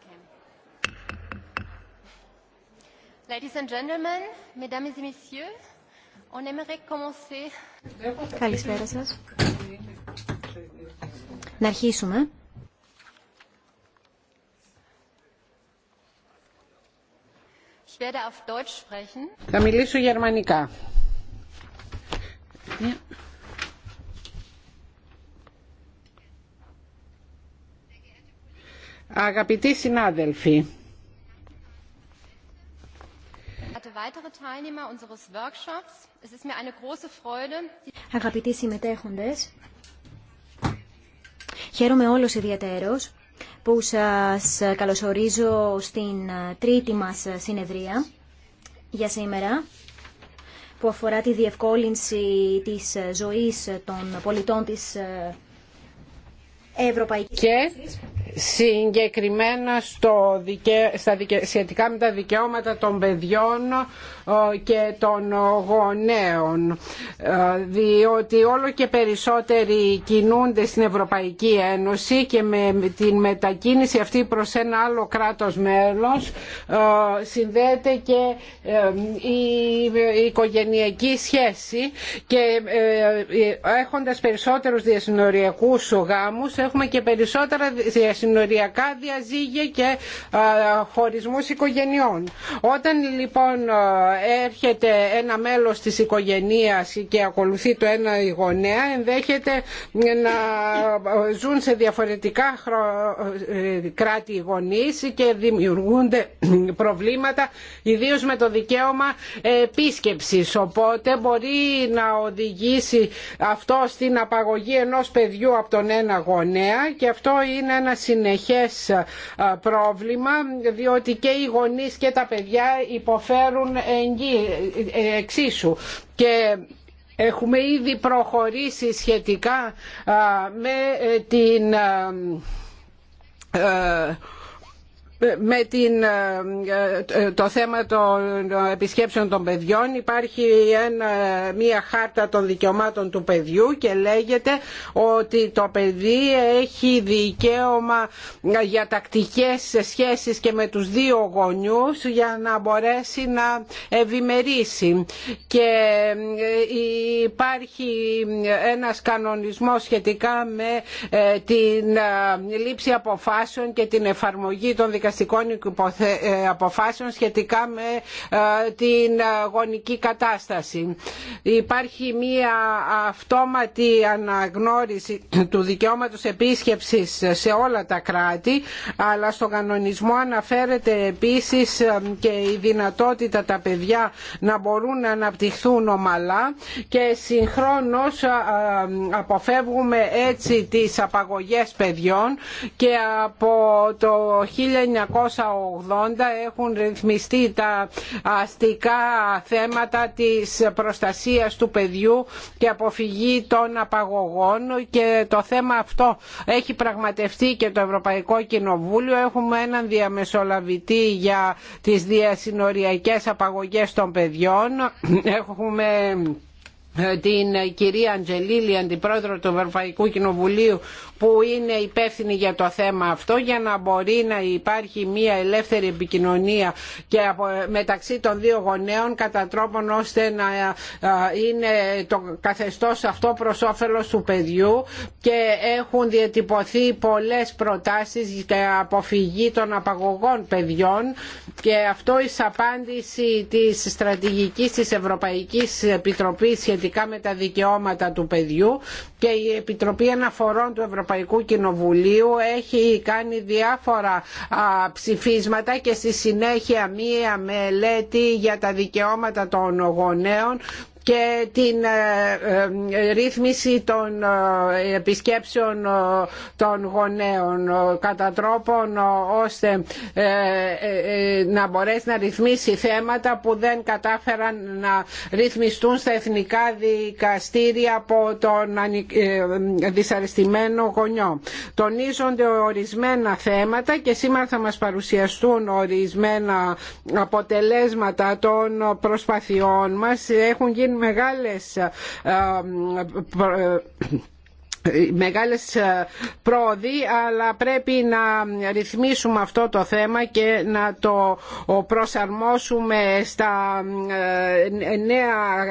Okay. Ladies and gentlemen, mesdames et messieurs, on aimerait commencer. Καλησπέρα σας. Να αρχίσουμε. Ich werde auf Deutsch sprechen. Θα μιλήσω γερμανικά. Yeah. Αγαπητοί συνάδελφοι, Αγαπητοί συμμετέχοντες, χαίρομαι όλο ιδιαίτερος που σας καλωσορίζω στην τρίτη μας συνεδρία για σήμερα που αφορά τη διευκόλυνση της ζωής των πολιτών της Ευρωπαϊκής συγκεκριμένα στο στα δικαι... σχετικά με τα δικαιώματα των παιδιών και των γονέων ε, διότι όλο και περισσότεροι κινούνται στην Ευρωπαϊκή Ένωση και με την μετακίνηση αυτή προς ένα άλλο κράτος μέλος ε, συνδέεται και ε, η οικογενειακή σχέση και έχοντας περισσότερους διασυνοριακούς γάμους έχουμε και περισσότερα διασυνοριακούς συνοριακά διαζύγια και χωρισμούς οικογενειών. Όταν λοιπόν έρχεται ένα μέλος της οικογενείας και ακολουθεί το ένα γονέα ενδέχεται να ζουν σε διαφορετικά ε, κράτη γονείς και δημιουργούνται προβλήματα ιδίως με το δικαίωμα επίσκεψης οπότε μπορεί να οδηγήσει αυτό στην απαγωγή ενός παιδιού από τον ένα γονέα και αυτό είναι ένα συνεχές ε, πρόβλημα διότι και οι γονείς και τα παιδιά υποφέρουν ε, εξίσου και έχουμε ήδη προχωρήσει σχετικά ε, με την με ε, ε, το θέμα των ε, επισκέψεων των παιδιών υπάρχει μια χάρτα των δικαιωμάτων του παιδιού και λέγεται ότι το παιδί έχει δικαίωμα για τακτικές σχέσεις και με τους δύο γονιούς για να μπορέσει να ευημερήσει και υπάρχει ένας κανονισμός σχετικά με την λήψη αποφάσεων και την εφαρμογή των δικαστικών δικαστικών ε, αποφάσεων σχετικά με ε, την γονική κατάσταση. Υπάρχει μία αυτόματη αναγνώριση του δικαιώματος επίσκεψης σε όλα τα κράτη αλλά στον κανονισμό αναφέρεται επίσης ε, και η δυνατότητα τα παιδιά να μπορούν να αναπτυχθούν ομαλά και συγχρόνως αποφεύγουμε έτσι τις απαγωγές παιδιών και από το έχουν ρυθμιστεί τα αστικά θέματα της προστασίας του παιδιού και αποφυγή των απαγωγών και το θέμα αυτό έχει πραγματευτεί και το Ευρωπαϊκό Κοινοβούλιο. Έχουμε έναν διαμεσολαβητή για τις διασυνοριακές απαγωγές των παιδιών. Έχουμε ε, την κυρία Αντζελίλη, αντιπρόεδρο του Ευρωπαϊκού Κοινοβουλίου, που είναι υπεύθυνοι για το θέμα αυτό για να μπορεί να υπάρχει μια ελεύθερη επικοινωνία και μεταξύ των δύο γονέων κατά τρόπον ώστε να ε, είναι το καθεστώς αυτό προς όφελος του παιδιού και έχουν διατυπωθεί πολλές προτάσεις για αποφυγή των απαγωγών παιδιών και αυτό η απάντηση της στρατηγικής της Ευρωπαϊκής Επιτροπής σχετικά με τα δικαιώματα του παιδιού και η Επιτροπή Αναφορών του Ευρωπαϊκού Ευρωπαϊκού Κοινοβουλίου έχει κάνει διάφορα ψηφίσματα και στη συνέχεια μία μελέτη για τα δικαιώματα των γονέων και την ε, ε, ρύθμιση των ε, επισκέψεων των γονέων κατά τρόπον ώστε να μπορέσει να ρυθμίσει θέματα που δεν κατάφεραν να ρυθμιστούν στα εθνικά δικαστήρια από τον δυσαρεστημένο γονιό. Τονίζονται ορισμένα θέματα και σήμερα θα μας παρουσιαστούν ορισμένα αποτελέσματα των προσπαθειών μας. Έχουν γίνει μεγάλες ε, ε, μεγάλες ε, πρόοδοι αλλά πρέπει να ρυθμίσουμε αυτό το θέμα και να το προσαρμόσουμε στα νέα,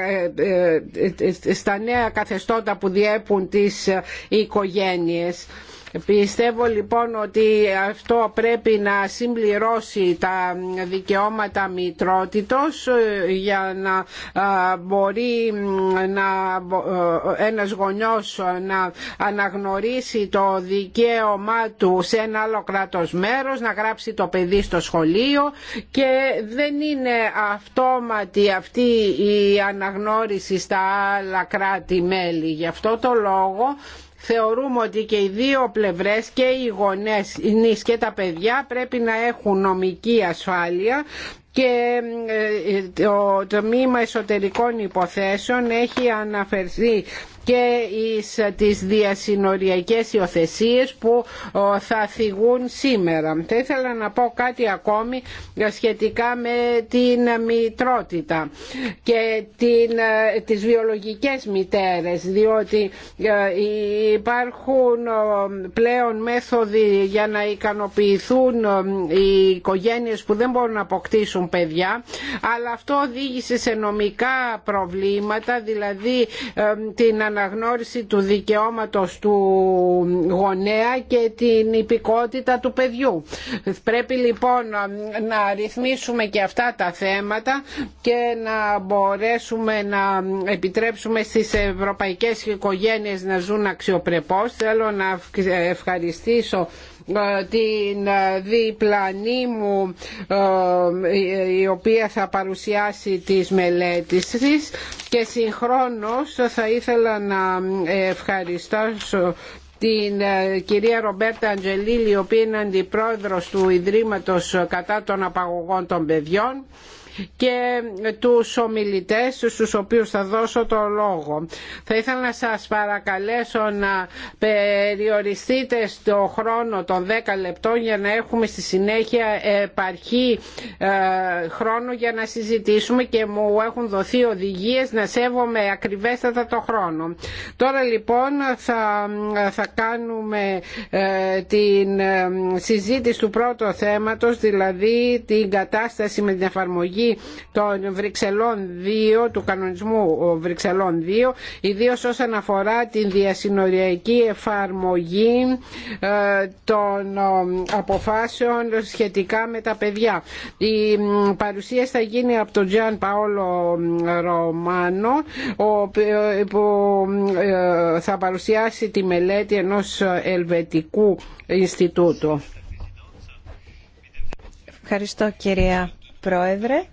στα νέα καθεστώτα που διέπουν τις οικογένειες. Πιστεύω λοιπόν ότι αυτό πρέπει να συμπληρώσει τα δικαιώματα μητρότητος ε, για να ε, μπορεί ε, να, ένας γονιός να αναγνωρίσει το δικαίωμά του σε ένα άλλο κράτος μέρος, να γράψει το παιδί στο σχολείο και δεν είναι αυτόματη αυτή η αναγνώριση στα άλλα κράτη-μέλη. Γι' αυτό το λόγο θεωρούμε ότι και οι δύο πλευρές και οι γονείς και τα παιδιά πρέπει να έχουν νομική ασφάλεια και ε, ε, το τμήμα εσωτερικών υποθέσεων έχει αναφερθεί και εις τις διασυνοριακές υιοθεσίε που θα θυγούν σήμερα. Θα ήθελα να πω κάτι ακόμη ε, σχετικά με την μητρότητα και την, τις βιολογικές μητέρες διότι υπάρχουν πλέον μέθοδοι για να ικανοποιηθούν οι οικογένειες που δεν μπορούν να αποκτήσουν παιδιά αλλά αυτό οδήγησε σε νομικά προβλήματα δηλαδή την αναγνώριση του δικαιώματος του γονέα και την υπηκότητα του παιδιού. Πρέπει λοιπόν να ρυθμίσουμε και αυτά τα θέματα και να μπορέσουμε να επιτρέψουμε στις ευρωπαϊκές οικογένειες να ζουν αξιοπρεπώς. Θέλω να ευχαριστήσω ε, την ε, διπλανή μου ε, η οποία θα παρουσιάσει τις μελέτες της και συγχρόνως θα ήθελα να ευχαριστήσω την κυρία Ρομπέρτα Αντζελίλη η οποία είναι αντιπρόεδρος του Ιδρύματος κατά των απαγωγών των παιδιών και τους ομιλητές στους οποίους θα δώσω το λόγο. Θα ήθελα να σας παρακαλέσω να περιοριστείτε στο χρόνο των 10 λεπτών για να έχουμε στη συνέχεια επαρχή ε, χρόνο για να συζητήσουμε και μου έχουν δοθεί οδηγίες να σέβομαι ακριβέστατα το χρόνο. Τώρα λοιπόν θα, θα κάνουμε ε, την ε, συζήτηση του πρώτου θέματος, δηλαδή την κατάσταση με την εφαρμογή των Βρυξελών 2, του κανονισμού Βρυξελών 2, ιδίω όσον αφορά την διασυνοριακή εφαρμογή ε, των αποφάσεων σχετικά με τα παιδιά. Η παρουσίαση θα γίνει από τον Τζαν Παόλο Ρωμάνο, που ε, θα παρουσιάσει τη μελέτη ενός Ελβετικού Ινστιτούτου. Ευχαριστώ κυρία Πρόεδρε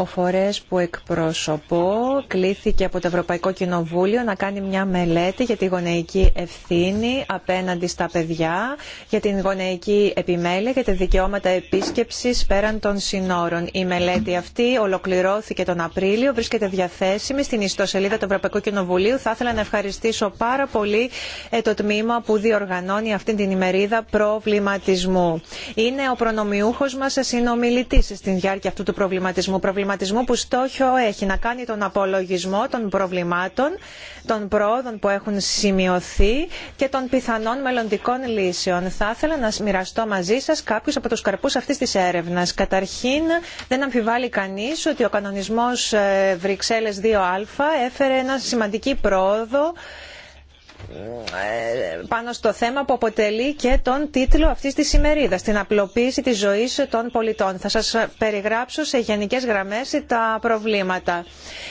ο φορέας που εκπροσωπώ κλήθηκε από το Ευρωπαϊκό Κοινοβούλιο να κάνει μια μελέτη για τη γονεϊκή ευθύνη απέναντι στα παιδιά, για την γονεϊκή επιμέλεια και τα δικαιώματα επίσκεψης πέραν των συνόρων. Η μελέτη αυτή ολοκληρώθηκε τον Απρίλιο, βρίσκεται διαθέσιμη στην ιστοσελίδα του Ευρωπαϊκού Κοινοβουλίου. Θα ήθελα να ευχαριστήσω πάρα πολύ ε, το τμήμα που διοργανώνει αυτή την ημερίδα προβληματισμού. Είναι ο προνομιούχος μας συνομιλητής στην διάρκεια αυτού του προβληματισμού που στόχο έχει να κάνει τον απολογισμό των προβλημάτων, των πρόοδων που έχουν σημειωθεί και των πιθανών μελλοντικών λύσεων. Θα ήθελα να μοιραστώ μαζί σας κάποιους από τους καρπούς αυτής της έρευνας. Καταρχήν, δεν αμφιβάλλει κανείς ότι ο κανονισμός ε, Βρυξέλλες 2α έφερε ένα σημαντική πρόοδο ε, πάνω στο θέμα που αποτελεί και τον τίτλο αυτής της ημερίδας, την απλοποίηση της ζωής των πολιτών. Θα σας περιγράψω σε γενικές γραμμές τα προβλήματα.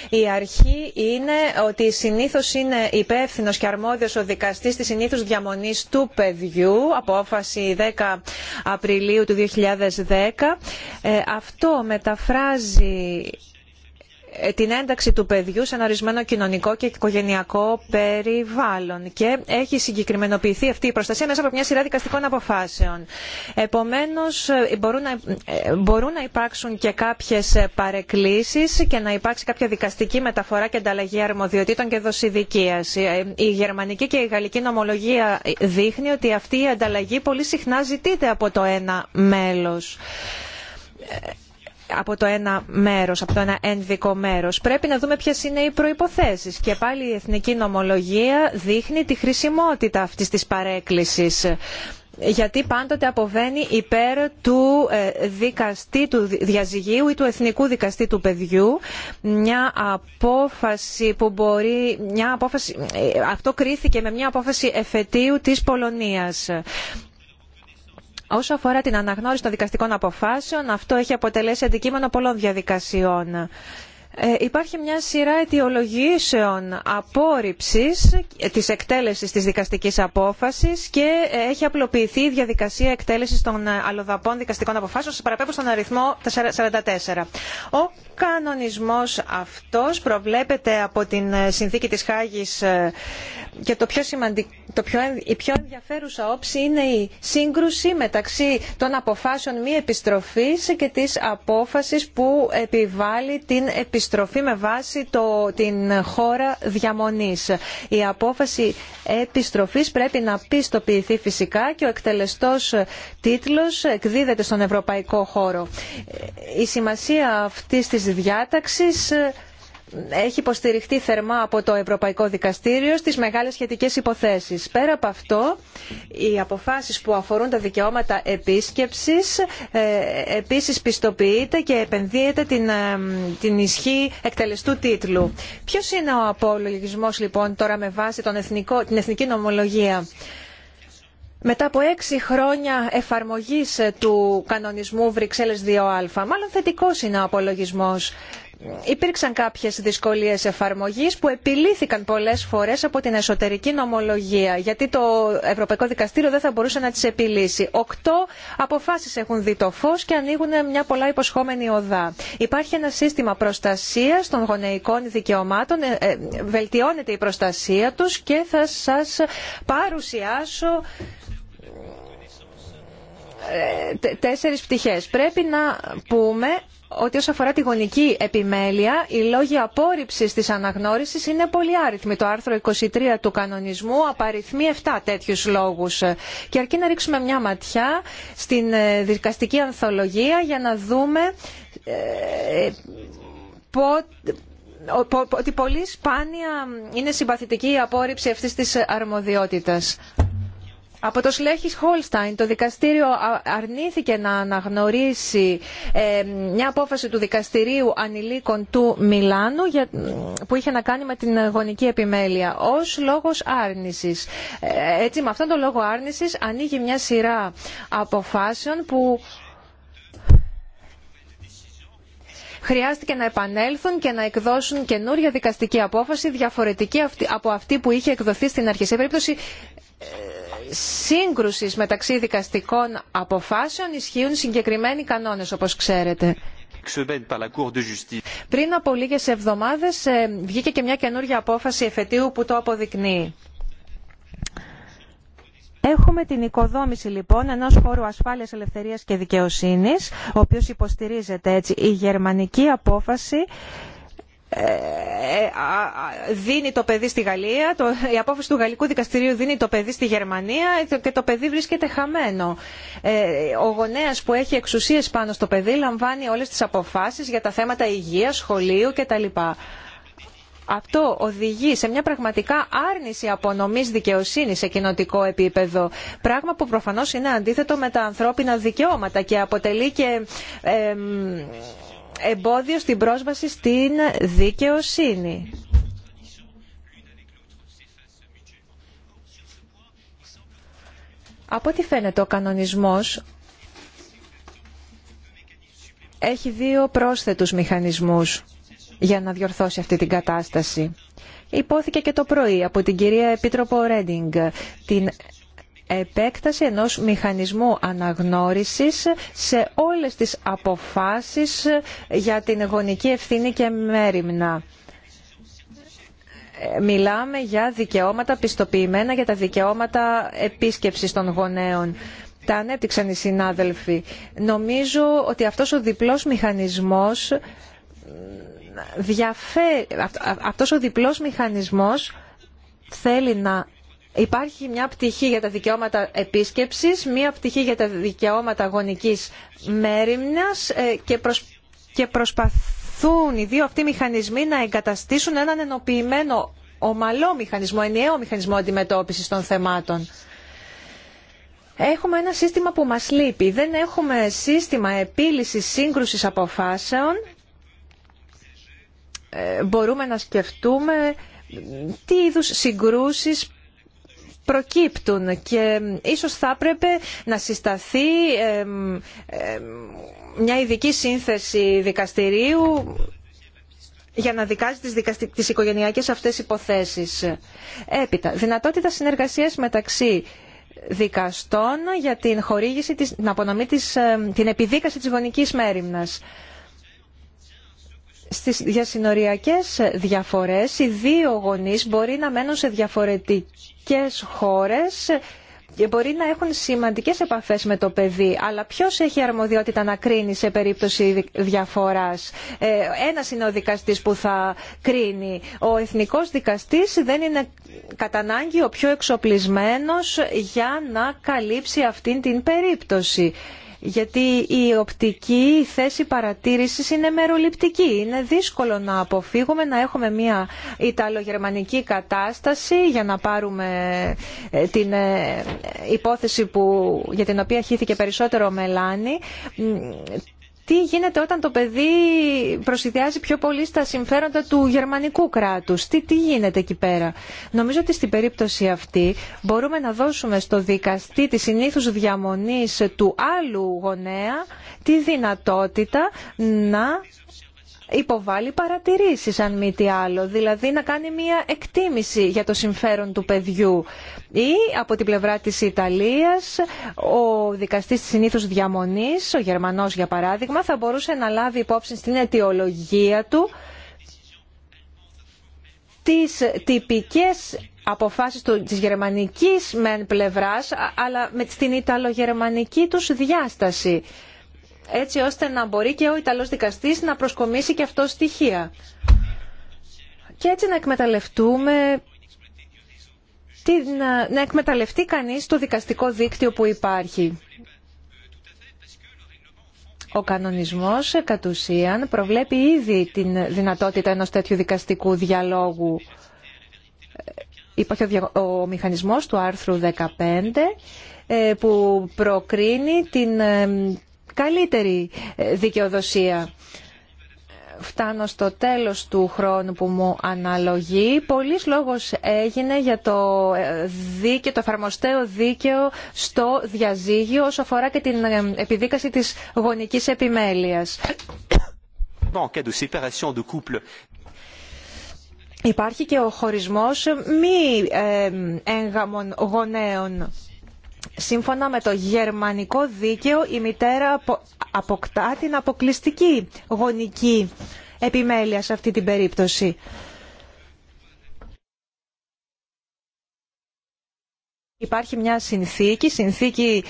Η αρχή είναι ότι συνήθως είναι υπεύθυνο και αρμόδιος ο δικαστής της συνήθους διαμονής του παιδιού, απόφαση 10 Απριλίου του 2010. Ε, αυτό μεταφράζει ε, την ένταξη του παιδιού σε ένα ορισμένο κοινωνικό και οικογενειακό περιβάλλον και έχει συγκεκριμενοποιηθεί αυτή η προστασία μέσα από μια σειρά δικαστικών αποφάσεων. Επομένως ε, ε, μπορούν να, υπάρξουν και κάποιες παρεκκλήσεις και να υπάρξει κάποια δικαστική μεταφορά και ανταλλαγή αρμοδιοτήτων και δοσιδικίας. Η γερμανική και η γαλλική νομολογία δείχνει ότι αυτή η ανταλλαγή πολύ συχνά ζητείται από το ένα μέλο από το ένα μέρος, από το ένα ένδικο μέρος. Πρέπει να δούμε ποιες είναι οι προϋποθέσεις. Και πάλι η εθνική νομολογία δείχνει τη χρησιμότητα αυτής της παρέκκλησης γιατί πάντοτε αποβαίνει υπέρ του ε, δικαστή του διαζυγίου ή του εθνικού δικαστή του παιδιού μια απόφαση που μπορεί μια απόφαση, ε, αυτό κρίθηκε με μια απόφαση εφετείου της Πολωνίας Όσο αφορά την αναγνώριση των δικαστικών αποφάσεων, αυτό έχει αποτελέσει αντικείμενο πολλών διαδικασιών. Ε, υπάρχει μια σειρά αιτιολογήσεων απόρριψης της εκτέλεσης της δικαστικής απόφασης και ε, έχει απλοποιηθεί η διαδικασία εκτέλεσης των ε, αλλοδαπών δικαστικών αποφάσεων σε παραπέμπω στον αριθμό 44. Ο κανονισμός αυτός προβλέπεται από την συνθήκη της Χάγης και το πιο το πιο... η πιο ενδιαφέρουσα όψη είναι η σύγκρουση μεταξύ των αποφάσεων μη επιστροφής και της απόφασης που επιβάλλει την επιστροφή με βάση το... την χώρα διαμονής. Η απόφαση επιστροφής πρέπει να πιστοποιηθεί φυσικά και ο εκτελεστός τίτλος εκδίδεται στον ευρωπαϊκό χώρο. Η σημασία αυτής της διάταξης έχει υποστηριχτεί θερμά από το Ευρωπαϊκό Δικαστήριο στις μεγάλες σχετικές υποθέσεις. Πέρα από αυτό, οι αποφάσεις που αφορούν τα δικαιώματα επίσκεψης ε, επίσης πιστοποιείται και επενδύεται την, ε, την ισχύ εκτελεστού τίτλου. Ποιος είναι ο απολογισμός λοιπόν τώρα με βάση τον εθνικό, την εθνική νομολογία. Μετά από έξι χρόνια εφαρμογής του κανονισμού Βρυξέλλες 2α, μάλλον θετικός είναι ο απολογισμός υπήρξαν κάποιες δυσκολίες εφαρμογής που επιλύθηκαν πολλές φορές από την εσωτερική νομολογία γιατί το ευρωπαϊκό δικαστήριο δεν θα μπορούσε να τις επιλύσει. οκτώ αποφάσεις έχουν δει το φως και ανοίγουν μια πολλά υποσχόμενη οδά. υπάρχει ένα σύστημα προστασίας των γονεϊκών δικαιωμάτων ε, ε, βελτιώνεται η προστασία τους και θα σας παρουσιάσω ε, τέσσερις πτυχές. πρέπει να πούμε ότι όσον αφορά τη γονική επιμέλεια, οι λόγοι απόρριψη τη αναγνώριση είναι πολύ άριθμοι. Το άρθρο 23 του κανονισμού απαριθμεί 7 τέτοιου λόγου. Και αρκεί να ρίξουμε μια ματιά στην ε, δικαστική ανθολογία για να δούμε ε, ότι πολύ σπάνια είναι συμπαθητική η απόρριψη αυτής της αρμοδιότητας. Από το Σλέχης Χόλσταϊν το δικαστήριο αρνήθηκε να αναγνωρίσει ε, μια απόφαση του δικαστηρίου ανηλίκων του Μιλάνου που είχε να κάνει με την γονική επιμέλεια ως λόγος άρνησης. Ε, έτσι με αυτόν τον λόγο άρνησης ανοίγει μια σειρά αποφάσεων που χρειάστηκε να επανέλθουν και να εκδώσουν καινούρια δικαστική απόφαση διαφορετική από αυτή που είχε εκδοθεί στην αρχή. περίπτωση ε, σύγκρουσης μεταξύ δικαστικών αποφάσεων ισχύουν συγκεκριμένοι κανόνες όπως ξέρετε. Πριν από λίγες εβδομάδες ε, βγήκε και μια καινούργια απόφαση εφετείου που το αποδεικνύει. Έχουμε την οικοδόμηση λοιπόν ενός χώρου ασφάλειας, ελευθερίας και δικαιοσύνης, ο οποίος υποστηρίζεται έτσι η γερμανική απόφαση δίνει το παιδί στη Γαλλία, η απόφαση του Γαλλικού Δικαστηρίου δίνει το παιδί στη Γερμανία και το παιδί βρίσκεται χαμένο. Ε, ο γονέας που έχει εξουσίες πάνω στο παιδί λαμβάνει όλες τις αποφάσεις για τα θέματα υγεία, σχολείου κτλ. Αυτό οδηγεί σε μια πραγματικά άρνηση απονομή δικαιοσύνη σε κοινοτικό επίπεδο. Πράγμα που προφανώ είναι αντίθετο με τα ανθρώπινα δικαιώματα και αποτελεί και εμπόδιο στην πρόσβαση στην δικαιοσύνη. Από ό,τι φαίνεται ο κανονισμός έχει δύο πρόσθετους μηχανισμούς για να διορθώσει αυτή την κατάσταση. Υπόθηκε και το πρωί από την κυρία Επίτροπο Ρέντινγκ την επέκταση ενός μηχανισμού αναγνώρισης σε όλες τις αποφάσεις για την γονική ευθύνη και μέρημνα μιλάμε για δικαιώματα πιστοποιημένα για τα δικαιώματα επίσκεψης των γονέων. Τα ανέπτυξαν οι συνάδελφοι. Νομίζω ότι αυτός ο διπλός μηχανισμός διαφέρει, αυτός ο διπλός μηχανισμός θέλει να Υπάρχει μια πτυχή για τα δικαιώματα επίσκεψης, μια πτυχή για τα δικαιώματα γονικής μέρημνας ε, και, προσπαθούν οι δύο αυτοί μηχανισμοί να εγκαταστήσουν έναν ενοποιημένο ομαλό μηχανισμό, ενιαίο μηχανισμό αντιμετώπισης των θεμάτων. Έχουμε ένα σύστημα που μας λείπει. Δεν έχουμε σύστημα επίλυσης σύγκρουσης αποφάσεων. Ε, μπορούμε να σκεφτούμε τι είδους συγκρούσεις προκύπτουν και ίσως θα έπρεπε να συσταθεί μια ειδική σύνθεση δικαστηρίου για να δικάζει τις, τις οικογενειακές αυτές υποθέσεις. Έπειτα, δυνατότητα συνεργασίας μεταξύ δικαστών για την χορήγηση, της, την της, την επιδίκαση της γονικής μέρημνας στις διασυνοριακές διαφορές οι δύο γονείς μπορεί να μένουν σε διαφορετικές χώρες και μπορεί να έχουν σημαντικές επαφές με το παιδί, αλλά ποιος έχει αρμοδιότητα να κρίνει σε περίπτωση διαφοράς. Ε, ένας είναι ο δικαστής που θα κρίνει. Ο εθνικός δικαστής δεν είναι κατά ανάγκη ο πιο εξοπλισμένος για να καλύψει αυτήν την περίπτωση γιατί η οπτική θέση παρατήρησης είναι μεροληπτική. Είναι δύσκολο να αποφύγουμε να έχουμε μια Ιταλογερμανική κατάσταση για να πάρουμε ε, την ε, υπόθεση που, για την οποία χύθηκε περισσότερο μελάνι τι γίνεται όταν το παιδί προσυδειάζει πιο πολύ στα συμφέροντα του γερμανικού κράτους. Τι, τι γίνεται εκεί πέρα. Νομίζω ότι στην περίπτωση αυτή μπορούμε να δώσουμε στο δικαστή τη συνήθους διαμονής του άλλου γονέα τη δυνατότητα να υποβάλει παρατηρήσεις αν μη τι άλλο, δηλαδή να κάνει μια εκτίμηση για το συμφέρον του παιδιού. Ή από την πλευρά της Ιταλίας, ο δικαστής της συνήθους διαμονής, ο Γερμανός για παράδειγμα, θα μπορούσε να λάβει υπόψη στην αιτιολογία του τις τυπικές αποφάσεις του, της γερμανικής μεν πλευράς, αλλά με την ιταλογερμανική τους διάσταση έτσι ώστε να μπορεί και ο Ιταλός δικαστής να προσκομίσει και αυτό στοιχεία. Και έτσι να εκμεταλλευτούμε να, να εκμεταλλευτεί κανείς το δικαστικό δίκτυο που υπάρχει. Ο κανονισμός κατ' ουσίαν προβλέπει ήδη την δυνατότητα ενός τέτοιου δικαστικού διαλόγου. Υπάρχει ο, ο μηχανισμός του άρθρου 15 ε, που προκρίνει την ε, καλύτερη ε, δικαιοδοσία. Φτάνω στο τέλος του χρόνου που μου αναλογεί. Πολλής λόγος έγινε για το ε, δίκαιο, το εφαρμοστέο δίκαιο στο διαζύγιο όσο αφορά και την ε, επιδίκαση της γονικής επιμέλειας. Υπάρχει και ο χωρισμός μη εγγαμών γονέων. Σύμφωνα με το γερμανικό δίκαιο, η μητέρα αποκτά την αποκλειστική γονική επιμέλεια σε αυτή την περίπτωση. Υπάρχει μια συνθήκη, συνθήκη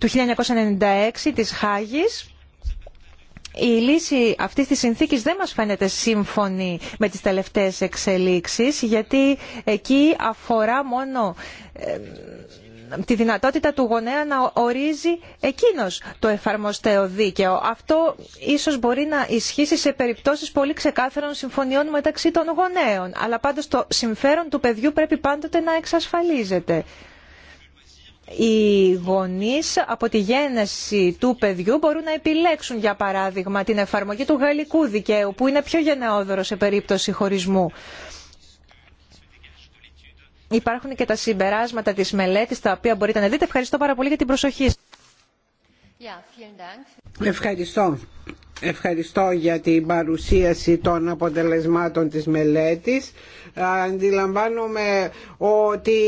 του 1996 της Χάγης. Η λύση αυτής της συνθήκης δεν μας φαίνεται σύμφωνη με τις τελευταίες εξελίξεις, γιατί εκεί αφορά μόνο ε, τη δυνατότητα του γονέα να ορίζει εκείνος το εφαρμοστέο δίκαιο. Αυτό ίσως μπορεί να ισχύσει σε περιπτώσεις πολύ ξεκάθαρων συμφωνιών μεταξύ των γονέων. Αλλά πάντως το συμφέρον του παιδιού πρέπει πάντοτε να εξασφαλίζεται. Οι γονείς από τη γέννηση του παιδιού μπορούν να επιλέξουν για παράδειγμα την εφαρμογή του γαλλικού δικαίου που είναι πιο γενναιόδωρο σε περίπτωση χωρισμού υπάρχουν και τα συμπεράσματα της μελέτης τα οποία μπορείτε να δείτε. Ευχαριστώ πάρα πολύ για την προσοχή. Ευχαριστώ. Ευχαριστώ για την παρουσίαση των αποτελεσμάτων της μελέτης. Αντιλαμβάνομαι ότι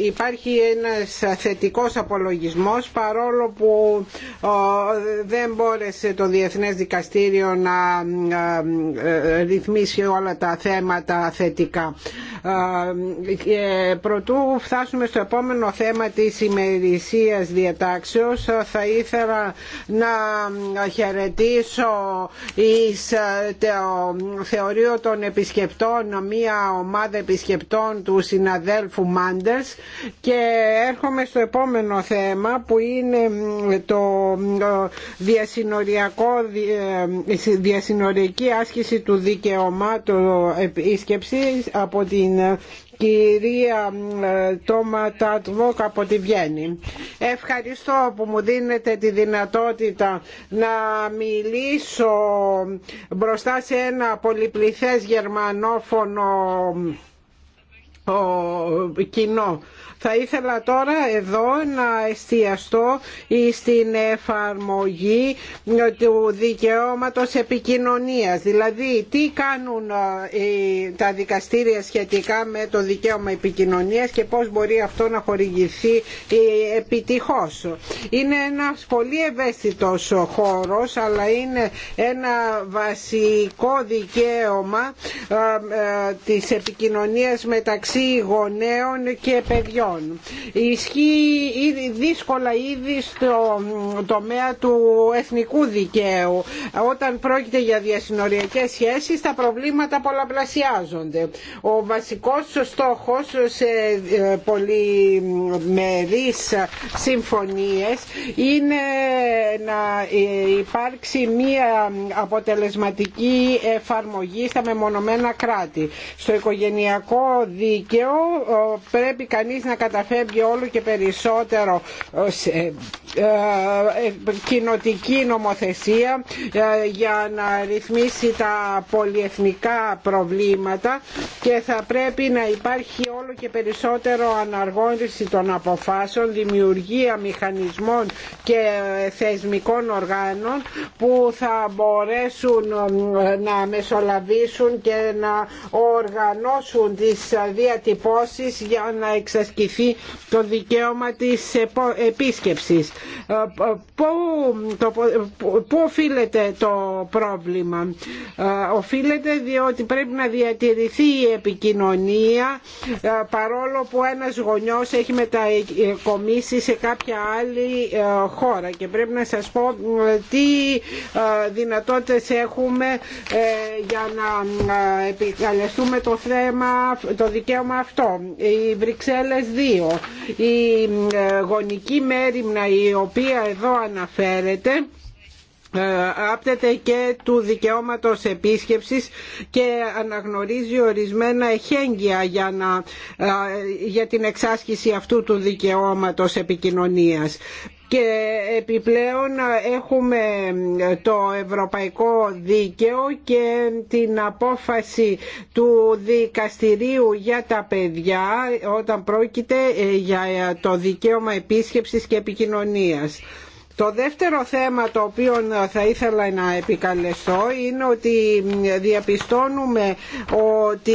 ε, υπάρχει ένας θετικός απολογισμός παρόλο που ε, δεν μπόρεσε το Διεθνές Δικαστήριο να ε, ρυθμίσει όλα τα θέματα θετικά. Και προτού φτάσουμε στο επόμενο θέμα της ημερησίας διατάξεως θα ήθελα να χαιρετήσω απαιτήσω εις ε, το θεωρείο των επισκεπτών μία ομάδα επισκεπτών του συναδέλφου Μάντερς και έρχομαι στο επόμενο θέμα που είναι το διασυνοριακό ε, διασυνοριακή άσκηση του δικαιωμάτου επίσκεψης από την κυρία Τόμα Τατβόκ από τη Βιέννη. Ευχαριστώ που μου δίνετε τη δυνατότητα να μιλήσω μπροστά σε ένα πολυπληθές γερμανόφωνο κοινό. Θα ήθελα τώρα εδώ να εστιαστώ στην εφαρμογή του δικαιώματος επικοινωνίας. Δηλαδή τι κάνουν ε, τα δικαστήρια σχετικά με το δικαίωμα επικοινωνίας και πώς μπορεί αυτό να χορηγηθεί ε, επιτυχώς. Είναι ένας πολύ ευαίσθητος χώρος αλλά είναι ένα βασικό δικαίωμα ε, της επικοινωνίας μεταξύ γονέων και παιδιών Λοιπόν, Ισχύει δύσκολα ήδη στο τομέα του εθνικού δικαίου. Όταν πρόκειται για διασυνοριακές σχέσεις τα προβλήματα πολλαπλασιάζονται. Ο βασικός στόχος σε ε, πολυμερείς συμφωνίες είναι να ε, υπάρξει μία αποτελεσματική εφαρμογή στα μεμονωμένα κράτη. Στο οικογενειακό δίκαιο πρέπει κανείς να καταφεύγει όλο και περισσότερο ε, σε ε, ε, κοινοτική νομοθεσία για να ρυθμίσει τα πολιεθνικά προβλήματα και θα πρέπει να υπάρχει όλο και περισσότερο αναργόνηση των αποφάσεων, δημιουργία μηχανισμών και θεσμικών οργάνων που θα μπορέσουν να μεσολαβήσουν και να οργανώσουν τις διατυπώσεις για να εξασκηθούν το δικαίωμα της επίσκεψης. Ε, πού οφείλεται το πρόβλημα. Ε, οφείλεται διότι πρέπει να διατηρηθεί η επικοινωνία ε, παρόλο που ένας γονιός έχει μετακομίσει σε κάποια άλλη χώρα και πρέπει να σας πω τι δυνατότητες έχουμε για να επικαλεστούμε το θέμα, το δικαίωμα αυτό. Οι Βρυξέλλες η ε, γονική μέρημνα η οποία εδώ αναφέρεται ε, άπτεται και του δικαιώματος επίσκεψης και αναγνωρίζει ορισμένα εχέγγυα για, να, ε, για την εξάσκηση αυτού του δικαιώματος επικοινωνίας και επιπλέον έχουμε το ευρωπαϊκό δίκαιο και την απόφαση του δικαστηρίου για τα παιδιά όταν πρόκειται για το δικαίωμα επίσκεψης και επικοινωνίας. Το δεύτερο θέμα το οποίο θα ήθελα να επικαλεστώ είναι ότι διαπιστώνουμε ότι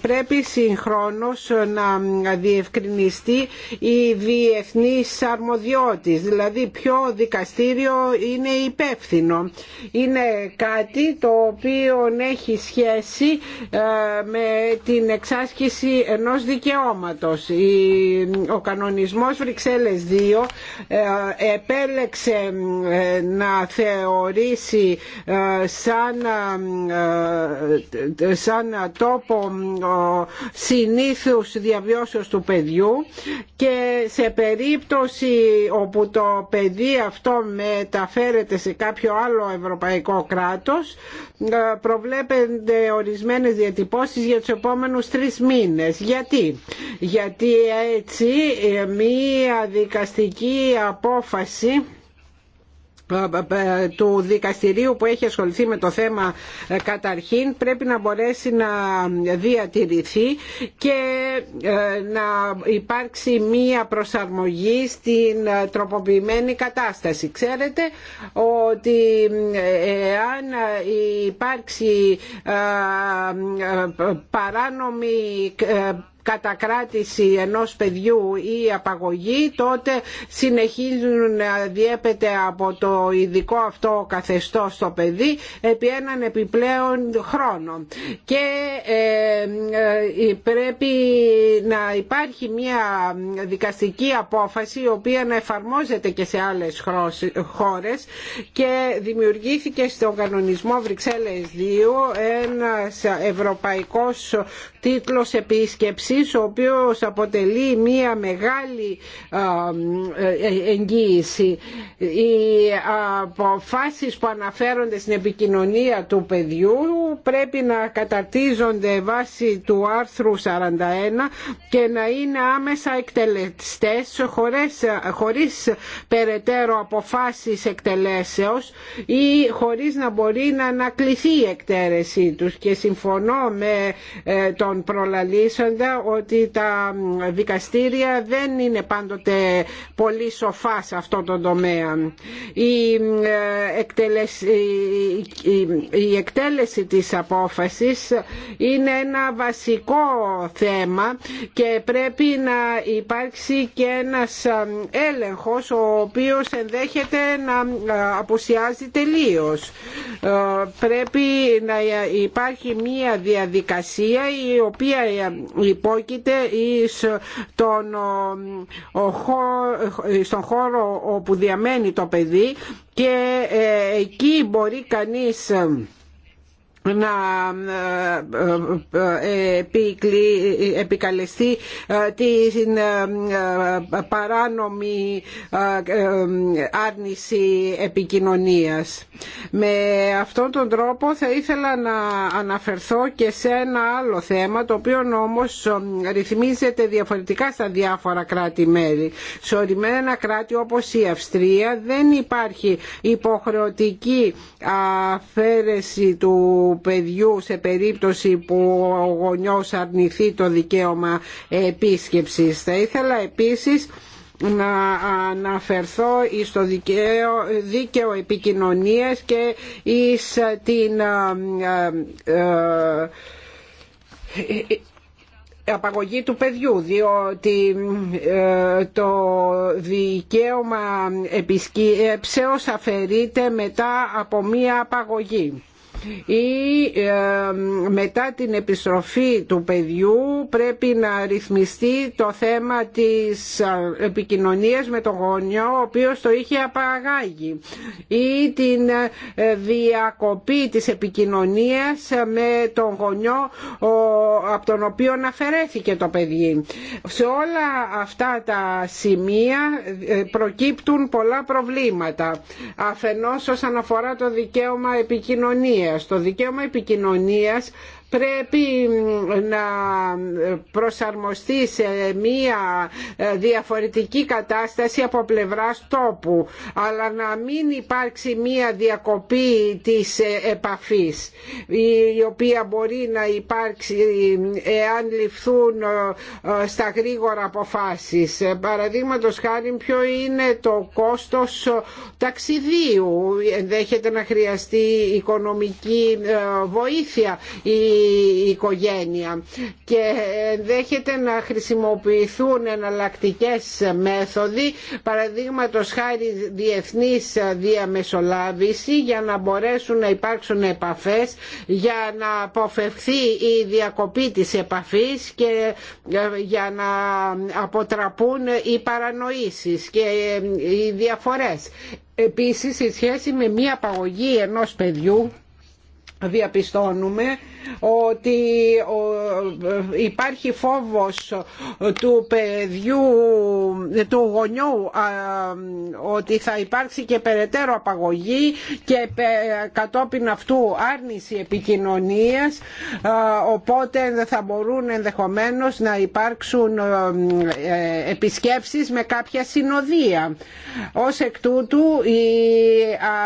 πρέπει συγχρόνως να διευκρινιστεί η διεθνής αρμοδιότης, δηλαδή ποιο δικαστήριο είναι υπεύθυνο. Είναι κάτι το οποίο έχει σχέση ε, με την εξάσκηση ενός δικαιώματος. Ο κανονισμός Βρυξέλλες 2 ε, επέλεξε ε, να θεωρήσει ε, σαν, ε, σαν τόπο συνήθους διαβιώσεως του παιδιού και σε περίπτωση όπου το παιδί αυτό μεταφέρεται σε κάποιο άλλο ευρωπαϊκό κράτος προβλέπονται ορισμένες διατυπώσεις για τους επόμενους τρεις μήνες. Γιατί, Γιατί έτσι μία δικαστική απόφαση του δικαστηρίου που έχει ασχοληθεί με το θέμα ε, καταρχήν πρέπει να μπορέσει να διατηρηθεί και ε, να υπάρξει μία προσαρμογή στην ε, τροποποιημένη κατάσταση. Ξέρετε ότι αν υπάρξει παράνομη κατακράτηση ενός παιδιού ή απαγωγή τότε συνεχίζουν να διέπεται από το ειδικό αυτό καθεστώς το παιδί επί έναν επιπλέον χρόνο και ε, ε, πρέπει να υπάρχει μια δικαστική απόφαση η οποία να εφαρμόζεται και σε άλλες χώρες και δημιουργήθηκε στον κανονισμό Βρυξέλλες 2 ένας ευρωπαϊκός τίτλος επίσκεψη ο οποίος αποτελεί μία μεγάλη ε, εγγύηση. Οι αποφάσεις που αναφέρονται στην επικοινωνία του παιδιού πρέπει να καταρτίζονται βάσει του άρθρου 41 και να είναι άμεσα εκτελεστές χωρίς, χωρίς περαιτέρω αποφάσεις εκτελέσεως ή χωρίς να μπορεί να ανακληθεί η εκτέρεσή τους και συμφωνώ με ε, τον προλαλήσαντα ότι τα δικαστήρια δεν είναι πάντοτε πολύ σοφά σε αυτό το τομέα. Η, ε, εκτέλεση, η εκτέλεση της απόφασης είναι ένα βασικό θέμα και πρέπει να υπάρξει και ένας ε, έλεγχος ο οποίος ενδέχεται να ε, αποσιάζει τελείως. Πρέπει να υπάρχει μία διαδικασία η οποία υπό υπόκειται στον χώρο όπου διαμένει το παιδί και ε, εκεί μπορεί κανείς να ε, επικαλεστεί ε, την ε, παράνομη άρνηση επικοινωνίας. Με αυτόν τον τρόπο θα ήθελα να αναφερθώ και σε ένα άλλο θέμα το οποίο όμως ρυθμίζεται διαφορετικά στα διάφορα κράτη-μέλη. Σε ορισμένα κράτη όπως η Αυστρία δεν υπάρχει υποχρεωτική αφαίρεση του σε περίπτωση που ο γονιός αρνηθεί το δικαίωμα επίσκεψης. Θα ήθελα επίσης να αναφερθώ στο δικαίω, δίκαιο επικοινωνίας και εις την ε, ε, απαγωγή του παιδιού διότι ε, το δικαίωμα επισκέψεως αφαιρείται μετά από μία απαγωγή ή ε, μετά την επιστροφή του παιδιού πρέπει να ρυθμιστεί το θέμα της ε, επικοινωνίας με τον γονιό ο οποίος το είχε απαγάγει ή την ε, διακοπή της επικοινωνίας με τον γονιό από τον οποίο αφαιρέθηκε το παιδί. Σε όλα αυτά τα σημεία προκύπτουν πολλά προβλήματα αφενός όσον αφορά το δικαίωμα επικοινωνίας στο Το δικαίωμα επικοινωνίας πρέπει να προσαρμοστεί σε μία ε, διαφορετική κατάσταση από πλευράς τόπου αλλά να μην υπάρξει μία διακοπή της ε, επαφής η οποία μπορεί να υπάρξει εάν ληφθούν ε, στα γρήγορα αποφάσεις. Παραδείγματος χάρη ποιο είναι το κόστος ταξιδίου. Ενδέχεται να χρειαστεί οικονομική βοήθεια οικογένεια και δέχεται να χρησιμοποιηθούν εναλλακτικέ μέθοδοι παραδείγματο χάρη διεθνή διαμεσολάβηση για να μπορέσουν να υπάρξουν επαφές για να αποφευθεί η διακοπή της επαφής και ε, για να αποτραπούν οι παρανοήσεις και ε, οι διαφορές. Επίσης, σε σχέση με μία παγωγή ενός παιδιού διαπιστώνουμε ότι υπάρχει φόβος του παιδιού, του γονιού ότι θα υπάρξει και περαιτέρω απαγωγή και κατόπιν αυτού άρνηση επικοινωνίας οπότε δεν θα μπορούν ενδεχομένως να υπάρξουν ε, επισκέψεις με κάποια συνοδεία. Ως εκ τούτου η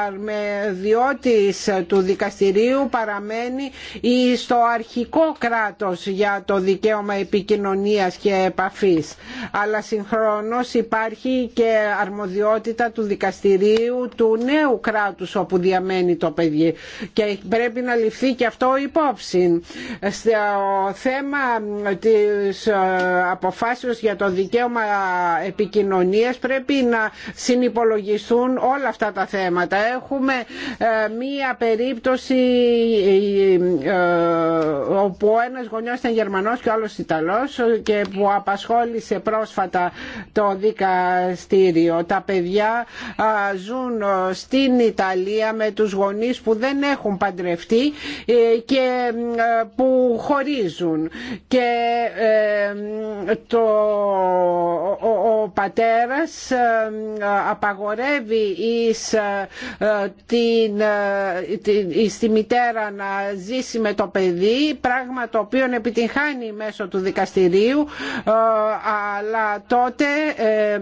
αρμεδιότης του δικαστηρίου παραμένει η στο αρχικό κράτος για το δικαίωμα επικοινωνίας και επαφής. Αλλά συγχρόνως υπάρχει και αρμοδιότητα του δικαστηρίου του νέου κράτους όπου διαμένει το παιδί και πρέπει να ληφθεί και αυτό υπόψη. Στο θέμα της ε, αποφάσεως για το δικαίωμα επικοινωνίας πρέπει να συνυπολογιστούν όλα αυτά τα θέματα. Έχουμε ε, μία περίπτωση ε, όπου ο ένας γονιός ήταν Γερμανός και ο άλλος Ιταλός και που απασχόλησε πρόσφατα το δικαστήριο. Τα παιδιά ζουν στην Ιταλία με τους γονείς που δεν έχουν παντρευτεί ε, και ε, που χωρίζουν και ε, το, ο, πατέρας απαγορεύει εις, την, τη μητέρα να ζήσει με το παιδί πράγμα το οποίο επιτυγχάνει μέσω του δικαστηρίου ε, αλλά τότε ε,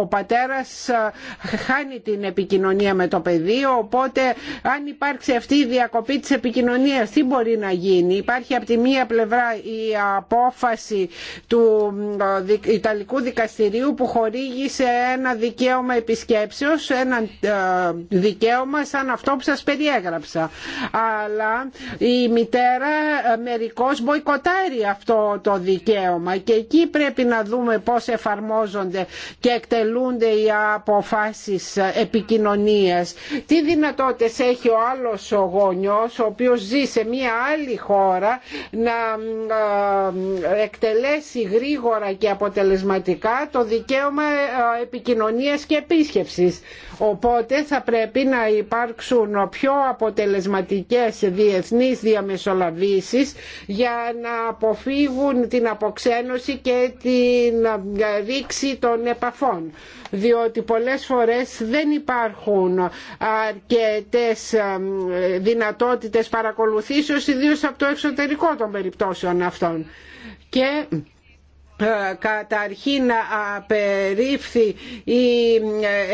ο πατέρας χάνει την επικοινωνία με το παιδί οπότε αν υπάρξει αυτή η διακοπή της επικοινωνίας τι μπορεί να γίνει υπάρχει από τη μία πλευρά η απόφαση του ε, Ιταλικού δικαστηρίου που χορήγησε ένα δικαίωμα επισκέψεως ένα δικαίωμα σαν αυτό που σας περιέγραψα αλλά η μητέρα ε, μερικώς μποϊκοτάρει αυτό το δικαίωμα και εκεί πρέπει να δούμε πώς εφαρμόζονται και εκτελούνται οι αποφάσεις ε, επικοινωνίας. Τι δυνατότητες έχει ο άλλος ο γονιός ο οποίος ζει σε μια άλλη χώρα να ε, εκτελέσει γρήγορα και αποτελεσματικά το δικαίωμα επικοινωνίας και επίσκεψης. Οπότε θα πρέπει να υπάρξουν πιο αποτελεσματικά αποτελεσματικές διεθνείς διαμεσολαβήσεις για να αποφύγουν την αποξένωση και την ρήξη των επαφών διότι πολλές φορές δεν υπάρχουν αρκετές ε, δυνατότητες παρακολουθήσεως ιδίως από το εξωτερικό των περιπτώσεων αυτών. Και καταρχήν απερίφθη η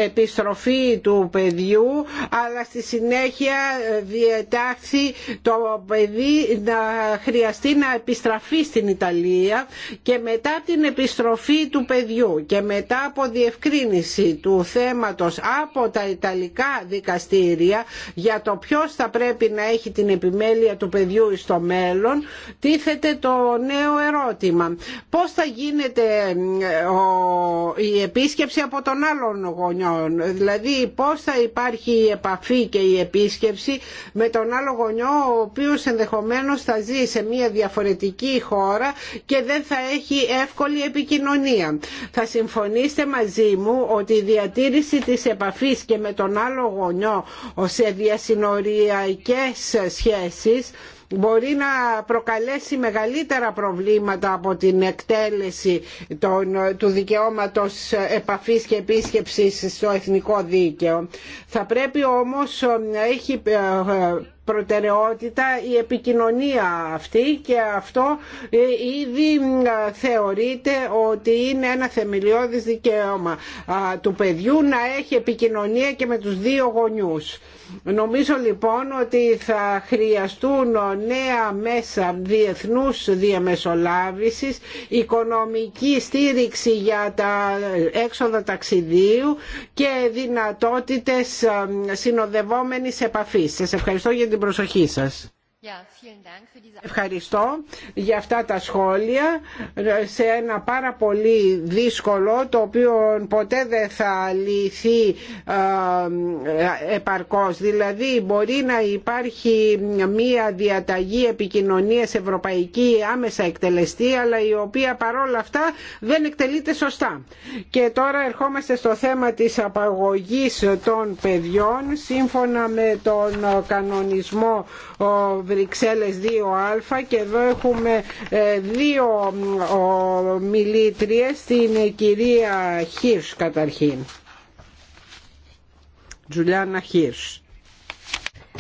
επιστροφή του παιδιού αλλά στη συνέχεια διετάχθη το παιδί να χρειαστεί να επιστραφεί στην Ιταλία και μετά την επιστροφή του παιδιού και μετά από διευκρίνηση του θέματος από τα Ιταλικά δικαστήρια για το ποιος θα πρέπει να έχει την επιμέλεια του παιδιού στο μέλλον τίθεται το νέο ερώτημα πώς γίνεται ε, η επίσκεψη από τον άλλον γονιό. Δηλαδή πώς θα υπάρχει η επαφή και η επίσκεψη με τον άλλο γονιό ο οποίος ενδεχομένως θα ζει σε μια διαφορετική χώρα και δεν θα έχει εύκολη επικοινωνία. Θα συμφωνήσετε μαζί μου ότι η διατήρηση της επαφής και με τον άλλο γονιό σε διασυνοριακές σχέσεις μπορεί να προκαλέσει μεγαλύτερα προβλήματα από την εκτέλεση του δικαιώματος επαφής και επίσκεψης στο εθνικό δίκαιο. Θα πρέπει όμως να έχει ε, ε, προτεραιότητα η επικοινωνία αυτή και αυτό ε, ήδη θεωρείται ότι είναι ένα θεμελιώδης δικαίωμα του παιδιού να έχει επικοινωνία και με τους δύο γονιούς. Νομίζω λοιπόν ότι θα χρειαστούν νέα μέσα διεθνούς διαμεσολάβησης, οικονομική στήριξη για τα έξοδα ταξιδίου και δυνατότητες συνοδευόμενης επαφής. Σας ευχαριστώ για την την προσοχή σας. Ευχαριστώ για αυτά τα σχόλια σε ένα πάρα πολύ δύσκολο το οποίο ποτέ δεν θα λυθεί επαρκώς. Δηλαδή μπορεί να υπάρχει μία διαταγή επικοινωνίας ευρωπαϊκή άμεσα εκτελεστή αλλά η οποία παρόλα αυτά δεν εκτελείται σωστά. Και τώρα ερχόμαστε στο θέμα της απαγωγής των παιδιών σύμφωνα με τον κανονισμό Βρυξέλλες 2α και εδώ έχουμε ε, δύο μιλήτριες, την ε, κυρία Χίρς καταρχήν. Τζουλιάνα Χίρς.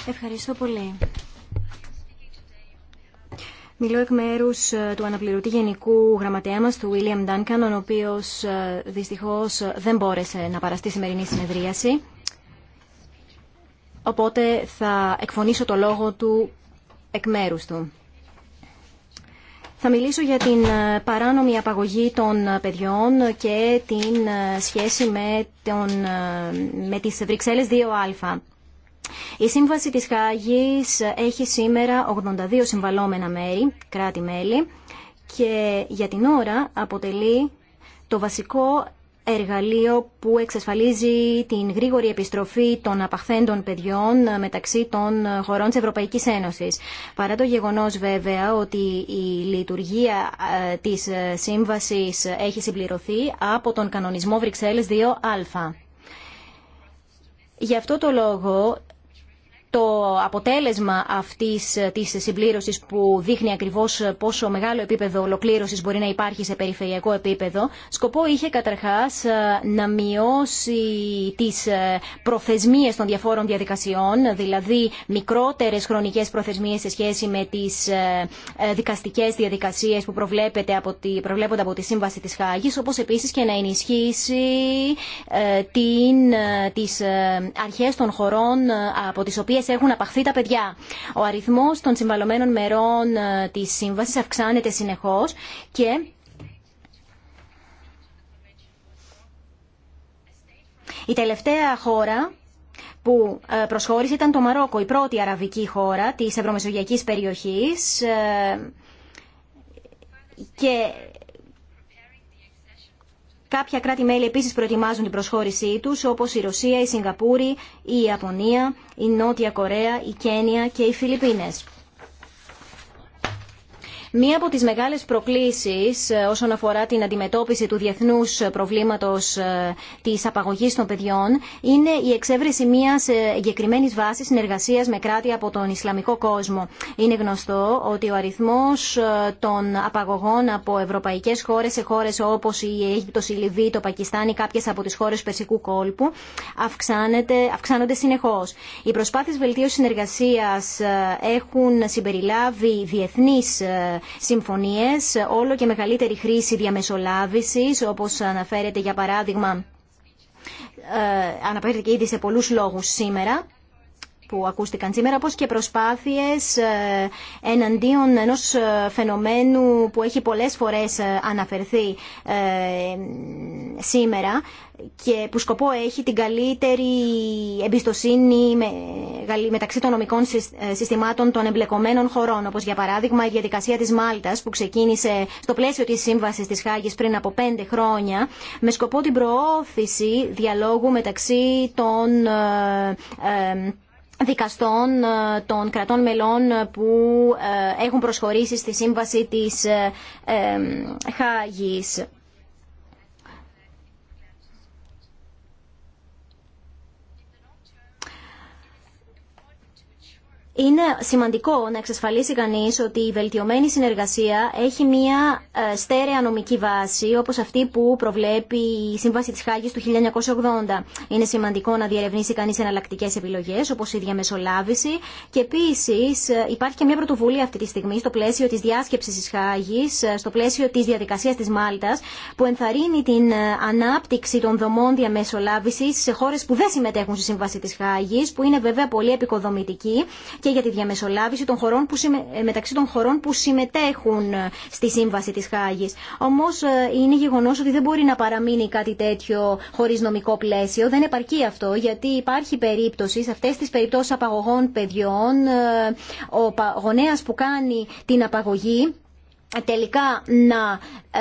Ευχαριστώ πολύ. Μιλώ εκ μέρου ε, του αναπληρωτή γενικού γραμματέα μας του William Duncan, ο οποίο δυστυχώ δεν μπόρεσε να παραστεί σημερινή συνεδρίαση. Οπότε θα εκφωνήσω το λόγο του εκ μέρους του. Θα μιλήσω για την ε, παράνομη απαγωγή των ε, παιδιών και την ε, σχέση με, τον, με τις Βρυξέλλες 2α. Η Σύμβαση της Χάγης έχει σήμερα 82 συμβαλόμενα μέρη, κράτη-μέλη, και για την ώρα αποτελεί το βασικό εργαλείο που εξασφαλίζει την γρήγορη επιστροφή των απαχθέντων παιδιών ε, μεταξύ των ε, χωρών της Ευρωπαϊκής Ένωσης. Παρά το γεγονός βέβαια ότι η λειτουργία ε, της σύμβασης έχει συμπληρωθεί από τον κανονισμό Βρυξέλλες 2α. Γι' αυτό το λόγο το αποτέλεσμα αυτής της συμπλήρωσης που δείχνει ακριβώς πόσο μεγάλο επίπεδο ολοκλήρωσης μπορεί να υπάρχει σε περιφερειακό επίπεδο, σκοπό είχε καταρχάς ε, να μειώσει τις ε, προθεσμίες των διαφόρων διαδικασιών, δηλαδή μικρότερες χρονικές προθεσμίες σε σχέση με τις ε, δικαστικές διαδικασίες που προβλέπονται από τη Σύμβαση της Χάγης, όπως επίσης και να ενισχύσει τις αρχές των χωρών από τις οποίες οποίε έχουν απαχθεί τα παιδιά. Ο αριθμό των συμβαλωμένων μερών ε, της σύμβασης αυξάνεται συνεχώς και η τελευταία χώρα που ε, προσχώρησε ήταν το Μαρόκο, η πρώτη αραβική χώρα της ευρωμεσογειακής περιοχής ε, και Κάποια κράτη-μέλη επίσης προετοιμάζουν την προσχώρησή τους, όπως η Ρωσία, η Σιγκαπούρη, η Ιαπωνία, η Νότια Κορέα, η Κένια και οι Φιλιππίνες. Μία από τις μεγάλες προκλήσεις ε, όσον αφορά την αντιμετώπιση του διεθνούς ε, προβλήματος ε, της απαγωγής των παιδιών είναι η εξέβρεση μιας εγκεκριμένης βάσης συνεργασίας με κράτη από τον Ισλαμικό κόσμο. Είναι γνωστό ότι ο αριθμός των απαγωγών από ευρωπαϊκές χώρες σε χώρες όπως η Αίγυπτος, η Λιβύη, το Πακιστάν ή κάποιες από τις χώρες Περσικού κόλπου αυξάνονται συνεχώς. Οι προσπάθειες βελτίωσης συνεργασίας έχουν συμπεριλάβει διεθνείς συμφωνίες, όλο και μεγαλύτερη χρήση διαμεσολάβησης, όπως αναφέρεται για παράδειγμα, ε, αναφέρεται και ήδη σε πολλούς λόγους σήμερα που ακούστηκαν σήμερα, όπως και προσπάθειες ε, εναντίον ενός ε, φαινομένου που έχει πολλές φορές ε, αναφερθεί σήμερα και που σκοπό έχει την καλύτερη εμπιστοσύνη μεταξύ των νομικών συστημάτων των εμπλεκομένων χωρών, όπως για παράδειγμα η διαδικασία της Μάλτας που ξεκίνησε στο πλαίσιο της Σύμβασης της Χάγης πριν από πέντε χρόνια με σκοπό την προώθηση διαλόγου μεταξύ των δικαστών ε, των κρατών μελών ε, που ε, έχουν προσχωρήσει στη σύμβαση της Χάγης. Είναι σημαντικό να εξασφαλίσει κανείς ότι η βελτιωμένη συνεργασία έχει μια ε, στέρεα νομική βάση όπως αυτή που προβλέπει η Σύμβαση της Χάγης του 1980. Είναι σημαντικό να διερευνήσει κανείς εναλλακτικές επιλογές όπως η διαμεσολάβηση και επίσης ε, υπάρχει και μια πρωτοβουλία αυτή τη στιγμή στο πλαίσιο της διάσκεψης της Χάγης, ε, στο πλαίσιο της διαδικασίας της Μάλτας που ενθαρρύνει την ανάπτυξη των δομών διαμεσολάβησης σε χώρες που δεν συμμετέχουν στη Σύμβαση της Χάγης που είναι βέβαια πολύ επικοδομητική και για τη διαμεσολάβηση των χωρών που, ε, μεταξύ των χωρών που συμμετέχουν ε, στη Σύμβαση της Χάγης. Όμως ε, είναι γεγονός ότι δεν μπορεί να παραμείνει κάτι τέτοιο χωρίς νομικό πλαίσιο. Δεν επαρκεί αυτό γιατί υπάρχει περίπτωση σε αυτές τις περιπτώσεις απαγωγών παιδιών ο γονέας που κάνει την απαγωγή τελικά να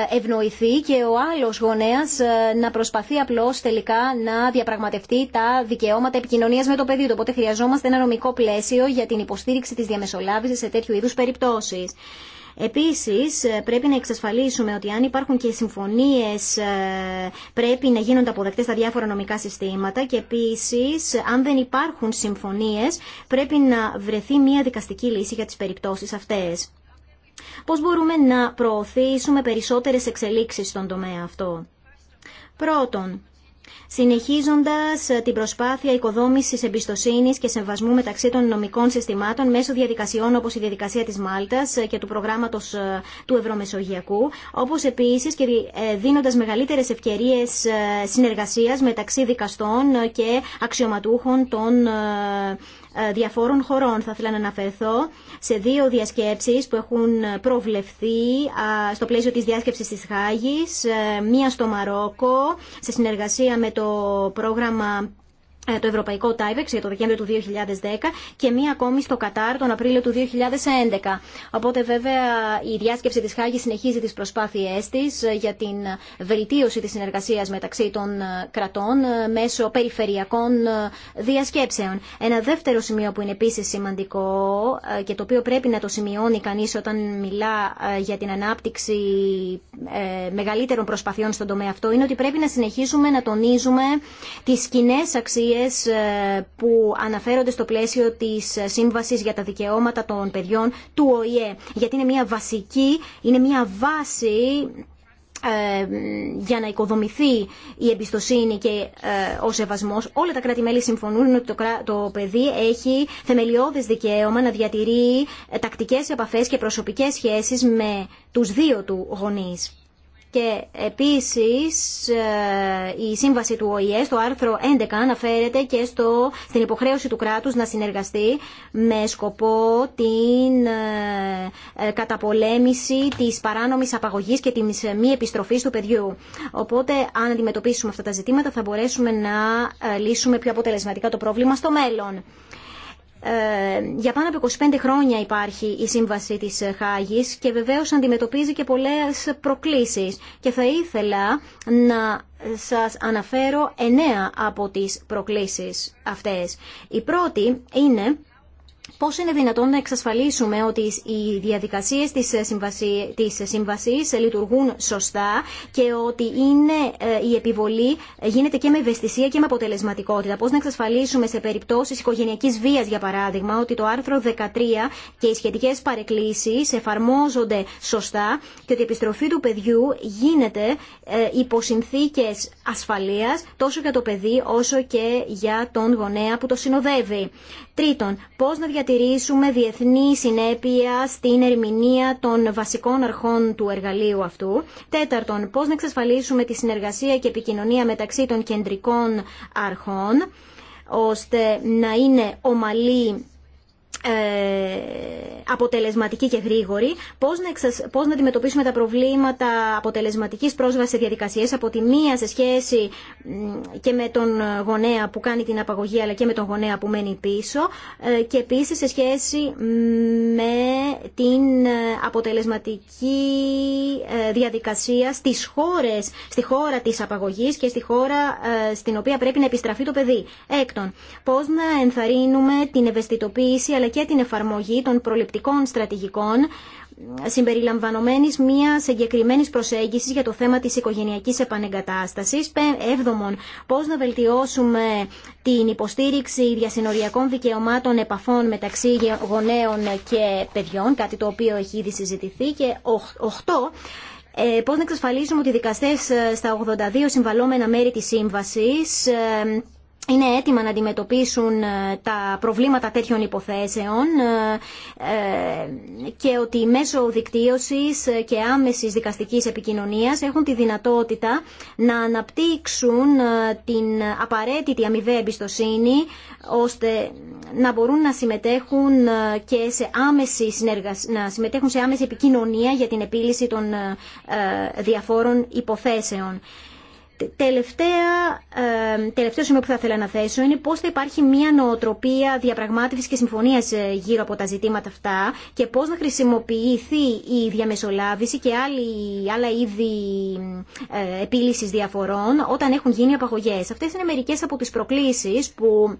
ε, ευνοηθεί και ο άλλος γονέας ε, να προσπαθεί απλώς τελικά να διαπραγματευτεί τα δικαιώματα επικοινωνίας με το παιδί του. Οπότε χρειαζόμαστε ένα νομικό πλαίσιο για την υποστήριξη της διαμεσολάβησης σε τέτοιου είδους περιπτώσεις. Επίσης ε, πρέπει να εξασφαλίσουμε ότι αν υπάρχουν και συμφωνίες πρέπει να γίνονται αποδεκτές στα διάφορα νομικά συστήματα και επίσης αν δεν υπάρχουν συμφωνίες πρέπει να βρεθεί μια δικαστική λύση για τις περιπτώσεις αυτές. Πώς μπορούμε να προωθήσουμε περισσότερες εξελίξεις στον τομέα αυτό. Πρώτον, συνεχίζοντας την προσπάθεια οικοδόμησης εμπιστοσύνης και σεβασμού μεταξύ των νομικών συστημάτων μέσω διαδικασιών όπως η διαδικασία της Μάλτας και του προγράμματος ε, του Ευρωμεσογειακού, όπως επίσης και ε, δίνοντας μεγαλύτερες ευκαιρίες ε, συνεργασίας μεταξύ δικαστών και αξιωματούχων των ε, διαφόρων χωρών. Θα ήθελα να αναφερθώ σε δύο διασκέψεις που έχουν προβλεφθεί στο πλαίσιο της διάσκεψης της Χάγης, ε, μία στο Μαρόκο, σε συνεργασία με το πρόγραμμα ε, το ευρωπαϊκό ΤΑΙΒΕΞ για το Δεκέμβριο του 2010 και μία ακόμη στο Κατάρ τον Απρίλιο του 2011. Οπότε βέβαια η διάσκεψη της Χάγης συνεχίζει τις προσπάθειές της ε, για την βελτίωση της συνεργασίας μεταξύ των ε, κρατών μέσω περιφερειακών διασκέψεων. Ένα δεύτερο σημείο που είναι επίσης σημαντικό και το οποίο πρέπει να το σημειώνει κανείς όταν μιλά για την ανάπτυξη μεγαλύτερων προσπαθειών στον τομέα αυτό είναι ότι πρέπει να συνεχίσουμε να τονίζουμε τις κοινέ αξίε. Ε, που αναφέρονται στο πλαίσιο της Σύμβασης για τα Δικαιώματα των Παιδιών του ΟΗΕ. Γιατί είναι μια βασική, είναι μια βάση ε, για να οικοδομηθεί η εμπιστοσύνη και ε, ο σεβασμός. Όλα τα κράτη-μέλη συμφωνούν ότι το παιδί έχει θεμελιώδες δικαίωμα να διατηρεί τακτικές επαφές και προσωπικές σχέσεις με τους δύο του γονείς. Και επίσης ε, η σύμβαση του ΟΗΕ στο άρθρο 11 αναφέρεται και στο, στην υποχρέωση του κράτους να συνεργαστεί με σκοπό την ε, ε, καταπολέμηση της παράνομης απαγωγής και της μη επιστροφής του παιδιού. Οπότε αν αντιμετωπίσουμε αυτά τα ζητήματα θα μπορέσουμε να λύσουμε πιο αποτελεσματικά το πρόβλημα στο μέλλον. Ε, για πάνω από 25 χρόνια υπάρχει η Σύμβαση της Χάγης και βεβαίως αντιμετωπίζει και πολλές προκλήσεις. Και θα ήθελα να σας αναφέρω εννέα από τις προκλήσεις αυτές. Η πρώτη είναι Πώ είναι δυνατόν να εξασφαλίσουμε ότι οι διαδικασίε τη σύμβαση λειτουργούν σωστά και ότι ε, η επιβολή γίνεται και με ευαισθησία και με αποτελεσματικότητα. Πώ να εξασφαλίσουμε σε περιπτώσει οικογενειακή βία, για παράδειγμα, ότι το άρθρο 13 και οι σχετικέ παρεκκλήσει εφαρμόζονται σωστά και ότι η επιστροφή του παιδιού γίνεται ε, υπό συνθήκε ασφαλείας τόσο για το παιδί όσο και για τον γονέα που το συνοδεύει. Τρίτον, πώ να διατηρήσουμε διεθνή συνέπεια στην ερμηνεία των βασικών αρχών του εργαλείου αυτού. Τέταρτον, πώ να εξασφαλίσουμε τη συνεργασία και επικοινωνία μεταξύ των κεντρικών αρχών, ώστε να είναι ομαλή ε, αποτελεσματική και γρήγορη, πώς να, πώς να αντιμετωπίσουμε τα προβλήματα αποτελεσματικής πρόσβασης σε διαδικασίες από τη μία σε σχέση και με τον γονέα που κάνει την απαγωγή αλλά και με τον γονέα που μένει πίσω ε, και επίσης σε σχέση με την αποτελεσματική ε, διαδικασία στις χώρες, στη χώρα της απαγωγής και στη χώρα στην οποία πρέπει να επιστραφεί το παιδί. Έκτον, πώς να ενθαρρύνουμε την ευαισθητοποίηση αλλά και την εφαρμογή των προληπτικών στρατηγικών συμπεριλαμβανομένης μια εγκεκριμένη προσέγγισης για το θέμα της οικογενειακής επανεγκατάστασης. Έβδομον, πώς να βελτιώσουμε την υποστήριξη διασυνοριακών δικαιωμάτων επαφών μεταξύ γονέων και παιδιών, κάτι το οποίο έχει ήδη συζητηθεί. Και οχτώ, ε, πώς να εξασφαλίσουμε ότι οι δικαστές ε, στα 82 συμβαλώμενα μέρη της σύμβασης ε, είναι έτοιμα να αντιμετωπίσουν ε, τα προβλήματα τέτοιων υποθέσεων ε, ε, και ότι μέσω δικτύωσης και άμεσης δικαστικής επικοινωνίας έχουν τη δυνατότητα να αναπτύξουν την απαραίτητη αμοιβαία εμπιστοσύνη ώστε να μπορούν να συμμετέχουν και σε άμεση να συμμετέχουν σε άμεση επικοινωνία για την επίλυση των διαφόρων υποθέσεων. Τελευταία, ε, τελευταίο σημείο που θα ήθελα να θέσω είναι πώς θα υπάρχει μια νοοτροπία διαπραγμάτευσης και συμφωνίας ε, γύρω από τα ζητήματα αυτά και πώς να χρησιμοποιηθεί η διαμεσολάβηση και άλλα είδη ε, επίλυσης διαφορών όταν έχουν γίνει απαγωγές. Αυτές είναι μερικές από τις προκλήσεις που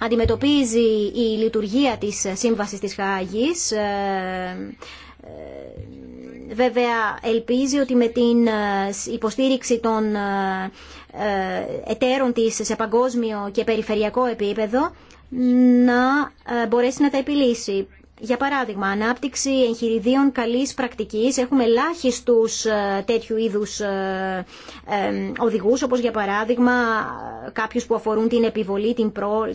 αντιμετωπίζει η λειτουργία της Σύμβασης της Χάγης Βέβαια, ελπίζει ότι με την ε, υποστήριξη των ε, ε, εταίρων της σε παγκόσμιο και περιφερειακό επίπεδο να μπορέσει να τα επιλύσει. Για παράδειγμα, ανάπτυξη εγχειριδίων καλής πρακτικής. Έχουμε ελάχιστους ε, τέτοιου είδους ε, ε, οδηγούς, όπως για παράδειγμα κάποιους που αφορούν την επιβολή,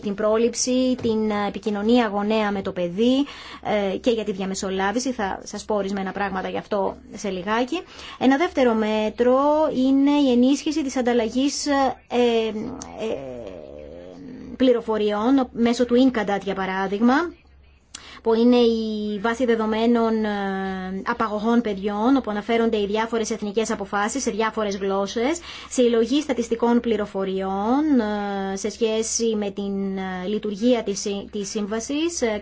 την πρόληψη, την επικοινωνία γονέα με το παιδί και για τη διαμεσολάβηση. Θα σας πω ορισμένα πράγματα γι' αυτό σε λιγάκι. Ένα δεύτερο μέτρο είναι η ενίσχυση της ανταλλαγής πληροφοριών μέσω του Ινκαντάτ, για παράδειγμα που είναι η βάση δεδομένων ε, απαγωγών παιδιών, όπου αναφέρονται οι διάφορε εθνικέ αποφάσει σε διάφορε γλώσσε, συλλογή στατιστικών πληροφοριών ε, σε σχέση με την ε, λειτουργία τη σύμβαση,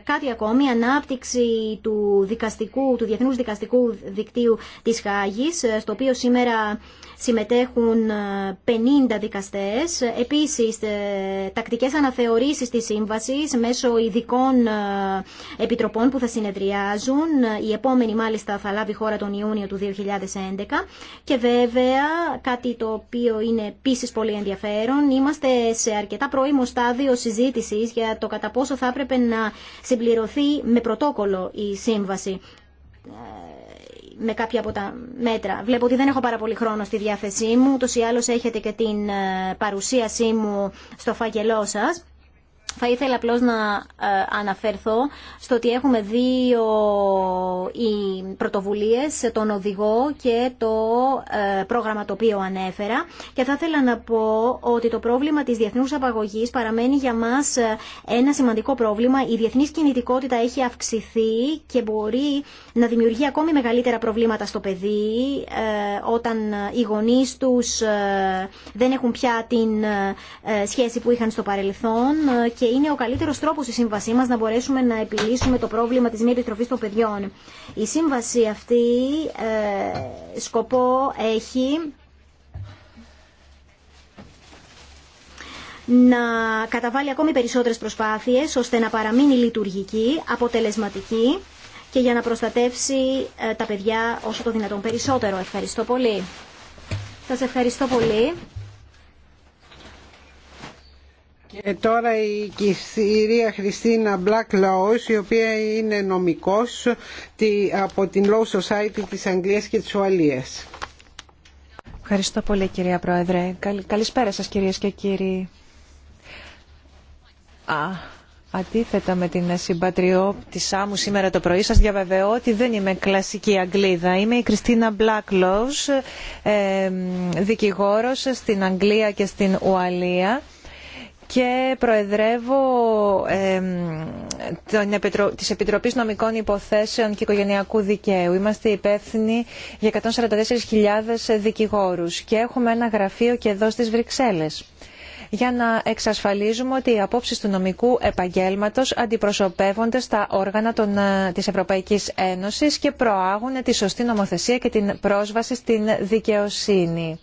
κάτι ακόμη, ανάπτυξη του, δικαστικού, του Διεθνού Δικαστικού Δικτύου τη Χάγη, στο οποίο σήμερα συμμετέχουν 50 δικαστές. Επίσης, τακτικές αναθεωρήσεις της σύμβασης μέσω ειδικών επιτροπών επιτροπών που θα συνεδριάζουν. Η επόμενη μάλιστα θα λάβει χώρα τον Ιούνιο του 2011 και βέβαια κάτι το οποίο είναι επίση πολύ ενδιαφέρον. Είμαστε σε αρκετά πρώιμο στάδιο συζήτησης για το κατά πόσο θα έπρεπε να συμπληρωθεί με πρωτόκολλο η σύμβαση ε, με κάποια από τα μέτρα. Βλέπω ότι δεν έχω πάρα πολύ χρόνο στη διάθεσή μου, ούτως ή άλλως έχετε και την ε, παρουσίασή μου στο φάκελό σας. Θα ήθελα απλώς να ε, αναφερθώ στο ότι έχουμε δύο οι πρωτοβουλίες, τον οδηγό και το ε, πρόγραμμα το οποίο ανέφερα και θα ήθελα να πω ότι το πρόβλημα της διεθνούς απαγωγής παραμένει για μας ε, ένα σημαντικό πρόβλημα. Η διεθνής κινητικότητα έχει αυξηθεί και μπορεί να δημιουργεί ακόμη μεγαλύτερα προβλήματα στο παιδί όταν οι γονείς τους δεν έχουν πια την σχέση που είχαν στο παρελθόν και και είναι ο καλύτερο τρόπο η σύμβασή μα να μπορέσουμε να επιλύσουμε το πρόβλημα τη μη επιτροφή των παιδιών. Η σύμβαση αυτή ε, σκοπό έχει να καταβάλει ακόμη περισσότερες προσπάθειες ώστε να παραμείνει λειτουργική, αποτελεσματική και για να προστατεύσει ε, τα παιδιά όσο το δυνατόν περισσότερο. Ευχαριστώ πολύ. Σας ευχαριστώ πολύ. Και ε, τώρα η κυρία Χριστίνα Μπλακ Λαός, η οποία είναι νομικός από την Law Society της Αγγλίας και της Ουαλίας. Ευχαριστώ πολύ κυρία Πρόεδρε. Καλησπέρα σας κυρίες και κύριοι. Α, αντίθετα με την συμπατριώτησά μου σήμερα το πρωί σας διαβεβαιώ ότι δεν είμαι κλασική Αγγλίδα. Είμαι η Κριστίνα ε, Μπλάκλος, δικηγόρος στην Αγγλία και στην Ουαλία και προεδρεύω ε, της Επιτροπής Νομικών Υποθέσεων και Οικογενειακού Δικαίου. Είμαστε υπεύθυνοι για 144.000 δικηγόρους και έχουμε ένα γραφείο και εδώ στις Βρυξέλλες για να εξασφαλίζουμε ότι οι απόψεις του νομικού επαγγέλματος αντιπροσωπεύονται στα όργανα των, ε, της Ευρωπαϊκής Ένωσης και προάγουν τη σωστή νομοθεσία και την πρόσβαση στην δικαιοσύνη.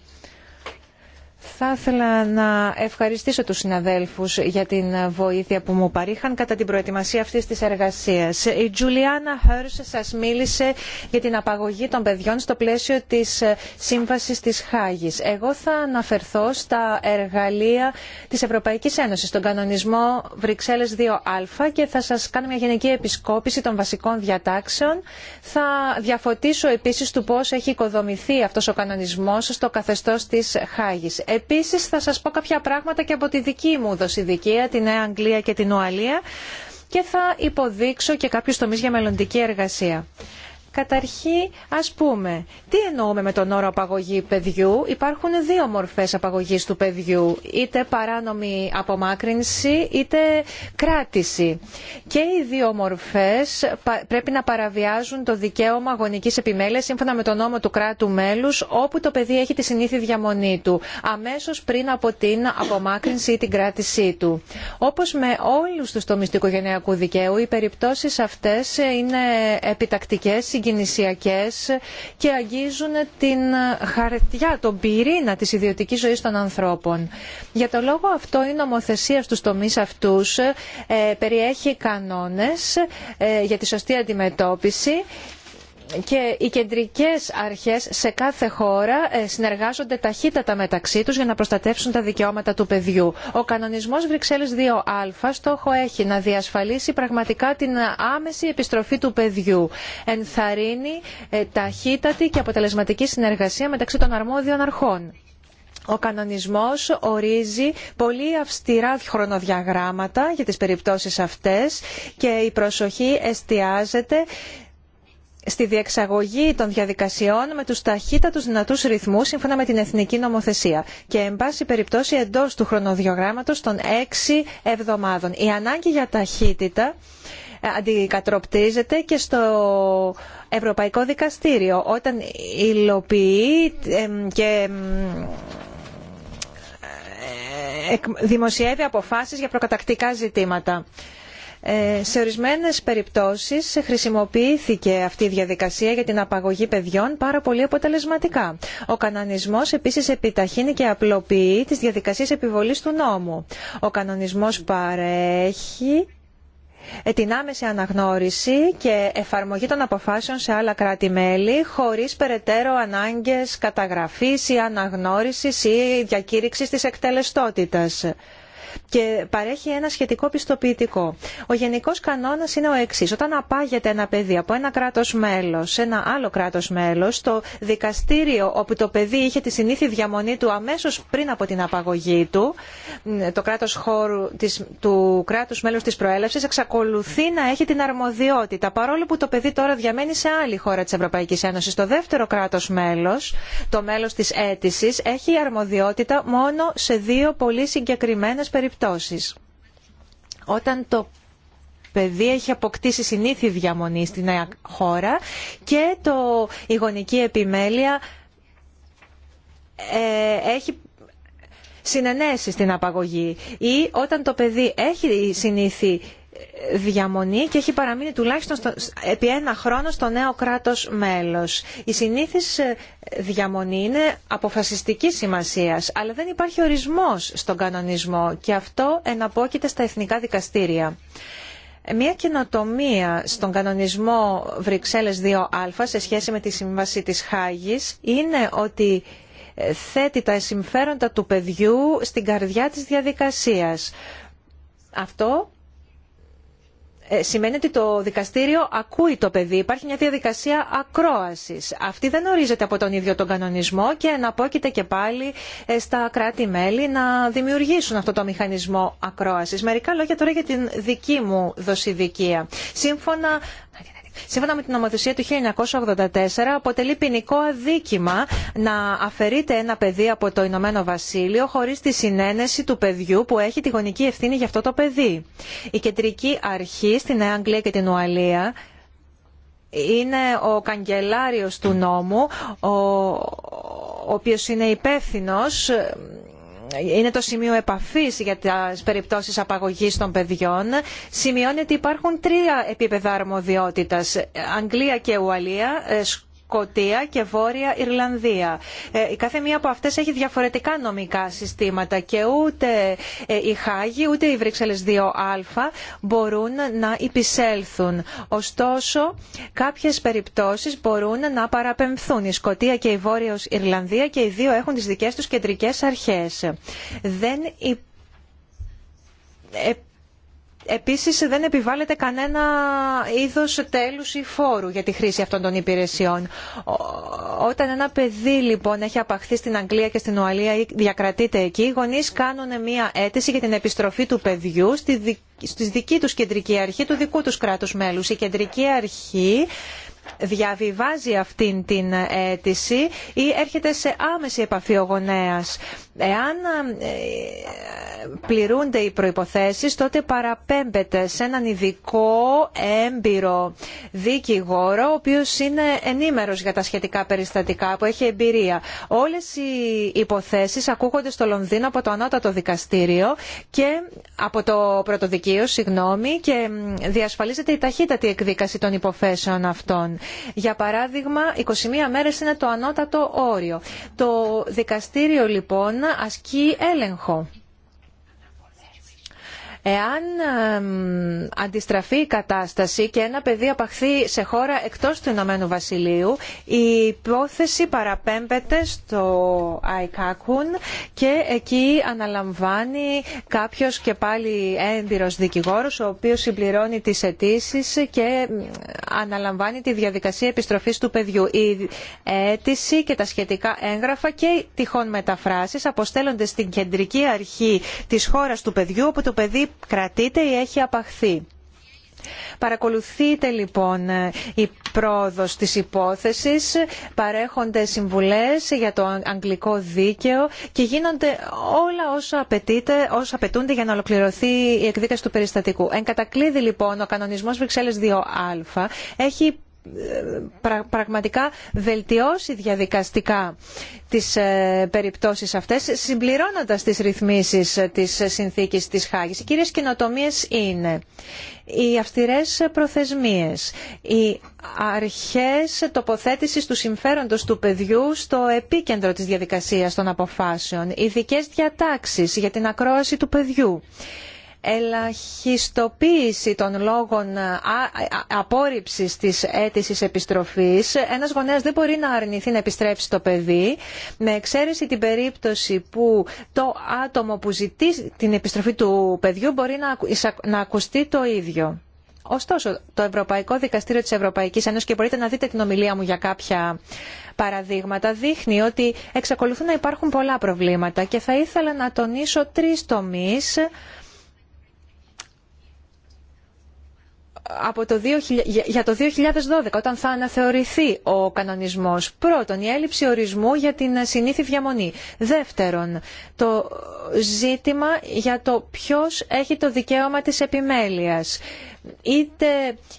Θα ήθελα να ευχαριστήσω τους συναδέλφους για την βοήθεια που μου παρήχαν κατά την προετοιμασία αυτής της εργασίας. Η Τζουλιάνα Χέρς σας μίλησε για την απαγωγή των παιδιών στο πλαίσιο της Σύμβασης της Χάγης. Εγώ θα αναφερθώ στα εργαλεία της Ευρωπαϊκής Ένωσης, τον κανονισμό Βρυξέλλες 2α και θα σας κάνω μια γενική επισκόπηση των βασικών διατάξεων. Θα διαφωτίσω επίσης του πώς έχει οικοδομηθεί αυτός ο κανονισμός στο καθεστώς της Χάγης. Επίσης θα σας πω κάποια πράγματα και από τη δική μου δοσηδικία, τη Νέα Αγγλία και την Ουαλία και θα υποδείξω και κάποιους τομείς για μελλοντική εργασία. Καταρχήν, ας πούμε, τι εννοούμε με τον όρο απαγωγή παιδιού. Υπάρχουν δύο μορφές απαγωγής του παιδιού, είτε παράνομη απομάκρυνση, είτε κράτηση. Και οι δύο μορφές πρέπει να παραβιάζουν το δικαίωμα γονική επιμέλεια, σύμφωνα με τον νόμο του κράτου μέλους, όπου το παιδί έχει τη συνήθεια διαμονή του, αμέσως πριν από την απομάκρυνση ή την κράτησή του. Όπω με όλου του τομεί του οικογενειακού δικαίου, οι περιπτώσει αυτέ ε, είναι επιτακτικέ συγκινησιακές και αγγίζουν την χαρτιά, τον πυρήνα της ιδιωτικής ζωής των ανθρώπων. Για το λόγο αυτό η νομοθεσία στους τομείς αυτούς ε, περιέχει κανόνες ε, για τη σωστή αντιμετώπιση και οι κεντρικές αρχές σε κάθε χώρα ε, συνεργάζονται ταχύτατα μεταξύ τους για να προστατεύσουν τα δικαιώματα του παιδιού. Ο κανονισμός Βρυξέλλες 2α στόχο έχει να διασφαλίσει πραγματικά την άμεση επιστροφή του παιδιού. Ενθαρρύνει ε, ταχύτατη και αποτελεσματική συνεργασία μεταξύ των αρμόδιων αρχών. Ο κανονισμός ορίζει πολύ αυστηρά χρονοδιαγράμματα για τις περιπτώσεις αυτές και η προσοχή εστιάζεται στη διεξαγωγή των διαδικασιών με τους ταχύτατους δυνατούς ρυθμούς σύμφωνα με την εθνική νομοθεσία και εν πάση περιπτώσει εντός του χρονοδιογράμματος των έξι εβδομάδων. Η ανάγκη για ταχύτητα ε, αντικατροπτίζεται και στο Ευρωπαϊκό Δικαστήριο όταν υλοποιεί και ε, δημοσιεύει αποφάσεις για προκατακτικά ζητήματα. Ε, σε ορισμένες περιπτώσεις χρησιμοποιήθηκε αυτή η διαδικασία για την απαγωγή παιδιών πάρα πολύ αποτελεσματικά. Ο κανονισμός επίσης επιταχύνει και απλοποιεί τις διαδικασίες επιβολής του νόμου. Ο κανονισμός παρέχει ε, την άμεση αναγνώριση και εφαρμογή των αποφάσεων σε άλλα κράτη-μέλη χωρίς περαιτέρω ανάγκες καταγραφής ή αναγνώρισης ή διακήρυξης της εκτελεστότητας και παρέχει ένα σχετικό πιστοποιητικό. Ο γενικό κανόνα είναι ο εξή. Όταν απάγεται ένα παιδί από ένα κράτο μέλο σε ένα άλλο κράτο μέλο, το δικαστήριο όπου το παιδί είχε τη συνήθεια διαμονή του αμέσω πριν από την απαγωγή του, το κράτο χώρου του κράτου μέλου τη προέλευση, εξακολουθεί να έχει την αρμοδιότητα. Παρόλο που το παιδί τώρα διαμένει σε άλλη χώρα τη Ευρωπαϊκή Ένωση, το δεύτερο κράτο μέλο, το μέλο τη αίτηση, έχει αρμοδιότητα μόνο σε δύο πολύ συγκεκριμένε περιπτώσει περιπτώσεις. Όταν το παιδί έχει αποκτήσει συνήθη διαμονή στην χώρα και το, η γονική επιμέλεια ε, έχει συνενέσει στην απαγωγή ή όταν το παιδί έχει συνήθη διαμονή και έχει παραμείνει τουλάχιστον επί ένα χρόνο στο νέο κράτος μέλος. Η συνήθις ε, διαμονή είναι αποφασιστική σημασίας, αλλά δεν υπάρχει ορισμός στον κανονισμό και αυτό εναπόκειται στα εθνικά δικαστήρια. Μια καινοτομία στον κανονισμό Βρυξέλλες 2α σε σχέση με τη Σύμβαση της Χάγης είναι ότι ε, θέτει τα συμφέροντα του παιδιού στην καρδιά της διαδικασίας. Αυτό ε, σημαίνει ότι το δικαστήριο ακούει το παιδί. Υπάρχει μια διαδικασία ακρόασης. Αυτή δεν ορίζεται από τον ίδιο τον κανονισμό και εναπόκειται και πάλι ε, στα κράτη-μέλη να δημιουργήσουν αυτό το μηχανισμό ακρόασης. Μερικά λόγια τώρα για την δική μου δοσηδικία. Σύμφωνα σύμφωνα με την νομοθεσία του 1984 αποτελεί ποινικό αδίκημα να αφαιρείται ένα παιδί από το Ηνωμένο Βασίλειο χωρίς τη συνένεση του παιδιού που έχει τη γονική ευθύνη για αυτό το παιδί. Η κεντρική αρχή στην Αγγλία και την Ουαλία είναι ο καγκελάριος του νόμου, ο, ο οποίος είναι υπεύθυνο είναι το σημείο επαφής για τις περιπτώσεις απαγωγής των παιδιών σημειώνεται ότι υπάρχουν τρία επίπεδα αρμοδιότητας αγγλία και ουαλία ε, Σκοτία και Βόρεια Ιρλανδία. Ε, κάθε μία από αυτές έχει διαφορετικά νομικά συστήματα και ούτε ε, η Χάγη ούτε οι Βρυξέλλες 2α μπορούν να υπησέλθουν. Ωστόσο, κάποιες περιπτώσεις μπορούν να παραπεμφθούν. Η Σκοτία και η Βόρεια Ιρλανδία και οι δύο έχουν τις δικές τους κεντρικές αρχές. Δεν επίσης δεν επιβάλλεται κανένα είδος τέλους ή φόρου για τη χρήση αυτών των υπηρεσιών. Όταν ένα παιδί λοιπόν έχει απαχθεί στην Αγγλία και στην Ουαλία ή διακρατείται εκεί, οι γονείς κάνουν μια αίτηση για την επιστροφή του παιδιού στη δική τους κεντρική αρχή, του δικού τους κράτους μέλους. Η κεντρική αρχή διαβιβάζει αυτήν την αίτηση ή έρχεται σε άμεση επαφή ο γονέας Εάν ε, πληρούνται οι προϋποθέσεις, τότε παραπέμπεται σε έναν ειδικό έμπειρο δικηγόρο, ο οποίος είναι ενήμερος για τα σχετικά περιστατικά, που έχει εμπειρία. Όλες οι υποθέσεις ακούγονται στο Λονδίνο από το Ανώτατο Δικαστήριο και από το Πρωτοδικείο, συγγνώμη, και διασφαλίζεται η ταχύτατη εκδίκαση των υποθέσεων αυτών. Για παράδειγμα, 21 μέρες είναι το ανώτατο όριο. Το δικαστήριο λοιπόν να ασκεί έλεγχο. Εάν αντιστραφεί η κατάσταση και ένα παιδί απαχθεί σε χώρα εκτός του Ηνωμένου Βασιλείου, η υπόθεση παραπέμπεται στο ΑΙΚΑΚΟΥΝ και εκεί αναλαμβάνει κάποιος και πάλι έμπειρος δικηγόρος, ο οποίος συμπληρώνει τις αιτήσει και αναλαμβάνει τη διαδικασία επιστροφής του παιδιού. Η αίτηση και τα σχετικά έγγραφα και τυχόν μεταφράσεις αποστέλλονται στην κεντρική αρχή της χώρας του παιδιού όπου το παιδί κρατείται ή έχει απαχθεί. Παρακολουθείτε λοιπόν η πρόοδος της υπόθεσης, παρέχονται συμβουλές για το αγγλικό δίκαιο και γίνονται όλα όσα, όσα απαιτούνται για να ολοκληρωθεί η εκδίκαση του περιστατικού. Εν κατακλείδη λοιπόν ο κανονισμός Βρυξέλλες 2α έχει πραγματικά βελτιώσει διαδικαστικά τις ε, περιπτώσεις αυτές συμπληρώνοντας τις ρυθμίσεις ε, της συνθήκης της Χάγης. Οι κύριες καινοτομίες είναι οι αυστηρές προθεσμίες, οι αρχές τοποθέτησης του συμφέροντος του παιδιού στο επίκεντρο της διαδικασίας των αποφάσεων, οι ειδικέ διατάξεις για την ακρόαση του παιδιού ελαχιστοποίηση των λόγων απόρριψης της αίτησης επιστροφής. Ένας γονέας δεν μπορεί να αρνηθεί να επιστρέψει το παιδί, με εξαίρεση την περίπτωση που το άτομο που ζητεί την επιστροφή του παιδιού μπορεί να ακουστεί το ίδιο. Ωστόσο, το Ευρωπαϊκό Δικαστήριο της Ευρωπαϊκής Ένωσης και μπορείτε να δείτε την ομιλία μου για κάποια παραδείγματα, δείχνει ότι εξακολουθούν να υπάρχουν πολλά προβλήματα και θα ήθελα να τονίσω τρεις τομείς από το για το 2012 όταν θα αναθεωρηθεί ο κανονισμός. Πρώτον, η έλλειψη ορισμού για την συνήθη διαμονή. Δεύτερον, το ζήτημα για το ποιος έχει το δικαίωμα της επιμέλειας. Είτε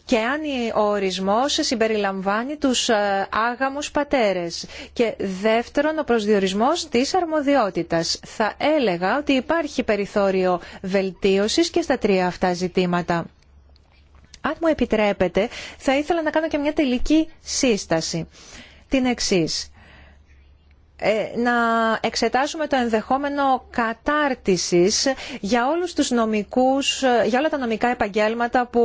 και αν ο ορισμός συμπεριλαμβάνει τους ε, άγαμους πατέρες. Και δεύτερον, ο προσδιορισμός της αρμοδιότητας. Θα έλεγα ότι υπάρχει περιθώριο βελτίωσης και στα τρία αυτά ζητήματα. Αν μου επιτρέπετε, θα ήθελα να κάνω και μια τελική σύσταση. Την εξής ε, να εξετάσουμε το ενδεχόμενο κατάρτισης για όλους τους νομικούς, για όλα τα νομικά επαγγέλματα που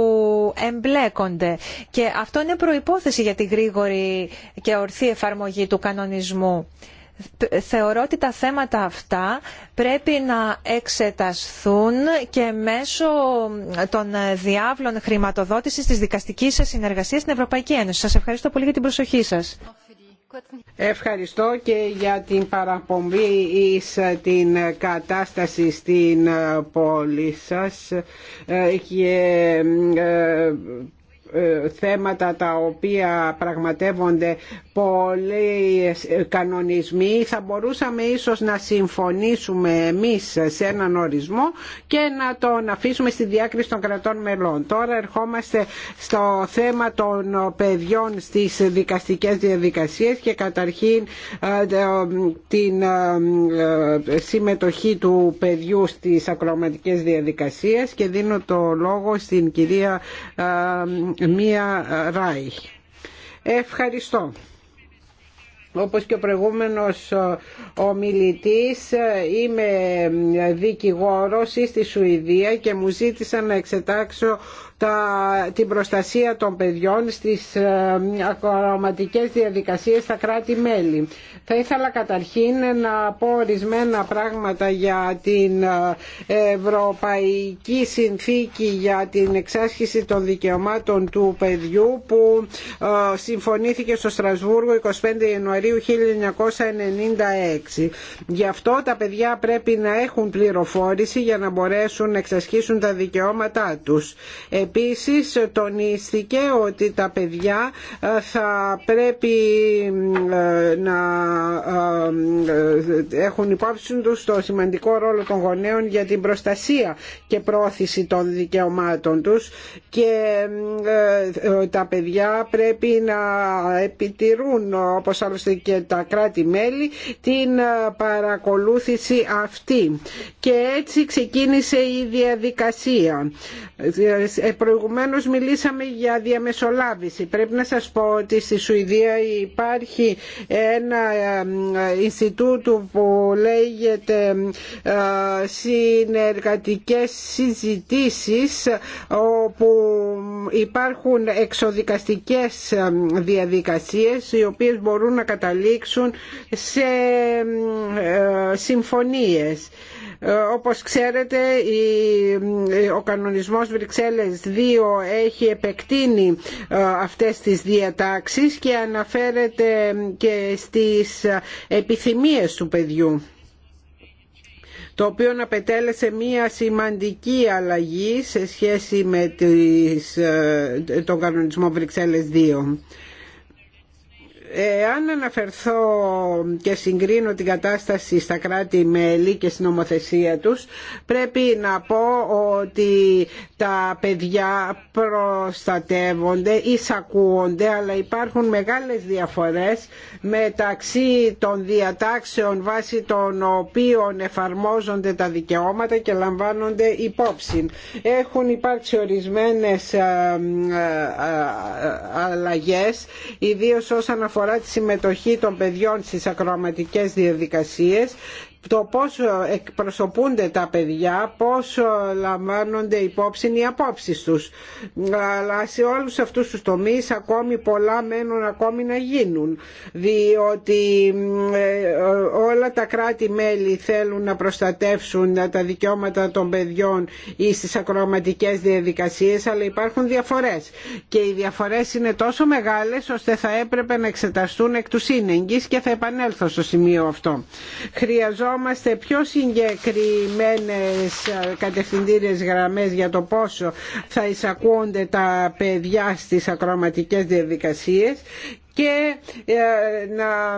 εμπλέκονται. Και αυτό είναι προϋπόθεση για τη γρήγορη και ορθή εφαρμογή του κανονισμού θεωρώ ότι τα θέματα αυτά πρέπει να εξετασθούν και μέσω των διάβλων χρηματοδότησης της δικαστικής συνεργασίας στην Ευρωπαϊκή Ένωση. Σας ευχαριστώ πολύ για την προσοχή σας. Ευχαριστώ και για την παραπομπή εις ε, την κατάσταση στην ε, πόλη σας ε, ε, θέματα τα οποία πραγματεύονται πολλοί κανονισμοί θα μπορούσαμε ίσως να συμφωνήσουμε εμείς σε έναν ορισμό και να τον αφήσουμε στη διάκριση των κρατών μελών. Τώρα ερχόμαστε στο θέμα των παιδιών στις δικαστικές διαδικασίες και καταρχήν ε, την ε, συμμετοχή του παιδιού στις ακροματικές διαδικασίες και δίνω το λόγο στην κυρία μία ε, ράη. Ευχαριστώ όπως και ο προηγούμενος ε, ομιλητής ε, είμαι δικηγόρος στη Σουηδία και μου ζήτησαν να εξετάξω τα, την προστασία των παιδιών στις ε, ακροαματικές διαδικασίες στα κράτη-μέλη. Θα ήθελα καταρχήν να πω ορισμένα πράγματα για την ε, Ευρωπαϊκή Συνθήκη για την εξάσκηση των δικαιωμάτων του παιδιού που ε, συμφωνήθηκε στο Στρασβούργο 25 Ιανουαρίου 1996. Γι' αυτό τα παιδιά πρέπει να έχουν πληροφόρηση για να μπορέσουν να εξασκήσουν τα δικαιώματά τους. Επίσης τονίστηκε ότι τα παιδιά ε, θα πρέπει ε, να ε, έχουν υπόψη τους το σημαντικό ρόλο των γονέων για την προστασία και πρόθεση των δικαιωμάτων τους και τα παιδιά πρέπει να επιτηρούν όπως άλλωστε και τα κράτη-μέλη την παρακολούθηση αυτή και έτσι ξεκίνησε η διαδικασία προηγουμένως μιλήσαμε για διαμεσολάβηση. Πρέπει να σας πω ότι στη Σουηδία υπάρχει ένα ε, ε, Ινστιτούτο που λέγεται ε, συνεργατικές συζητήσεις όπου υπάρχουν εξοδικαστικές διαδικασίες οι οποίες μπορούν να καταλήξουν σε συμφωνίες. Ε, όπως ξέρετε ο κανονισμός Βρυξέλλες 2 έχει επεκτείνει ε, αυτές τις διατάξεις και αναφέρεται και στις επιθυμίες του παιδιού το οποίο απετέλεσε μία σημαντική αλλαγή σε σχέση με ε, τον κανονισμό Βρυξέλλες 2. Αν αναφερθώ και συγκρίνω την κατάσταση στα κράτη-μέλη και στην νομοθεσία τους, πρέπει να πω ότι τα παιδιά προστατεύονται, εισακούονται, αλλά υπάρχουν μεγάλες διαφορές μεταξύ των διατάξεων βάσει των οποίων εφαρμόζονται τα δικαιώματα και λαμβάνονται υπόψη. Έχουν υπάρξει ορισμένες ε, ε, ε, αλλαγές, ιδίως όσον αφορά αφορά τη συμμετοχή των παιδιών στις ακροαματικές διαδικασίες το πώς ε, εκπροσωπούνται τα παιδιά, πώς ε, λαμβάνονται υπόψη οι απόψει τους. Αλλά σε όλους αυτούς τους τομείς ακόμη πολλά μένουν ακόμη να γίνουν, διότι ε, όλα τα κράτη-μέλη θέλουν να προστατεύσουν τα δικαιώματα των παιδιών ή στις ακροματικές διαδικασίες, αλλά υπάρχουν διαφορές. Και οι διαφορές είναι τόσο μεγάλες ώστε θα έπρεπε να εξεταστούν εκ του και θα επανέλθω στο σημείο αυτό. Είμαστε πιο συγκεκριμένες κατευθυντήριες γραμμές για το πόσο θα εισακούονται τα παιδιά στις ακροματικές διαδικασίες και ε, να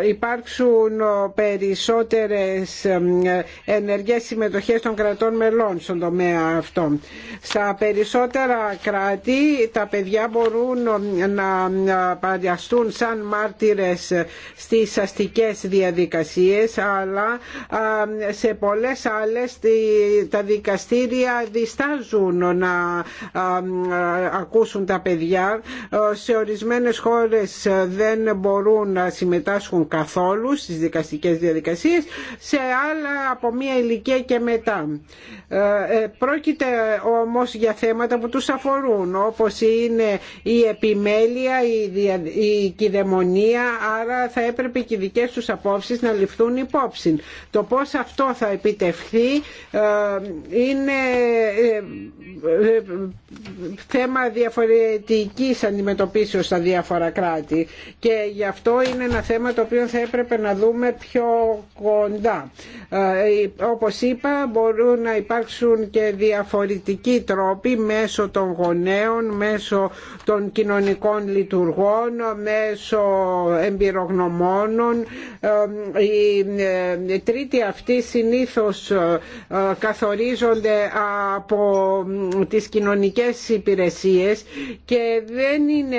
ε, υπάρξουν περισσότερες ε, ενεργές συμμετοχές των κρατών μελών στον τομέα αυτό. Στα περισσότερα κράτη τα παιδιά μπορούν να παριαστούν σαν μάρτυρες στις αστικές διαδικασίες αλλά σε πολλές άλλες τα δικαστήρια διστάζουν να ακούσουν τα παιδιά σε ορισμένες χώρες ε, δεν μπορούν να συμμετάσχουν καθόλου στις δικαστικές διαδικασίες, σε άλλα από μία ηλικία και μετά. Ε, ε, πρόκειται όμως για θέματα που τους αφορούν, όπως είναι η επιμέλεια, η κυδαιμονία, άρα θα έπρεπε και οι δικές τους απόψεις να ληφθούν υπόψη. Το πώς αυτό θα επιτευχθεί είναι θέμα διαφορετικής αντιμετωπίσεως στα διάφορα κράτη και γι' αυτό είναι ένα θέμα το οποίο θα έπρεπε να δούμε πιο κοντά. Ε, όπως είπα μπορούν να υπάρξουν και διαφορετικοί τρόποι μέσω των γονέων, μέσω των κοινωνικών λειτουργών, μέσω εμπειρογνωμόνων. Ε, ε, οι τρίτοι αυτή συνήθως καθορίζονται από τις κοινωνικές υπηρεσίες και δεν είναι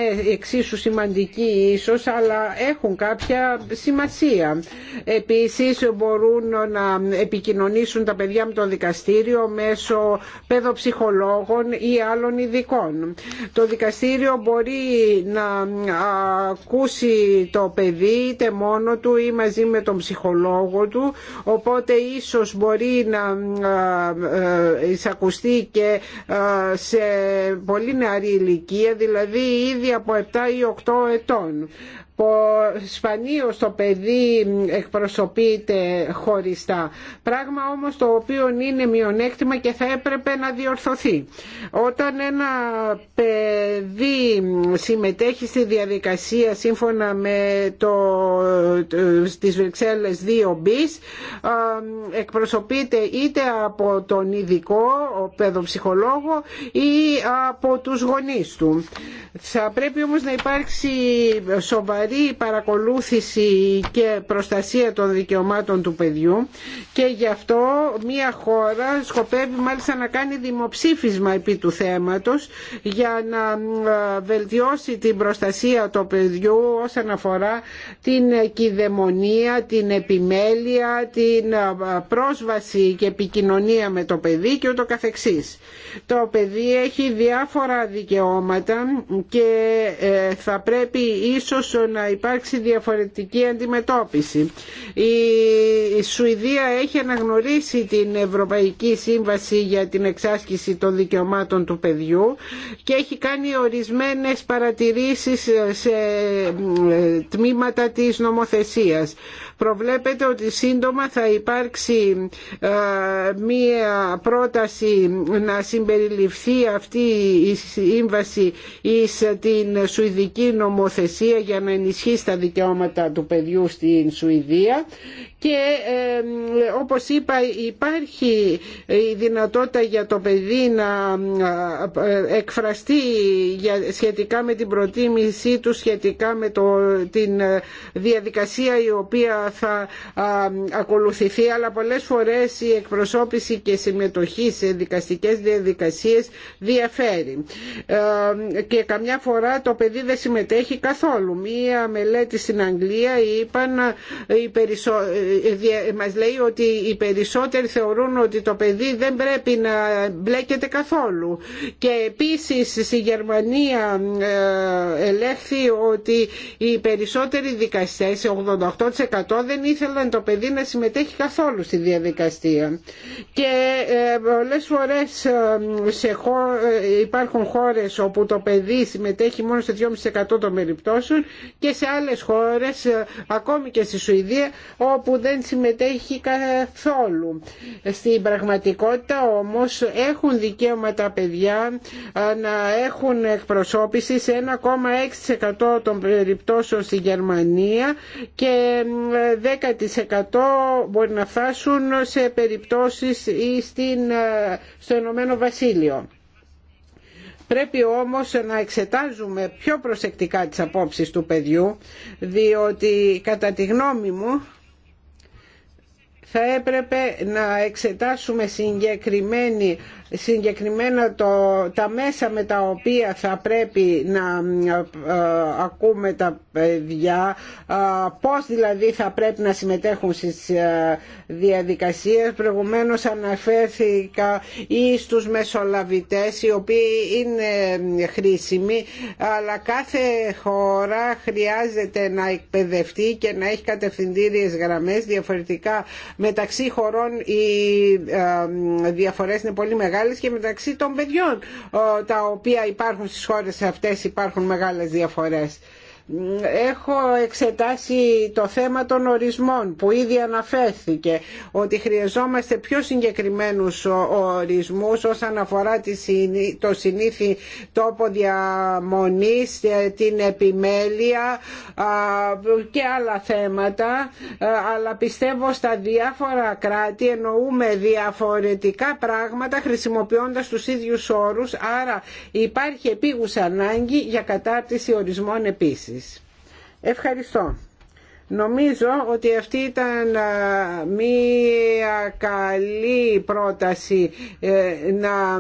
εξίσου σημαντική ίσως αλλά έχουν κάποια σημασία. Επίσης μπορούν να επικοινωνήσουν τα παιδιά με το δικαστήριο μέσω παιδοψυχολόγων ή άλλων ειδικών. Το δικαστήριο μπορεί να ακούσει το παιδί είτε μόνο του ή μαζί με τον ψυχολόγο του οπότε ίσως μπορεί να ε, ε, εισακουστεί και ε, σε πολύ νεαρή ηλικία δηλαδή ήδη από 7 ή 8 ετών σπανίως το παιδί εκπροσωπείται χωριστά. Πράγμα όμως το οποίο είναι μειονέκτημα και θα έπρεπε να διορθωθεί. Όταν ένα παιδί συμμετέχει στη διαδικασία σύμφωνα με το στις Βρυξέλλες 2 2B εκπροσωπείται είτε από τον ειδικό ο παιδοψυχολόγο ή από τους γονείς του. Θα πρέπει όμως να υπάρξει σοβαρή Υπάρχει παρακολούθηση και προστασία των δικαιωμάτων του παιδιού και γι' αυτό μια χώρα σκοπεύει μάλιστα να κάνει δημοψήφισμα επί του θέματος για να ε, βελτιώσει την προστασία του παιδιού όσον αφορά την κυδαιμονία, την επιμέλεια, την ε, πρόσβαση και επικοινωνία με το παιδί και ούτω καθεξής. Το παιδί έχει διάφορα δικαιώματα και ε, θα πρέπει ίσως να υπάρξει διαφορετική αντιμετώπιση. Η Σουηδία έχει αναγνωρίσει την Ευρωπαϊκή Σύμβαση για την εξάσκηση των δικαιωμάτων του παιδιού και έχει κάνει ορισμένες παρατηρήσεις σε τμήματα της νομοθεσίας. Προβλέπετε ότι σύντομα θα υπάρξει ε, μία πρόταση να συμπεριληφθεί αυτή η σύμβαση εις την Σουηδική νομοθεσία για να ενισχύσει τα δικαιώματα του παιδιού στην Σουηδία και όπως είπα υπάρχει η δυνατότητα για το παιδί να ε, εκφραστεί σχετικά με την προτίμησή του σχετικά με το, την ε, διαδικασία η οποία θα ακολουθηθεί αλλά πολλές φορές η εκπροσώπηση και συμμετοχή σε δικαστικές διαδικασίες διαφέρει και καμιά φορά το παιδί δεν συμμετέχει καθόλου. Μία μελέτη στην Αγγλία είπαν ε, οι μας λέει ότι οι περισσότεροι θεωρούν ότι το παιδί δεν πρέπει να μπλέκεται καθόλου. Και επίσης στη Γερμανία ε, ελέγχθη ότι οι περισσότεροι δικαστές, 88% δεν ήθελαν το παιδί να συμμετέχει καθόλου στη διαδικασία. Και ε, πολλές φορές ε, σε υπάρχουν χώρες όπου το παιδί συμμετέχει μόνο σε 2,5% των περιπτώσεων και σε άλλες χώρες, ακόμη και στη Σουηδία, όπου δεν συμμετέχει καθόλου. Στην πραγματικότητα όμως έχουν δικαίωμα τα παιδιά να έχουν εκπροσώπηση σε 1,6% των περιπτώσεων στη Γερμανία και 10% μπορεί να φτάσουν σε περιπτώσεις ή στην, στο Ηνωμένο Βασίλειο. Πρέπει όμως να εξετάζουμε πιο προσεκτικά τις απόψεις του παιδιού, διότι κατά τη γνώμη μου θα έπρεπε να εξετάσουμε συγκεκριμένη συγκεκριμένα το, τα μέσα με τα οποία θα πρέπει να ε, ακούμε τα παιδιά, ε, πώς δηλαδή θα πρέπει να συμμετέχουν στις ε, διαδικασίες. Προηγουμένως αναφέρθηκα ή στους μεσολαβητές οι οποίοι είναι χρήσιμοι, αλλά κάθε χώρα χρειάζεται να εκπαιδευτεί και να έχει κατευθυντήριες γραμμές διαφορετικά μεταξύ χωρών οι διαφορές είναι πολύ μεγάλες μεγάλες και μεταξύ των παιδιών τα οποία υπάρχουν στις χώρες αυτές υπάρχουν μεγάλες διαφορές. Έχω εξετάσει το θέμα των ορισμών που ήδη αναφέρθηκε ότι χρειαζόμαστε πιο συγκεκριμένους ορισμούς όσον αφορά το συνήθι τόπο διαμονής, ε, την επιμέλεια και άλλα θέματα ε, αλλά πιστεύω στα διάφορα κράτη εννοούμε διαφορετικά πράγματα χρησιμοποιώντας τους ίδιους όρους άρα υπάρχει επίγουσα ανάγκη για κατάρτιση ορισμών επίσης. Ευχαριστώ. Νομίζω ότι αυτή ήταν μία καλή πρόταση ε, να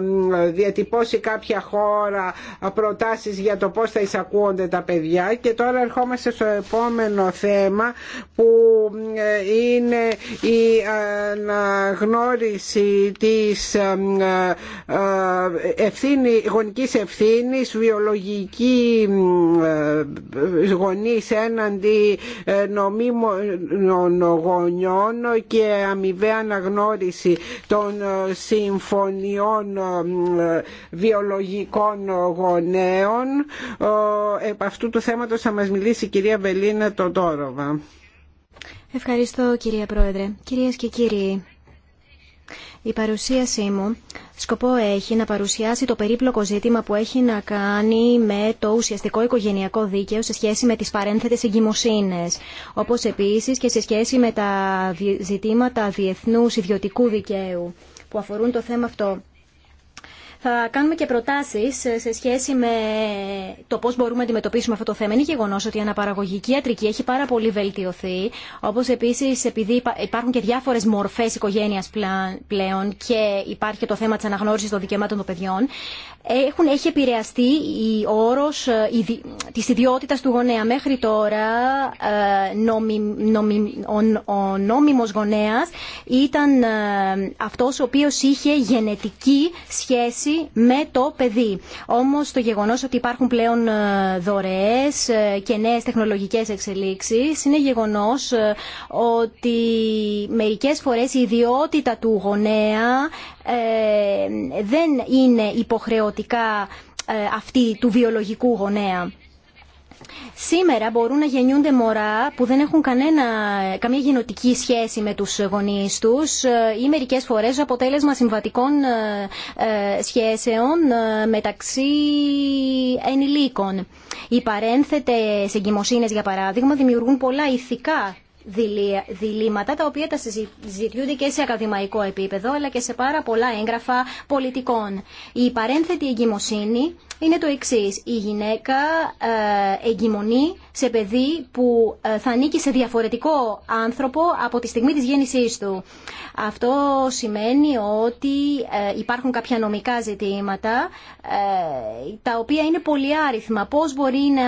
διατυπώσει κάποια χώρα προτάσεις για το πώς θα εισακούονται τα παιδιά και τώρα ερχόμαστε στο επόμενο θέμα που ε, είναι η αναγνώριση της ε, ευθύνη, γονικής ευθύνης βιολογική γονής έναντι νομίμων γονιών και αμοιβαία αναγνώριση των ε, συμφωνιών ε, βιολογικών γονέων. Ε, επ' αυτού του θέματος θα μας μιλήσει η κυρία Βελίνα Τοντόροβα. Ευχαριστώ κυρία Πρόεδρε. Κυρίες και κύριοι, η παρουσίασή μου σκοπό έχει να παρουσιάσει το περίπλοκο ζήτημα που έχει να κάνει με το ουσιαστικό οικογενειακό δίκαιο σε σχέση με τις παρένθετες εγκυμοσύνες, όπως επίσης και σε σχέση με τα ζητήματα διεθνούς ιδιωτικού δικαίου που αφορούν το θέμα αυτό θα κάνουμε και προτάσει σε σχέση με το πώ μπορούμε να αντιμετωπίσουμε αυτό το θέμα. Είναι γεγονός ότι η αναπαραγωγική ιατρική έχει πάρα πολύ βελτιωθεί, όπω επίση, επειδή υπάρχουν και διάφορε μορφέ οικογένεια πλέον και υπάρχει και το θέμα τη αναγνώριση των δικαιωμάτων των παιδιών, έχουν, έχει επηρεαστεί η όρο τη ε, της του γονέα. Μέχρι τώρα ε, ο, ο νόμιμος ήταν ε, αυτό ο οποίο είχε γενετική σχέση με το παιδί. Όμως το γεγονός ότι υπάρχουν πλέον ε, δωρεές ε, και νέες τεχνολογικές εξελίξεις είναι γεγονός ε, ότι μερικές φορές η ιδιότητα του γονέα δεν είναι υποχρεωτικά αυτή του βιολογικού γονέα. Σήμερα μπορούν να γεννιούνται μωρά που δεν έχουν κανένα, καμία γενοτική σχέση με τους γονείς τους ε, ή μερικές φορές αποτέλεσμα συμβατικών ε, ε, σχέσεων μεταξύ ενηλίκων. Οι παρένθετες εγκυμοσύνες, για παράδειγμα, δημιουργούν πολλά ηθικά διλήμματα τα οποία τα συζητιούνται και σε ακαδημαϊκό επίπεδο αλλά και σε πάρα πολλά έγγραφα πολιτικών. Η παρένθετη εγκυμοσύνη είναι το εξής. Η γυναίκα ε, εγκυμονεί σε παιδί που ε, θα ανήκει σε διαφορετικό άνθρωπο από τη στιγμή της γέννησής του. Αυτό σημαίνει ότι ε, υπάρχουν κάποια νομικά ζητήματα ε, τα οποία είναι πολυάριθμα. Πώς μπορεί να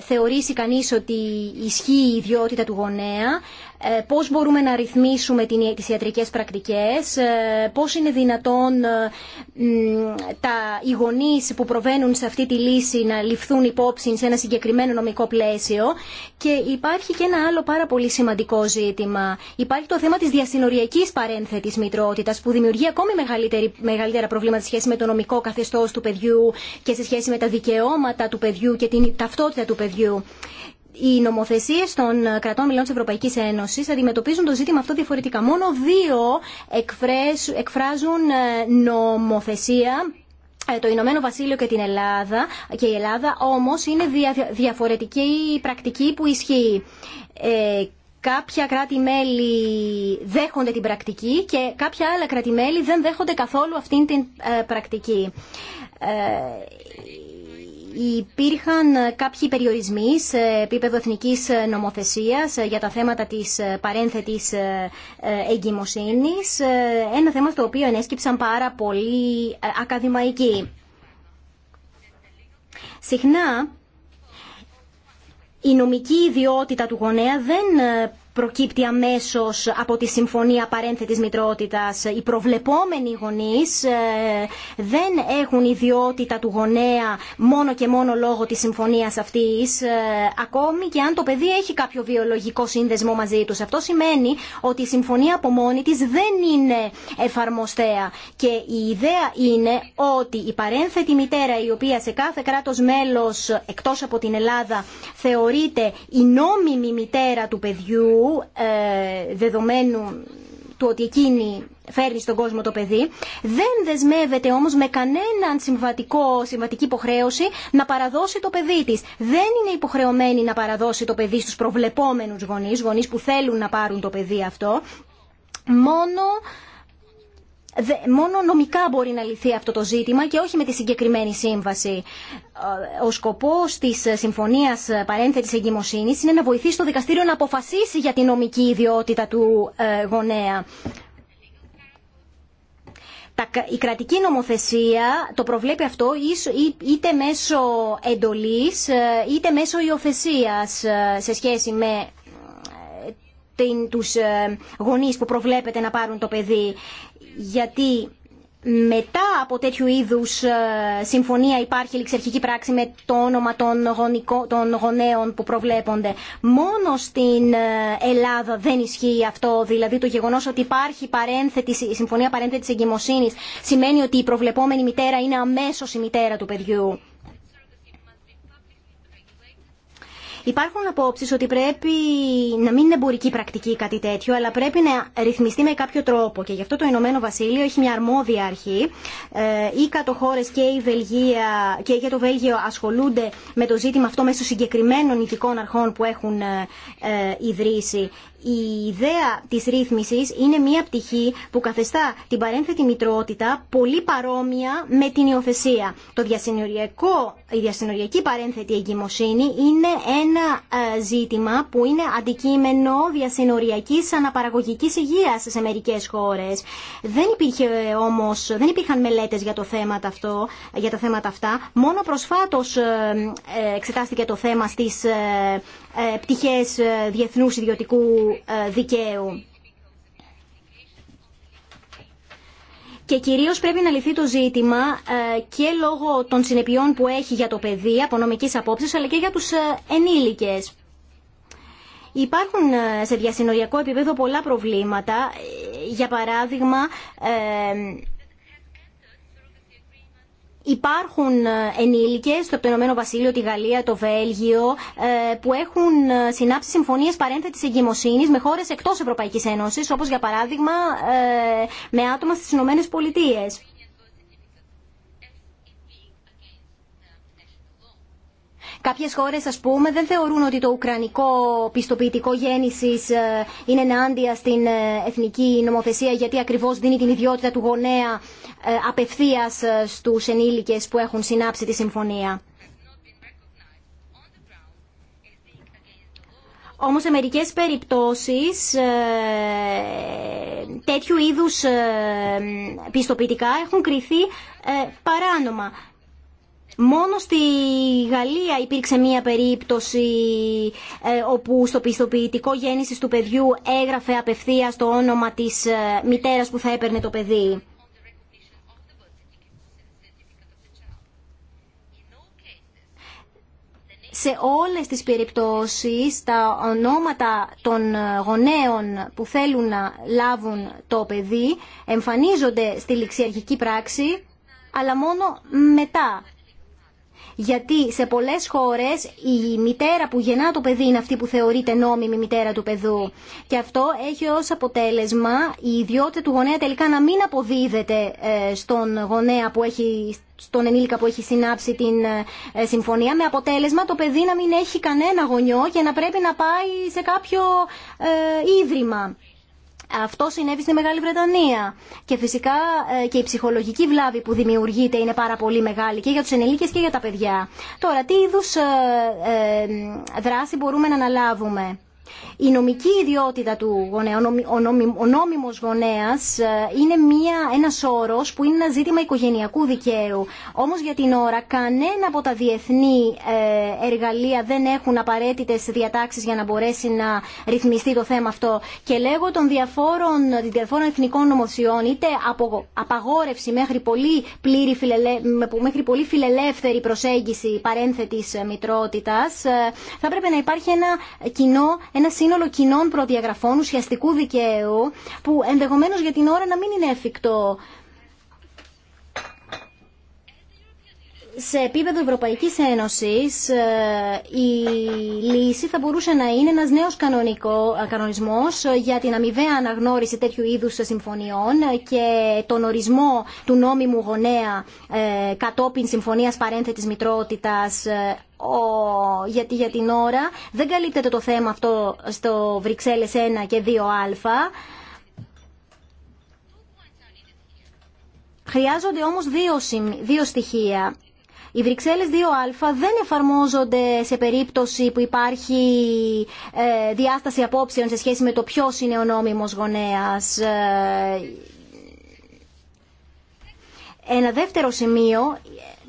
θεωρήσει κανείς ότι ισχύει η ιδιότητα του γονέα ε, πώς μπορούμε να ρυθμίσουμε τις ιατρικές πρακτικές, ε, πώς είναι δυνατόν ε, τα, οι γονείς που προβαίνουν σε αυτή τη λύση να ληφθούν υπόψη σε ένα συγκεκριμένο νομικό πλαίσιο και υπάρχει και ένα άλλο πάρα πολύ σημαντικό ζήτημα. Υπάρχει το θέμα της διασυνοριακής παρένθετης μητρότητας που δημιουργεί ακόμη μεγαλύτερα προβλήματα σε σχέση με το νομικό καθεστώς του παιδιού και σε σχέση με τα δικαιώματα του παιδιού και την ταυτότητα του παιδιού οι νομοθεσίε των κρατών μελών τη Ευρωπαϊκή Ένωση αντιμετωπίζουν το ζήτημα αυτό διαφορετικά. Μόνο δύο εκφράζουν ε, νομοθεσία ε, το Ηνωμένο Βασίλειο και την Ελλάδα και η Ελλάδα όμως είναι διαφορετική πρακτική που ισχύει. Ε, κάποια κράτη-μέλη δέχονται την πρακτική και κάποια άλλα κράτη-μέλη δεν δέχονται καθόλου αυτήν την ε, πρακτική. Ε, υπήρχαν ε, κάποιοι περιορισμοί σε επίπεδο εθνικής ε, νομοθεσίας ε, για τα θέματα της παρένθετης εγκυμοσύνης, ένα θέμα στο οποίο ενέσκυψαν πάρα πολλοί ακαδημαϊκοί. Συχνά η νομική ιδιότητα του γονέα δεν προκύπτει αμέσω από τη Συμφωνία Παρένθετης μητρότητα. Οι προβλεπόμενοι γονείς ε, δεν έχουν ιδιότητα του γονέα μόνο και μόνο λόγω της Συμφωνίας αυτής, ε, ακόμη και αν το παιδί έχει κάποιο βιολογικό σύνδεσμο μαζί του, Αυτό σημαίνει ότι η Συμφωνία από μόνη τη δεν είναι εφαρμοστέα. Και η ιδέα είναι ότι η παρένθετη μητέρα η οποία σε κάθε κράτο μέλο, εκτό από την Ελλάδα, θεωρείται η νόμιμη μητέρα του παιδιού, που ε, δεδομένου του ότι εκείνη φέρνει στον κόσμο το παιδί, δεν δεσμεύεται όμως με κανέναν συμβατικό, συμβατική υποχρέωση να παραδώσει το παιδί της. Δεν είναι υποχρεωμένη να παραδώσει το παιδί στους προβλεπόμενους γονείς, γονείς που θέλουν να πάρουν το παιδί αυτό, μόνο μόνο νομικά μπορεί να λυθεί αυτό το ζήτημα και όχι με τη συγκεκριμένη σύμβαση. Ο σκοπός της Συμφωνίας Παρένθετης Εγκυμοσύνης είναι να βοηθήσει το δικαστήριο να αποφασίσει για τη νομική ιδιότητα του ε, γονέα. Η κρατική νομοθεσία το προβλέπει αυτό είτε μέσω εντολής ε, είτε μέσω υιοθεσία ε, σε σχέση με τους γονείς που προβλέπεται να πάρουν το παιδί γιατί μετά από τέτοιου είδους ε, συμφωνία υπάρχει ληξιαρχική πράξη με το όνομα των, γονικό, των γονέων που προβλέπονται. Μόνο στην ε, Ελλάδα δεν ισχύει αυτό, δηλαδή το γεγονός ότι υπάρχει παρένθετη, συμφωνία παρένθετης εγκυμοσύνης σημαίνει ότι η προβλεπόμενη μητέρα είναι αμέσως η μητέρα του παιδιού. Υπάρχουν απόψεις ότι πρέπει να μην είναι εμπορική πρακτική κάτι τέτοιο, αλλά πρέπει να ρυθμιστεί με κάποιο τρόπο. Και γι' αυτό το Ηνωμένο Βασίλειο έχει μια αρμόδια αρχή. Ε, οι κατοχώρε και, η Βελγία, και για το Βέλγιο ασχολούνται με το ζήτημα αυτό μέσω συγκεκριμένων ηθικών αρχών που έχουν ε, ε, ιδρύσει η ιδέα της ρύθμισης είναι μία πτυχή που καθεστά την παρένθετη μητρότητα πολύ παρόμοια με την υιοθεσία. Το διασυνοριακό, η διασυνοριακή παρένθετη εγκυμοσύνη είναι ένα ε, ζήτημα που είναι αντικείμενο διασυνοριακής αναπαραγωγικής υγείας σε μερικές χώρες. Δεν υπήρχε ε, όμως, δεν υπήρχαν μελέτες για, το θέμα για τα θέματα αυτά. Μόνο προσφάτως ε, εξετάστηκε το θέμα στις ε, πτυχές ε, διεθνούς ιδιωτικού ε, δικαίου. Και κυρίως πρέπει να λυθεί το ζήτημα και λόγω των συνεπειών που έχει για το παιδί από νομικής απόψης, αλλά και για τους ενήλικες. Υπάρχουν σε διασυνοριακό επίπεδο πολλά προβλήματα. Για παράδειγμα, Υπάρχουν ε, ενήλικε στο Ηνωμένο Βασίλειο, τη Γαλλία, το Βέλγιο ε, που έχουν ε, συνάψει συμφωνίες παρένθετη εγκυμοσύνης με χώρες εκτός Ευρωπαϊκής Ένωσης όπως για παράδειγμα με άτομα στι Ηνωμένε Πολιτείες. Κάποιες χώρε, α πούμε, δεν θεωρούν ότι το ουκρανικό πιστοποιητικό γέννησης ε, είναι ενάντια στην ε, εθνική νομοθεσία, γιατί ακριβώς δίνει την ιδιότητα του γονέα ε, απευθείας στους ενήλικες που έχουν συνάψει τη συμφωνία. Όμω, σε μερικέ περιπτώσεις τέτοιου είδους πιστοποιητικά έχουν κριθεί παράνομα. Μόνο στη Γαλλία υπήρξε μία περίπτωση ε, όπου στο πιστοποιητικό γέννησης του παιδιού έγραφε απευθεία το όνομα της ε, μητέρας που θα έπαιρνε το παιδί. σε όλες τις περιπτώσεις τα ονόματα των ε, γονέων που θέλουν να λάβουν το παιδί εμφανίζονται στη ληξιαρχική πράξη αλλά μόνο μετά γιατί σε πολλές χώρες η μητέρα που γεννά το παιδί είναι αυτή που θεωρείται νόμιμη μητέρα του παιδού. Και αυτό έχει ως αποτέλεσμα η ιδιότητα του γονέα τελικά να μην αποδίδεται ε, στον γονέα που έχει στον ενήλικα που έχει συνάψει την ε, συμφωνία με αποτέλεσμα το παιδί να μην έχει κανένα γονιό και να πρέπει να πάει σε κάποιο ε, ίδρυμα. Αυτό συνέβη στη Μεγάλη Βρετανία. Και φυσικά ε, και η ψυχολογική βλάβη που δημιουργείται είναι πάρα πολύ μεγάλη και για τους ενηλίκες και για τα παιδιά. Τώρα, τι είδους ε, ε, δράση μπορούμε να αναλάβουμε. Η νομική ιδιότητα του γονέα, ο νόμιμος γονέας, ε, είναι μια, ένας όρος που είναι ένα ζήτημα οικογενειακού δικαίου. Όμως για την ώρα κανένα από τα διεθνή ε, εργαλεία δεν έχουν απαραίτητες διατάξεις για να μπορέσει να ρυθμιστεί το θέμα αυτό. Και λέγω των διαφόρων, διαφόρων εθνικών νομοθεσιών, είτε από απαγόρευση μέχρι πολύ, πλήρη φιλελε... μέχρι πολύ φιλελεύθερη προσέγγιση παρένθετης ε, μητρότητας, θα πρέπει να υπάρχει ένα κοινό, ένα σύνολο κοινών προδιαγραφών ουσιαστικού δικαίου που ενδεχομένως για την ώρα να μην είναι εφικτό σε επίπεδο Ευρωπαϊκής Ένωσης ε, η λύση θα μπορούσε να είναι ένας νέος κανονικό, ε, κανονισμός ε, για την αμοιβαία αναγνώριση τέτοιου είδους συμφωνιών και τον ορισμό του νόμιμου γονέα κατόπιν συμφωνίας παρένθετης μητρότητας ο, γιατί για την ώρα δεν καλύπτεται το θέμα αυτό στο Βρυξέλλες 1 και 2α. Χρειάζονται όμως δύο, δύο στοιχεία. Οι Βρυξέλλες 2α δεν εφαρμόζονται σε περίπτωση που υπάρχει ε, διάσταση απόψεων σε σχέση με το ποιος είναι ο νόμιμος γονέας ε, ένα δεύτερο σημείο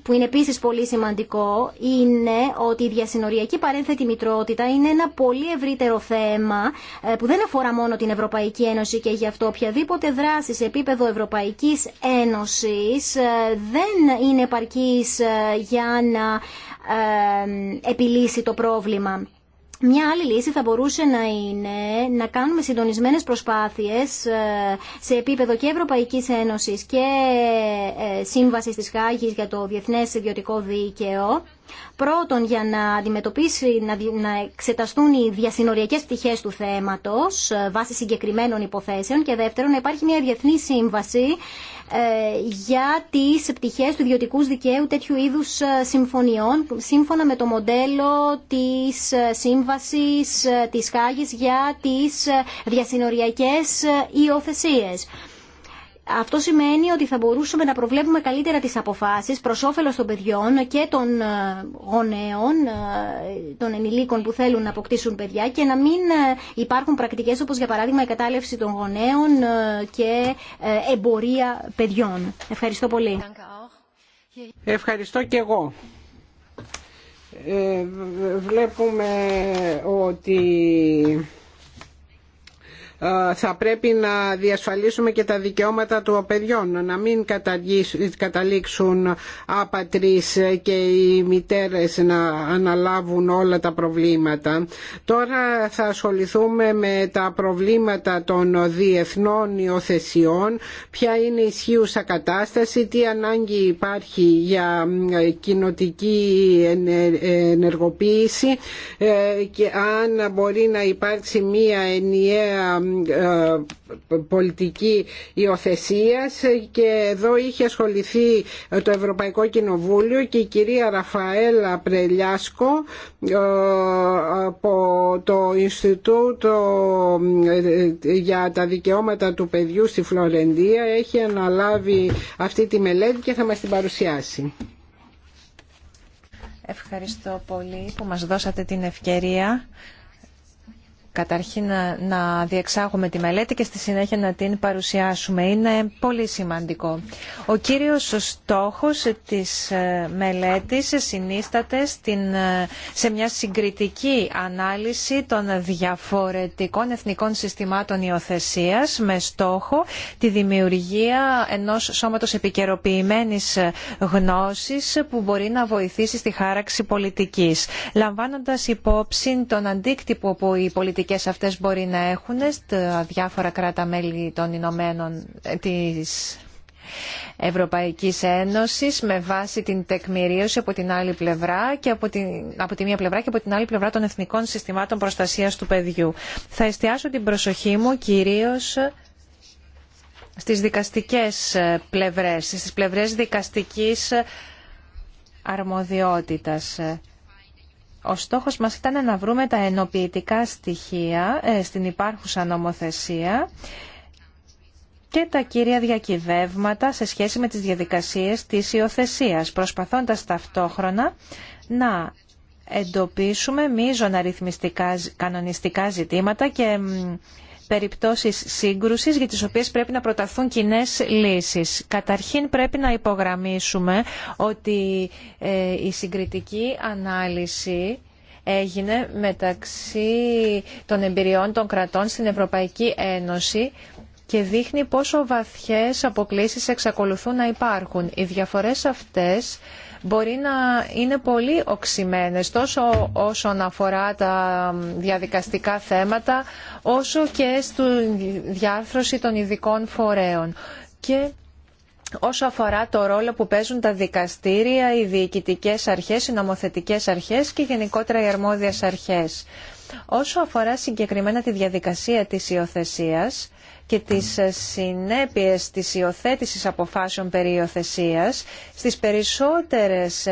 που είναι επίσης πολύ σημαντικό είναι ότι η διασυνοριακή παρένθετη μητρότητα είναι ένα πολύ ευρύτερο θέμα ε, που δεν αφορά μόνο την Ευρωπαϊκή Ένωση και γι' αυτό οποιαδήποτε δράση σε επίπεδο Ευρωπαϊκής Ένωσης ε, δεν είναι επαρκής ε, για να επιλύσει το πρόβλημα. Μια άλλη λύση θα μπορούσε να είναι να κάνουμε συντονισμένες προσπάθειες ε, σε επίπεδο και Ευρωπαϊκής Ένωσης και ε, Σύμβασης της Χάγης για το Διεθνές Ιδιωτικό Δίκαιο Πρώτον, για να αντιμετωπίσει, να, εξεταστούν οι διασυνοριακέ πτυχέ του θέματο ε, βάσει συγκεκριμένων υποθέσεων. Και δεύτερον, να υπάρχει μια διεθνή σύμβαση ε, για τι πτυχέ του ιδιωτικού δικαίου τέτοιου είδου ε, συμφωνιών, σύμφωνα με το μοντέλο τη σύμβαση τη Χάγη για τι διασυνοριακέ υιοθεσίε. Αυτό σημαίνει ότι θα μπορούσαμε να προβλέπουμε καλύτερα τις αποφάσεις προς όφελος των παιδιών και των γονέων, ε, ε, των ενηλίκων που θέλουν να αποκτήσουν παιδιά και να μην ε, υπάρχουν πρακτικές όπως για παράδειγμα η κατάλευση των γονέων και εμπορία παιδιών. Ευχαριστώ πολύ. Ευχαριστώ και εγώ. Ε, βλέπουμε ότι ε, θα πρέπει να διασφαλίσουμε και τα δικαιώματα του παιδιών να μην καταλήξουν άπατρίς και οι μητέρες να αναλάβουν όλα τα προβλήματα. Τώρα θα ασχοληθούμε με τα προβλήματα των διεθνών υιοθεσιών, ποια είναι η ισχύουσα κατάσταση, τι ανάγκη υπάρχει για ε, κοινοτική ενεργοποίηση ε, και αν μπορεί να υπάρξει μία ενιαία ε, πολιτική υιοθεσία και εδώ είχε ασχοληθεί το Ευρωπαϊκό Κοινοβούλιο και η κυρία Ραφαέλα Πρελιάσκο ε, από το Ινστιτούτο ε, για τα Δικαιώματα του Παιδιού στη Φλωρεντία έχει αναλάβει αυτή τη μελέτη και θα μας την παρουσιάσει. Ευχαριστώ πολύ που μας δώσατε την ευκαιρία καταρχήν να διεξάγουμε τη μελέτη και στη συνέχεια να την παρουσιάσουμε. Είναι πολύ σημαντικό. Ο κύριος στόχος της ε, μελέτης συνίσταται στην, ε, σε μια συγκριτική ανάλυση των διαφορετικών εθνικών συστημάτων υιοθεσία με στόχο τη δημιουργία ενός σώματος επικαιροποιημένη γνώσης που μπορεί να βοηθήσει στη χάραξη πολιτικής. Λαμβάνοντας υπόψη τον αντίκτυπο που η πολιτική προοπτικές αυτές μπορεί να έχουν στα διάφορα κράτα-μέλη των Ηνωμένων ε, της Ευρωπαϊκής Ένωσης με βάση την τεκμηρίωση από την άλλη πλευρά και από, την, από τη μία πλευρά και από την άλλη πλευρά των εθνικών συστημάτων προστασίας του παιδιού. Θα εστιάσω την προσοχή μου κυρίως στις δικαστικές πλευρές, στις πλευρές δικαστικής αρμοδιότητας. Ο στόχος μας ήταν να βρούμε τα ενοποιητικά στοιχεία ε, στην υπάρχουσα νομοθεσία και τα κύρια διακυβεύματα σε σχέση με τις διαδικασίες της υιοθεσία, προσπαθώντας ταυτόχρονα να εντοπίσουμε μείζωνα ρυθμιστικά κανονιστικά ζητήματα και περιπτώσεις σύγκρουσης για τις οποίες πρέπει να προταθούν κοινέ λύσεις. Καταρχήν πρέπει να υπογραμμίσουμε ότι ε, η συγκριτική ανάλυση έγινε μεταξύ των εμπειριών των κρατών στην Ευρωπαϊκή Ένωση και δείχνει πόσο βαθιές αποκλήσεις εξακολουθούν να υπάρχουν. Οι διαφορές αυτές μπορεί να είναι πολύ οξυμένες τόσο όσον αφορά τα διαδικαστικά θέματα όσο και στη διάρθρωση των ειδικών φορέων. Και όσο αφορά το ρόλο που παίζουν τα δικαστήρια, οι διοικητικές αρχές, οι νομοθετικές αρχές και γενικότερα οι αρμόδιες αρχές. Όσο αφορά συγκεκριμένα τη διαδικασία της υιοθεσίας, και τις ε, συνέπειες της υιοθέτηση αποφάσεων περί υιοθεσίας, στις περισσότερες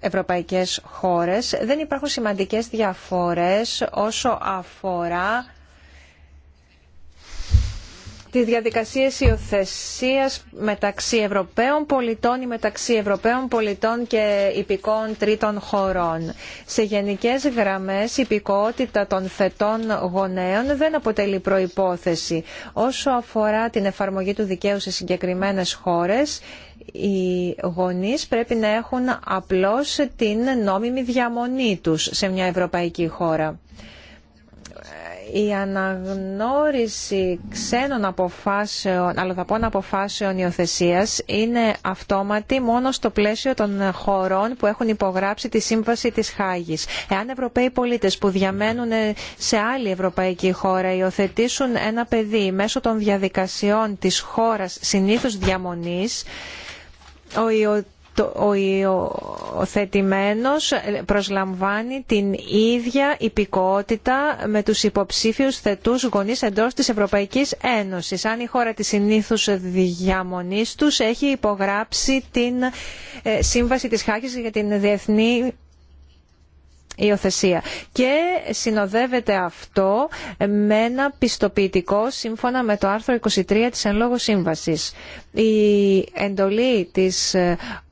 ευρωπαϊκές χώρες δεν υπάρχουν σημαντικές διαφορές όσο αφορά τις διαδικασίες υιοθεσία μεταξύ Ευρωπαίων πολιτών ή μεταξύ Ευρωπαίων πολιτών και υπηκών τρίτων χωρών. Σε γενικές γραμμές η υπηκότητα των φετών γονέων δεν αποτελεί προϋπόθεση. Όσο αφορά την εφαρμογή του δικαίου σε συγκεκριμένες χώρες, οι γονείς πρέπει να έχουν απλώς την νόμιμη διαμονή τους σε μια ευρωπαϊκή χώρα η αναγνώριση ξένων αποφάσεων, αλλοδαπών αποφάσεων υιοθεσία είναι αυτόματη μόνο στο πλαίσιο των χωρών που έχουν υπογράψει τη Σύμβαση της χάγη. Εάν Ευρωπαίοι πολίτες που διαμένουν σε άλλη ευρωπαϊκή χώρα υιοθετήσουν ένα παιδί μέσω των διαδικασιών της χώρας συνήθως διαμονής, ο ο υιοθετημένος προσλαμβάνει την ίδια υπηκότητα με τους υποψήφιους θετούς γονείς εντός της Ευρωπαϊκής Ένωσης. Αν η χώρα της συνήθους διαμονής τους έχει υπογράψει την ε, Σύμβαση της Χάκης για την Διεθνή Υιοθεσία. Και συνοδεύεται αυτό με ένα πιστοποιητικό σύμφωνα με το άρθρο 23 της εν λόγω σύμβασης. Η εντολή της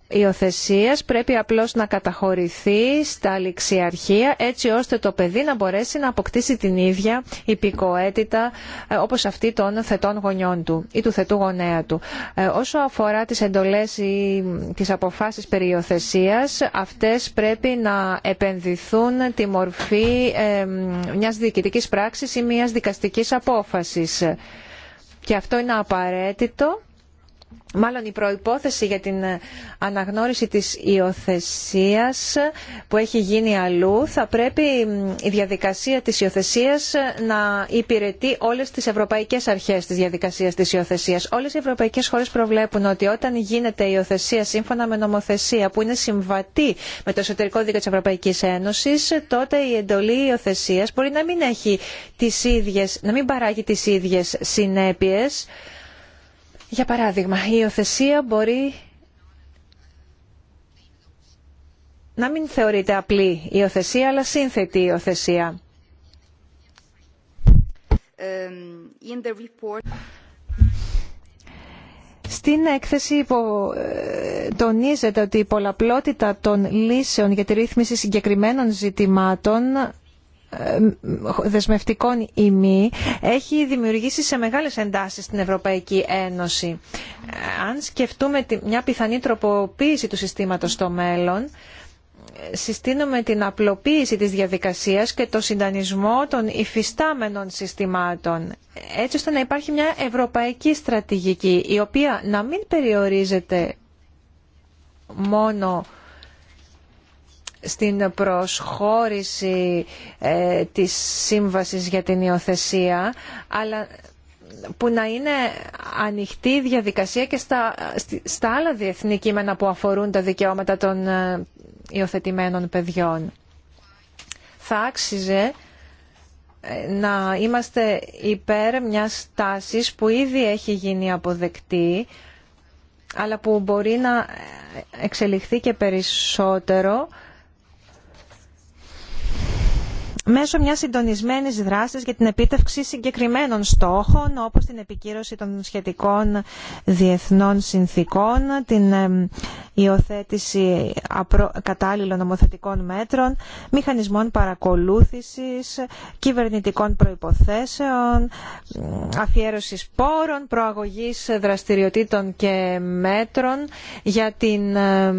υιοθεσία πρέπει απλώς να καταχωρηθεί στα ληξιαρχεία έτσι ώστε το παιδί να μπορέσει να αποκτήσει την ίδια υπηκοέτητα ε, όπως αυτή των θετών γονιών του ή του θετού γονέα του. Ε, όσο αφορά τι εντολές ή τι αποφάσεις περί υιοθεσία, αυτές πρέπει να επενδυθούν τη μορφή ε, μια διοικητική πράξης ή μιας δικαστικής απόφασης. Και αυτό είναι απαραίτητο Μάλλον η προϋπόθεση για την ε, αναγνώριση της υιοθεσίας που έχει γίνει αλλού θα πρέπει η διαδικασία της υιοθεσίας ε, να υπηρετεί όλες τις ευρωπαϊκές αρχές της διαδικασίας της υιοθεσίας. Όλες οι ευρωπαϊκές χώρες προβλέπουν ότι όταν γίνεται η υιοθεσία σύμφωνα με νομοθεσία που είναι συμβατή με το εσωτερικό δίκαιο της Ευρωπαϊκής Ένωσης τότε η εντολή υιοθεσία μπορεί να μην, να μην παράγει τις ίδιες συνέπειες για παράδειγμα, η υιοθεσία μπορεί να μην θεωρείται απλή υιοθεσία, αλλά σύνθετη υιοθεσία. Ε, the Στην έκθεση που ε, τονίζεται ότι η πολλαπλότητα των λύσεων για τη ρύθμιση συγκεκριμένων ζητημάτων δεσμευτικών ημί έχει δημιουργήσει σε μεγάλες εντάσεις στην Ευρωπαϊκή Ένωση. Αν σκεφτούμε μια πιθανή τροποποίηση του συστήματος στο μέλλον, συστήνουμε την απλοποίηση της διαδικασίας και το συντανισμό των υφιστάμενων συστημάτων, έτσι ώστε να υπάρχει μια ευρωπαϊκή στρατηγική, η οποία να μην περιορίζεται μόνο στην προσχώρηση ε, της σύμβασης για την υιοθεσία, αλλά που να είναι ανοιχτή η διαδικασία και στα, στα άλλα διεθνή κείμενα που αφορούν τα δικαιώματα των ε, υιοθετημένων παιδιών. Θα άξιζε ε, να είμαστε υπέρ μιας τάσης που ήδη έχει γίνει αποδεκτή, αλλά που μπορεί να ε, εξελιχθεί και περισσότερο μέσω μιας συντονισμένη δράσης για την επίτευξη συγκεκριμένων στόχων όπως την επικύρωση των σχετικών διεθνών συνθήκων, την ε, υιοθέτηση κατάλληλων νομοθετικών μέτρων, μηχανισμών παρακολούθησης, κυβερνητικών προϋποθέσεων, αφιέρωσης πόρων, προαγωγής δραστηριοτήτων και μέτρων για την ε,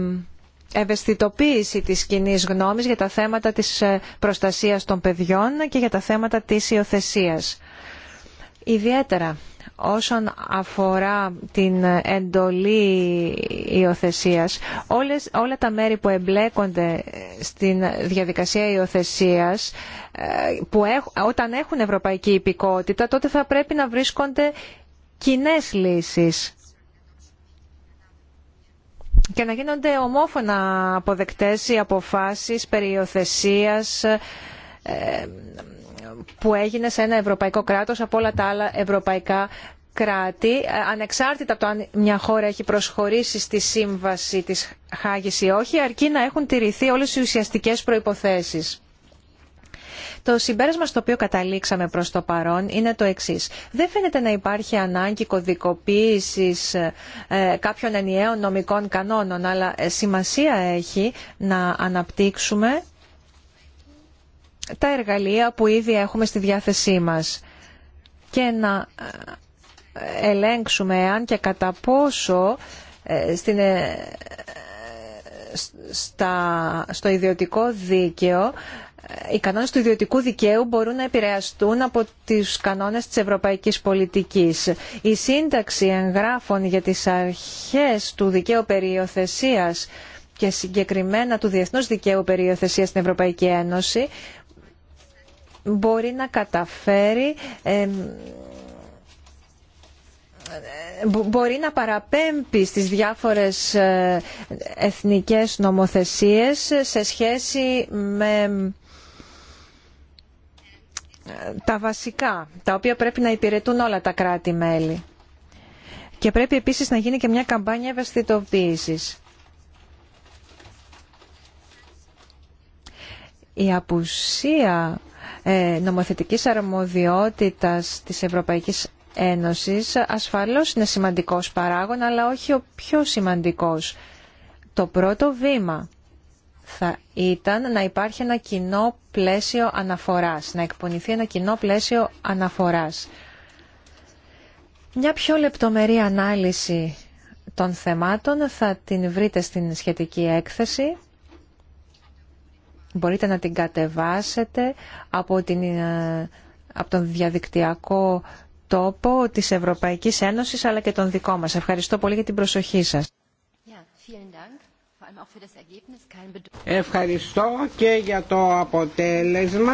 ευαισθητοποίηση της κοινή γνώμης για τα θέματα της ε, προστασίας των παιδιών και για τα θέματα της υιοθεσία. Ιδιαίτερα όσον αφορά την εντολή υιοθεσία, όλα τα μέρη που εμπλέκονται στην διαδικασία υιοθεσία, ε, όταν έχουν ευρωπαϊκή υπηκότητα, τότε θα πρέπει να βρίσκονται κοινέ λύσεις και να γίνονται ομόφωνα αποδεκτές οι αποφάσεις περιοθεσίας ε, που έγινε σε ένα ευρωπαϊκό κράτος από όλα τα άλλα ευρωπαϊκά κράτη, ε, ανεξάρτητα από το αν μια χώρα έχει προσχωρήσει στη σύμβαση της Χάγης ή όχι, αρκεί να έχουν τηρηθεί όλες οι ουσιαστικές προϋποθέσεις. Το συμπέρασμα στο οποίο καταλήξαμε προς το παρόν είναι το εξής. Δεν φαίνεται να υπάρχει ανάγκη κωδικοποίησης ε, κάποιων ενιαίων νομικών κανόνων, αλλά ε, σημασία έχει να αναπτύξουμε τα εργαλεία που ήδη έχουμε στη διάθεσή μας και να ε, ελέγξουμε αν και κατά πόσο στην, στο ιδιωτικό δίκαιο οι κανόνες του ιδιωτικού δικαίου μπορούν να επηρεαστούν από τις κανόνες της ευρωπαϊκής πολιτικής. Η σύνταξη εγγράφων για τις αρχές του δικαίου περιοθεσίας και συγκεκριμένα του διεθνούς δικαίου περιοθεσίας στην Ευρωπαϊκή Ένωση μπορεί να καταφέρει μπορεί να παραπέμπει στις διάφορες ε, εθνικές νομοθεσίες σε σχέση με τα βασικά, τα οποία πρέπει να υπηρετούν όλα τα κράτη-μέλη. Και πρέπει επίσης να γίνει και μια καμπάνια ευαισθητοποίησης. Η απουσία ε, νομοθετικής αρμοδιότητας της Ευρωπαϊκής Ένωσης ασφαλώς είναι σημαντικός παράγων, αλλά όχι ο πιο σημαντικός. Το πρώτο βήμα θα ήταν να υπάρχει ένα κοινό πλαίσιο αναφοράς, να εκπονηθεί ένα κοινό πλαίσιο αναφοράς. Μια πιο λεπτομερή ανάλυση των θεμάτων θα την βρείτε στην σχετική έκθεση. Μπορείτε να την κατεβάσετε από, την, ε, από τον διαδικτυακό τόπο της Ευρωπαϊκής Ένωσης αλλά και τον δικό μας. Ευχαριστώ πολύ για την προσοχή σας. Ευχαριστώ και για το αποτέλεσμα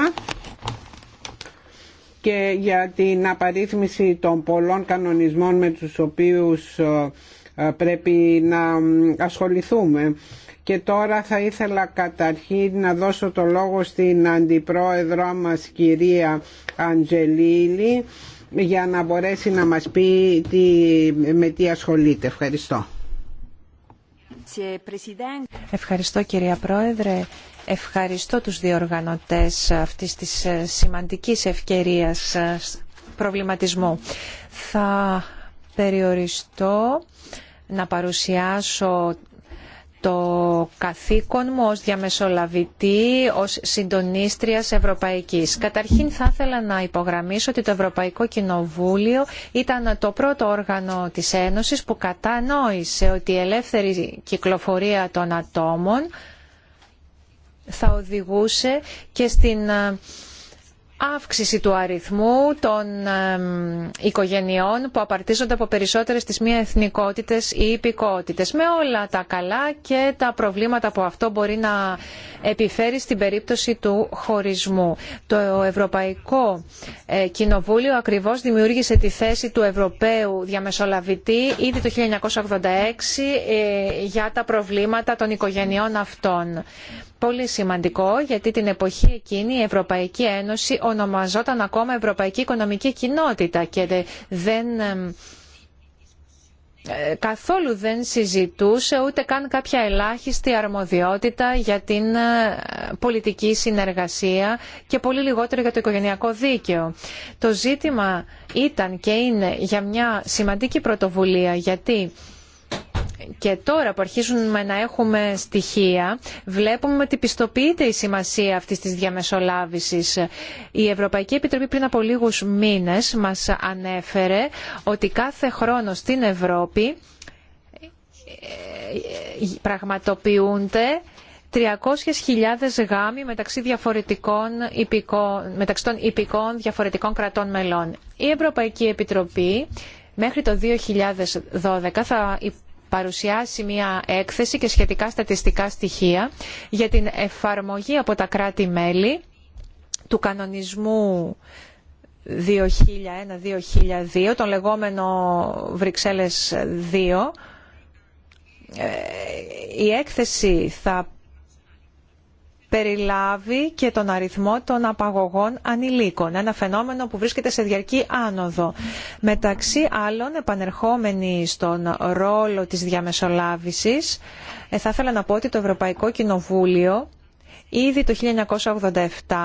και για την απαρίθμηση των πολλών κανονισμών με τους οποίους ε, ε, πρέπει να ασχοληθούμε. Και τώρα θα ήθελα καταρχήν να δώσω το λόγο στην αντιπρόεδρό μας κυρία Αντζελίλη για να μπορέσει να μας πει τι, με τι ασχολείται. Ευχαριστώ. Ευχαριστώ κυρία Πρόεδρε. Ευχαριστώ τους διοργανωτές αυτής της ε, σημαντικής ευκαιρίας ε, προβληματισμού. Θα περιοριστώ να παρουσιάσω το καθήκον μου ως διαμεσολαβητή, ως συντονίστριας ευρωπαϊκής. Καταρχήν θα ήθελα να υπογραμμίσω ότι το Ευρωπαϊκό Κοινοβούλιο ήταν το πρώτο όργανο της Ένωσης που κατανόησε ότι η ελεύθερη κυκλοφορία των ατόμων θα οδηγούσε και στην ε, αύξηση του αριθμού των οικογενειών που απαρτίζονται από περισσότερες της μία εθνικότητες ή υπηκότητες με όλα τα καλά και τα προβλήματα που αυτό μπορεί να επιφέρει στην περίπτωση του χωρισμού. Το Ευρωπαϊκό ε, Κοινοβούλιο ακριβώς δημιούργησε τη θέση του Ευρωπαίου Διαμεσολαβητή ήδη το 1986 ε, για τα προβλήματα των οικογενειών αυτών πολύ σημαντικό γιατί την εποχή εκείνη η Ευρωπαϊκή Ένωση ονομαζόταν ακόμα Ευρωπαϊκή Οικονομική Κοινότητα και δεν ε, καθόλου δεν συζητούσε ούτε καν κάποια ελάχιστη αρμοδιότητα για την ε, πολιτική συνεργασία και πολύ λιγότερο για το οικογενειακό δίκαιο. Το ζήτημα ήταν και είναι για μια σημαντική πρωτοβουλία γιατί και τώρα που αρχίζουμε να έχουμε στοιχεία βλέπουμε ότι πιστοποιείται η σημασία αυτής της διαμεσολάβησης. Η Ευρωπαϊκή Επιτροπή πριν από λίγους μήνες μας ανέφερε ότι κάθε χρόνο στην Ευρώπη ε, ε, πραγματοποιούνται 300.000 γάμοι μεταξύ, διαφορετικών μεταξύ των υπηκών διαφορετικών κρατών μελών. Η Ευρωπαϊκή Επιτροπή μέχρι το 2012 θα παρουσιάσει μια έκθεση και σχετικά στατιστικά στοιχεία για την εφαρμογή από τα κράτη-μέλη του κανονισμού 2001-2002, τον λεγόμενο Βρυξέλλες 2. Ε, η έκθεση θα περιλάβει και τον αριθμό των απαγωγών ανηλίκων, ένα φαινόμενο που βρίσκεται σε διαρκή άνοδο. Μεταξύ άλλων, επανερχόμενοι στον ρόλο της διαμεσολάβησης, ε, θα ήθελα να πω ότι το Ευρωπαϊκό Κοινοβούλιο ήδη το 1987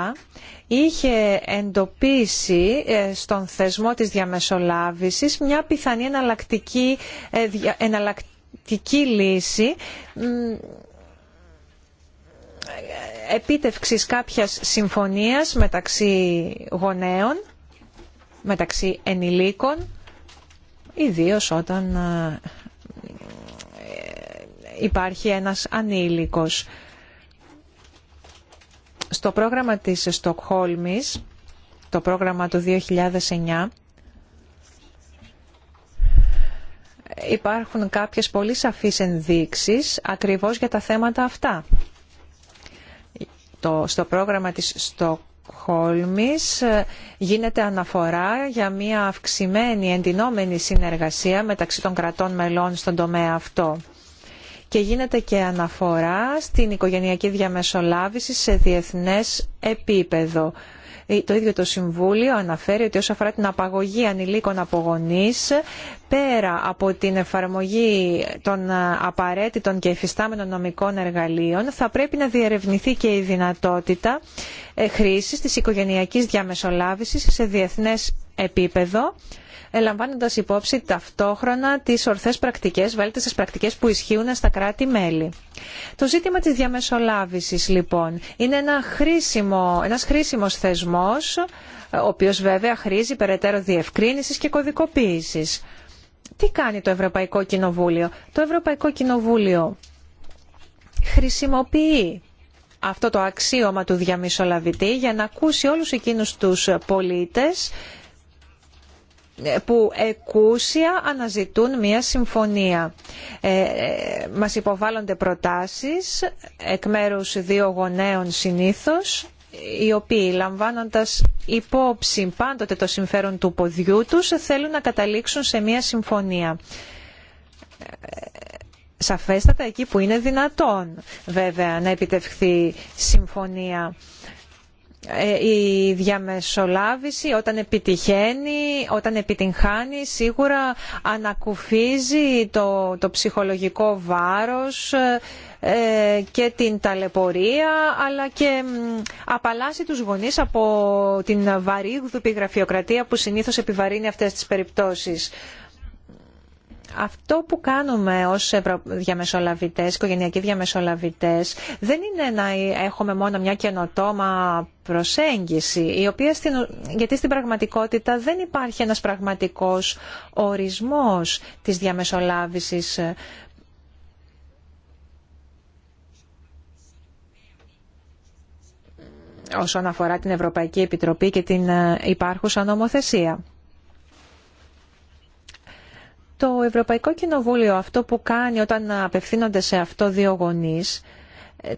είχε εντοπίσει ε, στον θεσμό της διαμεσολάβησης μια πιθανή εναλλακτική ε, λύση επίτευξης κάποιας συμφωνίας μεταξύ γονέων, μεταξύ ενηλίκων, ιδίως όταν ε, ε, υπάρχει ένας ανήλικος. Στο πρόγραμμα της Στοκχόλμης, το πρόγραμμα του 2009, υπάρχουν κάποιες πολύ σαφείς ενδείξεις ακριβώς για τα θέματα αυτά. Στο πρόγραμμα της Στοκχόλμης ε, γίνεται αναφορά για μια αυξημένη, εντυνόμενη συνεργασία μεταξύ των κρατών μελών στον τομέα αυτό και γίνεται και αναφορά στην οικογενειακή διαμεσολάβηση σε διεθνές επίπεδο. Το ίδιο το Συμβούλιο αναφέρει ότι όσο αφορά την απαγωγή ανηλίκων απογονείς, πέρα από την εφαρμογή των απαραίτητων και εφιστάμενων νομικών εργαλείων, θα πρέπει να διερευνηθεί και η δυνατότητα ε, χρήσης της οικογενειακής διαμεσολάβησης σε διεθνές επίπεδο, λαμβάνοντας υπόψη ταυτόχρονα τις ορθές πρακτικές, βέλτιστες πρακτικές που ισχύουν στα κράτη-μέλη. Το ζήτημα της διαμεσολάβησης λοιπόν είναι ένα χρήσιμο, ένας χρήσιμος θεσμός, ο οποίος βέβαια χρήζει περαιτέρω διευκρίνησης και κωδικοποίησης. Τι κάνει το Ευρωπαϊκό Κοινοβούλιο. Το Ευρωπαϊκό Κοινοβούλιο χρησιμοποιεί αυτό το αξίωμα του διαμεσολαβητή για να ακούσει όλους εκείνους τους πολίτες που εκούσια αναζητούν μια συμφωνία. Ε, ε, μας υποβάλλονται προτάσεις εκ μέρους δύο γονέων συνήθως οι οποίοι λαμβάνοντας υπόψη πάντοτε το συμφέρον του ποδιού τους θέλουν να καταλήξουν σε μια συμφωνία. Σαφέστατα εκεί που είναι δυνατόν βέβαια να επιτευχθεί συμφωνία ε, η διαμεσολάβηση όταν επιτυχαίνει, όταν επιτυγχάνει σίγουρα ανακουφίζει το, ψυχολογικό βάρος ε, και την ταλαιπωρία αλλά και απαλλάσσει τους γονείς από την βαρύγδουπη γραφειοκρατία που συνήθως επιβαρύνει αυτές τις περιπτώσεις αυτό που κάνουμε ως ευρω... διαμεσολαβητές, οικογενειακοί διαμεσολαβητές, δεν είναι να έχουμε μόνο μια καινοτόμα προσέγγιση, η οποία στην... γιατί στην πραγματικότητα δεν υπάρχει ένας πραγματικός ορισμός της διαμεσολάβησης όσον αφορά την Ευρωπαϊκή Επιτροπή και την ε, υπάρχουσα νομοθεσία. Το Ευρωπαϊκό Κοινοβούλιο αυτό που κάνει όταν απευθύνονται σε αυτό δύο γονείς ε,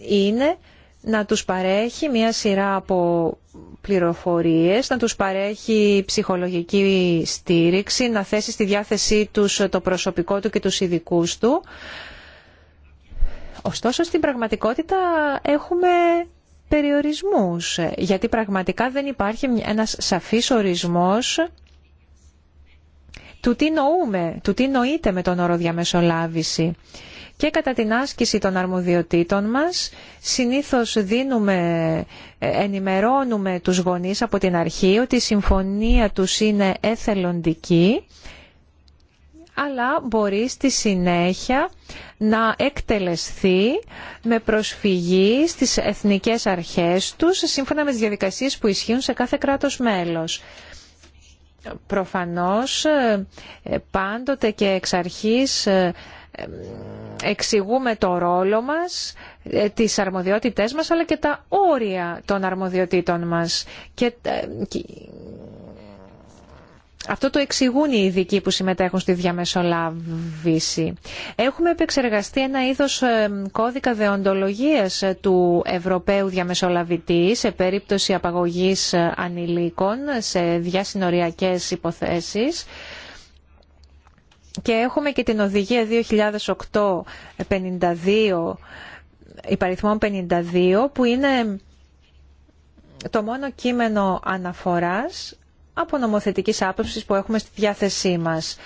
είναι να τους παρέχει μια σειρά από πληροφορίες, να τους παρέχει ψυχολογική στήριξη, να θέσει στη διάθεσή τους το προσωπικό του και του ειδικού του. Ωστόσο στην πραγματικότητα έχουμε περιορισμούς, γιατί πραγματικά δεν υπάρχει ένας σαφής ορισμός του τι νοούμε, του τι νοείται με τον όρο διαμεσολάβηση. Και κατά την άσκηση των αρμοδιοτήτων μας συνήθως δίνουμε, ε, ενημερώνουμε τους γονείς από την αρχή ότι η συμφωνία τους είναι εθελοντική αλλά μπορεί στη συνέχεια να εκτελεστεί με προσφυγή στις εθνικές αρχές τους σύμφωνα με τις διαδικασίες που ισχύουν σε κάθε κράτος μέλος προφανώς ε, πάντοτε και εξ αρχής ε, ε, εξηγούμε το ρόλο μας, τις αρμοδιότητές μας, αλλά και τα όρια των αρμοδιοτήτων μας. Και, αυτό το εξηγούν οι ειδικοί που συμμετέχουν στη διαμεσολάβηση. Έχουμε επεξεργαστεί ένα είδος ε, κώδικα δεοντολογίας ε, του Ευρωπαίου διαμεσολαβητή σε περίπτωση απαγωγής ε, ανηλίκων σε διασυνοριακές υποθέσεις και έχουμε και την οδηγία 2008-52 υπαριθμών 52 που είναι το μόνο κείμενο αναφοράς από νομοθετική άποψη που έχουμε στη διάθεσή μας.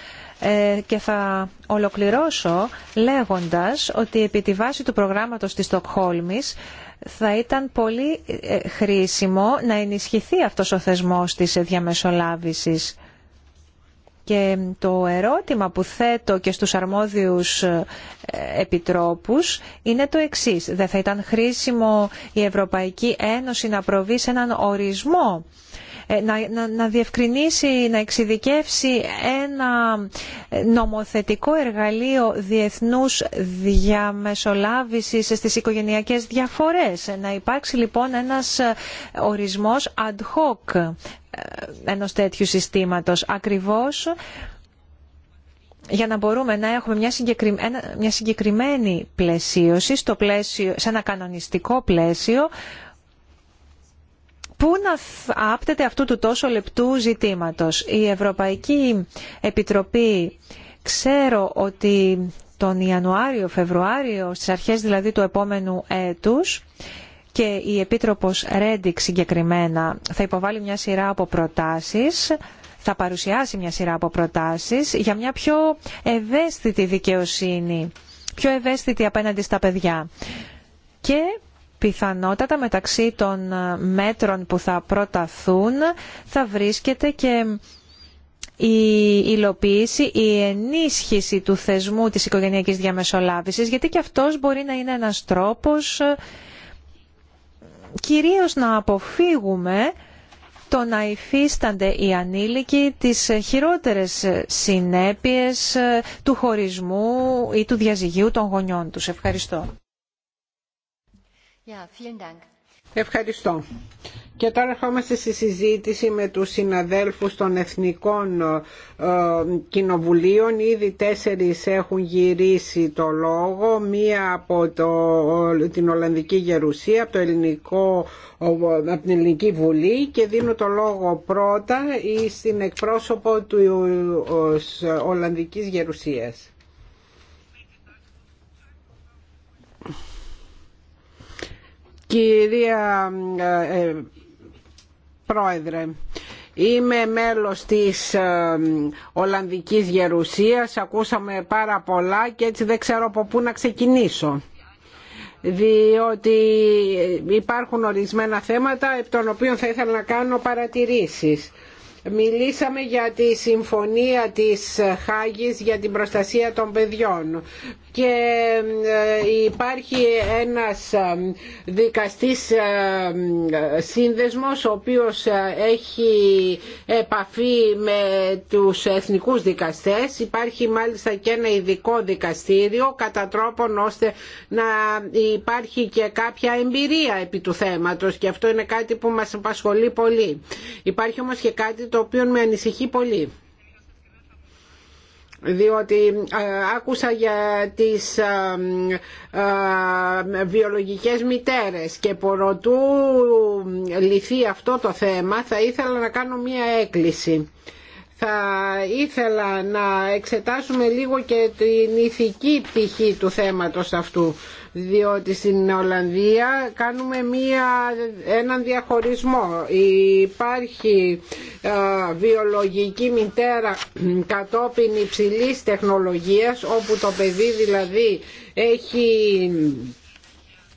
Ε, και θα ολοκληρώσω λέγοντας ότι επί τη βάση του προγράμματος της Στοκχόλμης θα ήταν πολύ ε, χρήσιμο να ενισχυθεί αυτός ο θεσμός της διαμεσολάβησης. Και το ερώτημα που θέτω και στους αρμόδιους ε, επιτρόπους είναι το εξής. Δεν θα ήταν χρήσιμο η Ευρωπαϊκή Ένωση να προβεί σε έναν ορισμό ε, να, να, να διευκρινίσει, να εξειδικεύσει ένα νομοθετικό εργαλείο διεθνούς διαμεσολάβησης στις οικογενειακές διαφορές. Να υπάρξει λοιπόν ένας ε, ορισμός ad hoc ε, ενός τέτοιου συστήματος. Ακριβώς για να μπορούμε να έχουμε μια, μια συγκεκριμένη πλαισίωση στο πλαίσιο, σε ένα κανονιστικό πλαίσιο Πού να άπτεται αυτού του τόσο λεπτού ζητήματος. Η Ευρωπαϊκή Επιτροπή ξέρω ότι τον Ιανουάριο-Φεβρουάριο, στις αρχές δηλαδή του επόμενου έτους, και η Επίτροπος Ρέντιξ συγκεκριμένα θα υποβάλει μια σειρά από προτάσεις θα παρουσιάσει μια σειρά από προτάσεις για μια πιο ευαίσθητη δικαιοσύνη, πιο ευαίσθητη απέναντι στα παιδιά. Και Πιθανότατα μεταξύ των ε, μέτρων που θα προταθούν θα βρίσκεται και η υλοποίηση, η ενίσχυση του θεσμού της οικογενειακής διαμεσολάβησης, γιατί και αυτός μπορεί να είναι ένας τρόπος ε, κυρίως να αποφύγουμε το να υφίστανται οι ανήλικοι τις χειρότερες συνέπειες ε, του χωρισμού ή του διαζυγίου των γονιών τους. Ευχαριστώ. Ευχαριστώ. Και τώρα ερχόμαστε στη συζήτηση με τους συναδέλφους των Εθνικών ε, Κοινοβουλίων. Ήδη τέσσερις έχουν γυρίσει το λόγο. Μία από την Ολλανδική Γερουσία, από, το Ελληνικό, την Ελληνική Βουλή και δίνω το λόγο πρώτα ή στην εκπρόσωπο του Ολλανδικής Γερουσίας. Κυρία ε, ε, Πρόεδρε, Είμαι μέλος της ε, Ολλανδικής Γερουσίας, ακούσαμε πάρα πολλά και έτσι δεν ξέρω από πού να ξεκινήσω διότι υπάρχουν ορισμένα θέματα από των οποίων θα ήθελα να κάνω παρατηρήσεις. Μιλήσαμε για τη συμφωνία της Χάγης για την προστασία των παιδιών και ε, υπάρχει ένας ε, δικαστής ε, σύνδεσμος ο οποίος έχει επαφή με τους εθνικούς δικαστές υπάρχει μάλιστα και ένα ειδικό δικαστήριο κατά τρόπον ώστε να υπάρχει και κάποια εμπειρία επί του θέματος και αυτό είναι κάτι που μας απασχολεί πολύ υπάρχει όμως και κάτι το οποίο με ανησυχεί πολύ διότι ε, άκουσα για τις ε, ε, βιολογικές μητέρες και προτού λυθεί αυτό το θέμα θα ήθελα να κάνω μία έκκληση. Θα ήθελα να εξετάσουμε λίγο και την ηθική πτυχή του θέματος αυτού διότι στην Ολλανδία κάνουμε μία, έναν διαχωρισμό. Υπάρχει βιολογική μητέρα κατόπιν υψηλής τεχνολογίας όπου το παιδί δηλαδή έχει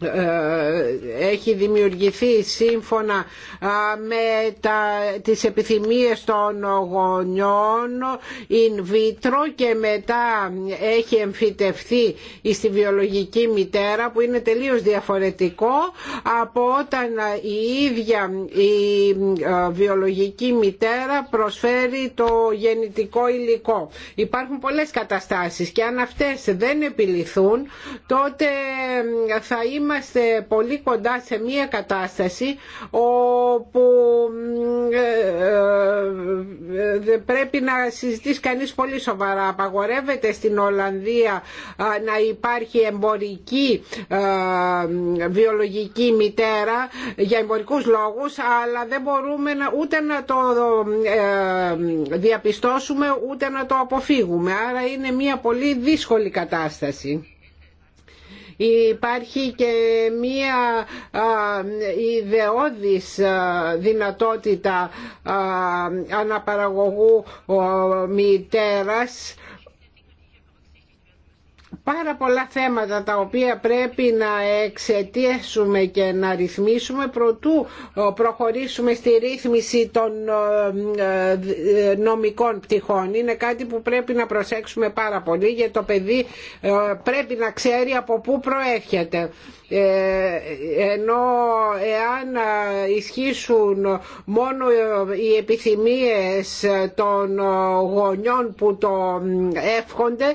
ε, έχει δημιουργηθεί σύμφωνα με τα, τις επιθυμίες των γονιών in vitro και μετά έχει εμφυτευθεί στη βιολογική μητέρα που είναι τελείως διαφορετικό από όταν η ίδια η βιολογική μητέρα προσφέρει το γεννητικό υλικό. Υπάρχουν πολλές καταστάσεις και αν αυτές δεν επιληθούν τότε θα είμαστε πολύ κοντά σε μια κατάσταση όπου ε, ε, ε, πρέπει να συζητήσει κανείς πολύ σοβαρά. Απαγορεύεται στην Ολλανδία να υπάρχει εμπορική βιολογική μητέρα για εμπορικούς λόγους αλλά δεν μπορούμε να, ούτε να το διαπιστώσουμε ούτε να το αποφύγουμε. Άρα είναι μια πολύ δύσκολη κατάσταση. Υπάρχει και μία ιδεώδης δυνατότητα αναπαραγωγού μητέρας πάρα πολλά θέματα τα οποία πρέπει να εξαιτήσουμε και να ρυθμίσουμε προτού ε, προχωρήσουμε στη ρύθμιση των ε, ε, νομικών πτυχών. Είναι κάτι που πρέπει να προσέξουμε πάρα πολύ γιατί το παιδί πρέπει να ξέρει από πού προέρχεται. Ενώ εάν ισχύσουν μόνο οι επιθυμίες των γονιών που το εύχονται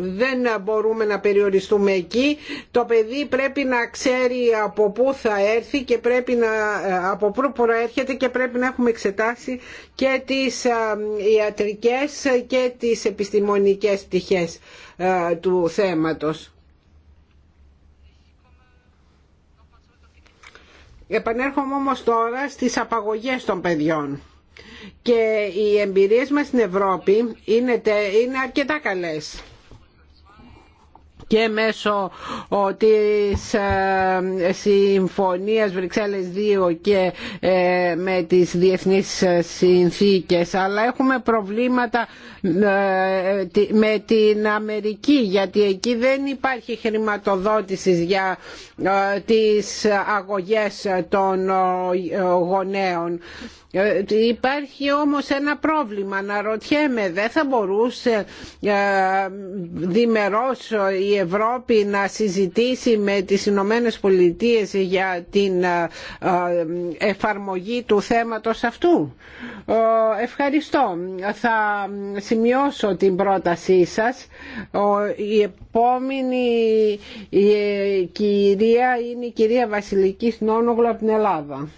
δεν μπορούμε να περιοριστούμε εκεί. Το παιδί πρέπει να ξέρει από πού θα έρθει και πρέπει να, από πού προέρχεται και πρέπει να έχουμε εξετάσει και τις ιατρικές και τις επιστημονικές πτυχές του θέματος. Επανέρχομαι όμως τώρα στις απαγωγές των παιδιών και οι εμπειρίες μας στην Ευρώπη είναι, είναι αρκετά καλές και μέσω της ε, Συμφωνίας Βρυξέλλες 2 και ε, με τις διεθνείς συνθήκες αλλά έχουμε προβλήματα ε, με την Αμερική γιατί εκεί δεν υπάρχει χρηματοδότηση για τις αγωγές των γονέων ε, υπάρχει όμως ένα πρόβλημα να ρωτιέμαι δεν θα μπορούσε ε, διμερώς η Ευρώπη να συζητήσει με τις Ηνωμένε Πολιτείε για την ε, εφαρμογή του θέματος αυτού. Ευχαριστώ. Θα σημειώσω την πρότασή σας. Η επόμενη η κυρία είναι η κυρία Βασιλική Νόνογλου από την Ελλάδα.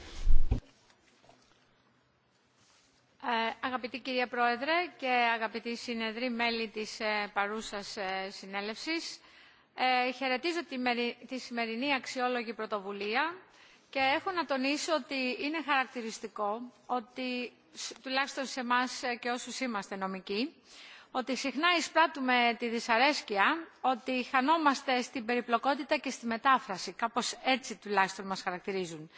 Ε, αγαπητή κυρία Πρόεδρε και αγαπητοί συνεδροί μέλη της ε, παρούσας ε, συνέλευσης, χαιρετίζω τη σημερινή αξιόλογη πρωτοβουλία και έχω να τονίσω ότι είναι χαρακτηριστικό ότι, τουλάχιστον σε εμά και όσους είμαστε νομικοί, ότι συχνά εισπράττουμε τη δυσαρέσκεια ότι χανόμαστε στην περιπλοκότητα και στη μετάφραση. Κάπως έτσι τουλάχιστον μας χαρακτηρίζουν.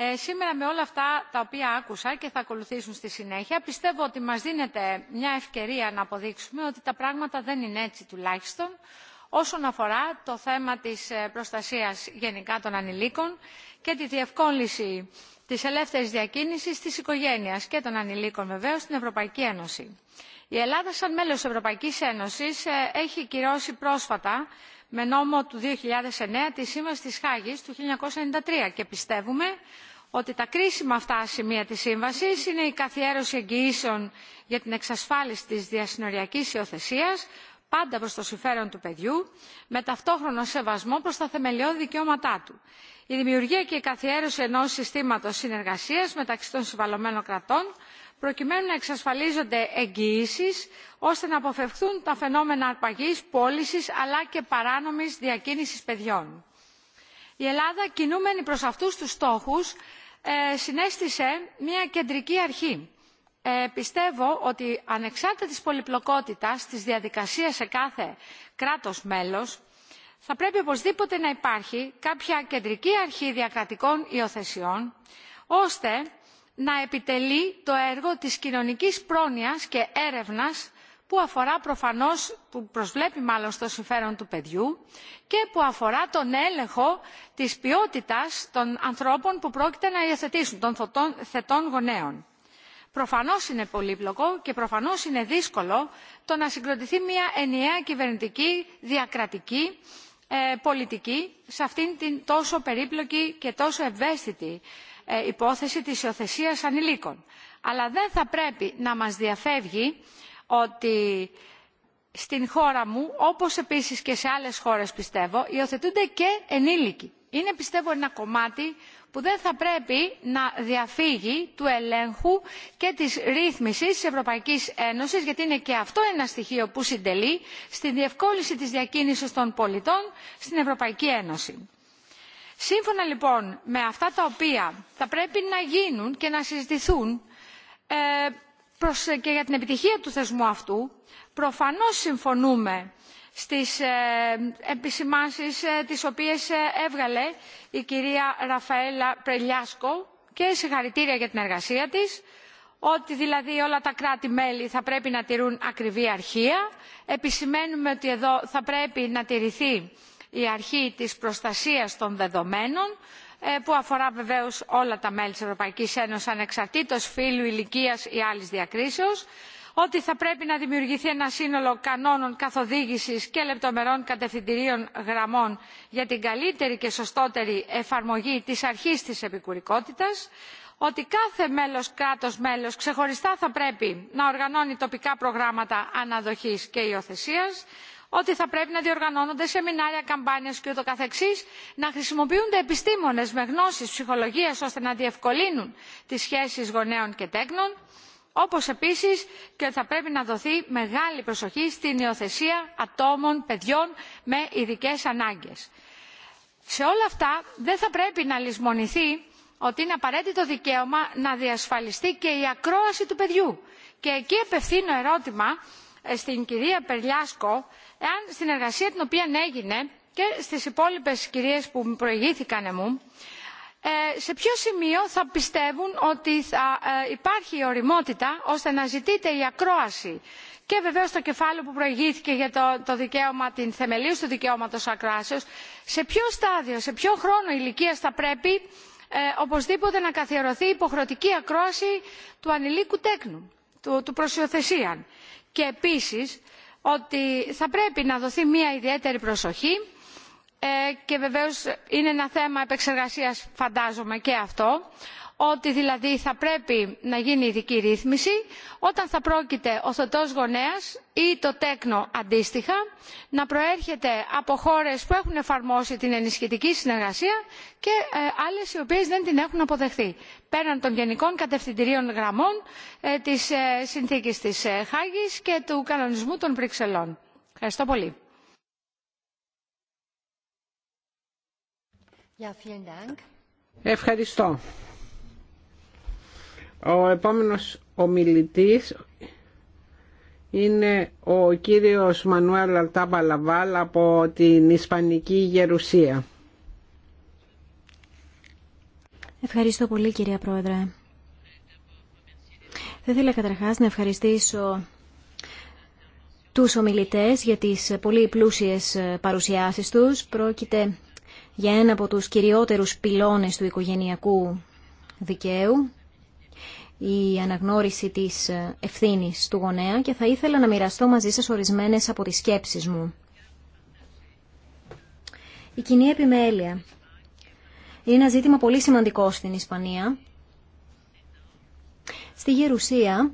Ε, σήμερα με όλα αυτά τα οποία άκουσα και θα ακολουθήσουν στη συνέχεια πιστεύω ότι μας δίνεται μια ευκαιρία να αποδείξουμε ότι τα πράγματα δεν είναι έτσι τουλάχιστον όσον αφορά το θέμα της ε, προστασίας γενικά των ανηλίκων και τη διευκόλυνση της ελεύθερης διακίνησης της οικογένειας και των ανηλίκων βεβαίως στην Ευρωπαϊκή Ένωση. Η Ελλάδα σαν μέλος της Ευρωπαϊκής Ένωσης ε, έχει κυρώσει πρόσφατα με νόμο του 2009 τη Σύμβαση της Χάγης του 1993 και πιστεύουμε ότι τα κρίσιμα αυτά σημεία της σύμβασης είναι η καθιέρωση εγγυήσεων για την εξασφάλιση της διασυνοριακής υιοθεσίας πάντα προς το συμφέρον του παιδιού με ταυτόχρονο σεβασμό προς τα θεμελιώδη δικαιώματά του η δημιουργία και η καθιέρωση ενός συστήματος συνεργασίας μεταξύ των συμβαλωμένων κρατών προκειμένου να εξασφαλίζονται εγγυήσεις ώστε να αποφευχθούν τα φαινόμενα αρπαγής πώληση αλλά και παράνομης διακίνησης παιδιών. η ελλάδα κινούμενη προς αυτούς τους στόχους ε, συνέστησε μια κεντρική αρχή. Ε, πιστεύω ότι ανεξάρτητα της πολυπλοκότητας της διαδικασίας σε κάθε κράτος μέλος θα πρέπει οπωσδήποτε να υπάρχει κάποια κεντρική αρχή διακρατικών υιοθεσιών ώστε να επιτελεί το έργο της κοινωνικής πρόνοιας και έρευνας που αφορά προφανώς, που προσβλέπει μάλλον στο συμφέρον του παιδιού και που αφορά τον έλεγχο της ποιότητας των ανθρώπων που πρόκειται να υιοθετήσουν, των θετών γονέων. Προφανώς είναι πολύπλοκο και προφανώς είναι δύσκολο το να συγκροτηθεί μια ενιαία κυβερνητική διακρατική ε, πολιτική σε αυτήν την τόσο περίπλοκη και τόσο ευαίσθητη ε, υπόθεση της υιοθεσίας ανηλίκων. Αλλά δεν θα πρέπει να μας διαφεύγει ότι στην χώρα μου, όπως επίσης και σε άλλες χώρες πιστεύω, υιοθετούνται και ενήλικοι. Είναι πιστεύω ένα κομμάτι που δεν θα πρέπει να διαφύγει του ελέγχου και της ρύθμισης της Ευρωπαϊκής Ένωσης, γιατί είναι και αυτό ένα στοιχείο που συντελεί στη διευκόλυνση της διακίνησης των πολιτών στην Ευρωπαϊκή Ένωση. Σύμφωνα λοιπόν με αυτά τα οποία θα πρέπει να γίνουν και να συζητηθούν, ε, ε, και για την επιτυχία του θεσμού αυτού προφανώς συμφωνούμε στις ε, επισημάνσεις ε, τις οποίες έβγαλε η κυρία ραφαέλα πρελιάσκο και συγχαρητήρια για την εργασία της ότι δηλαδή όλα τα κράτη μέλη θα πρέπει να τηρούν ακριβή αρχεία επισημαίνουμε ότι εδώ θα πρέπει να τηρηθεί η αρχή της προστασίας των δεδομένων ε, που αφορά βεβαίως όλα τα μέλη της Ευρωπαϊκής Ένωσης ανεξαρτήτως φύλου, ηλικίας ή άλλης διακρίσεως ότι θα πρέπει να δημιουργηθεί ένα σύνολο κανόνων καθοδήγησης και λεπτομερών κατευθυντηρίων γραμμών για την καλύτερη και σωστότερη εφαρμογή της αρχής της επικουρικότητας ότι κάθε μέλος κράτος μέλος ξεχωριστά θα πρέπει να οργανώνει τοπικά προγράμματα αναδοχής και υιοθεσίας ότι θα πρέπει να διοργανώνονται σεμινάρια, καμπάνιες και ούτω καθεξής, να χρησιμοποιούνται επιστήμονες με γνώσεις ψυχολογίας ώστε να διευκολύνουν τις σχέσεις γονέων και τέκνων, όπως επίσης και ότι θα πρέπει να δοθεί μεγάλη προσοχή στην υιοθεσία ατόμων, παιδιών με ειδικέ ανάγκες. Σε όλα αυτά δεν θα πρέπει να λησμονηθεί ότι είναι απαραίτητο δικαίωμα να διασφαλιστεί και η ακρόαση του παιδιού. Και εκεί απευθύνω ερώτημα ε, στην κυρία Περλιάσκο εάν στην εργασία την οποία έγινε και στις υπόλοιπες κυρίες που προηγήθηκαν μου ε, σε ποιο σημείο θα πιστεύουν ότι θα ε, υπάρχει η οριμότητα ώστε να ζητείται η ακρόαση και βεβαίω το κεφάλαιο που προηγήθηκε για το, δικαίωμα, την θεμελίωση του δικαιώματο ακράσεω, σε ποιο στάδιο, σε ποιο χρόνο ηλικία θα πρέπει οπωσδήποτε να καθιερωθεί υποχρεωτική ακρόαση του ανηλίκου τέκνου, του, του προσιοθεσίαν και επίσης ότι θα πρέπει να δοθεί μια ιδιαίτερη προσοχή ε, και βεβαίως είναι ένα θέμα επεξεργασίας φαντάζομαι και αυτό ότι δηλαδή θα πρέπει να γίνει ειδική ρύθμιση όταν θα πρόκειται ο θωτός γονέας ή το τέκνο αντίστοιχα να προέρχεται από χώρες που έχουν εφαρμόσει την ενισχυτική συνεργασία και ε, άλλες οι οποίες δεν την έχουν αποδεχθεί πέραν των γενικών κατευθυντηρίων γραμμών ε, της ε, συνθήκης της χάγης και του κανονισμού των βρυξελών. ευχαριστώ πολύ. Ο επόμενος ομιλητής είναι ο κύριος Μανουέλ Αλτάμπα Λαβάλ από την Ισπανική Γερουσία. Ευχαριστώ πολύ κυρία Πρόεδρε. Θα ήθελα καταρχάς να ευχαριστήσω τους ομιλητές για τις πολύ πλούσιες παρουσιάσεις τους. Πρόκειται για ένα από τους κυριότερους πυλώνες του οικογενειακού δικαίου η αναγνώριση της ε, ευθύνης του γονέα και θα ήθελα να μοιραστώ μαζί σας ορισμένες από τις σκέψεις μου. Η κοινή επιμέλεια είναι ένα ζήτημα πολύ σημαντικό στην Ισπανία. Στη Γερουσία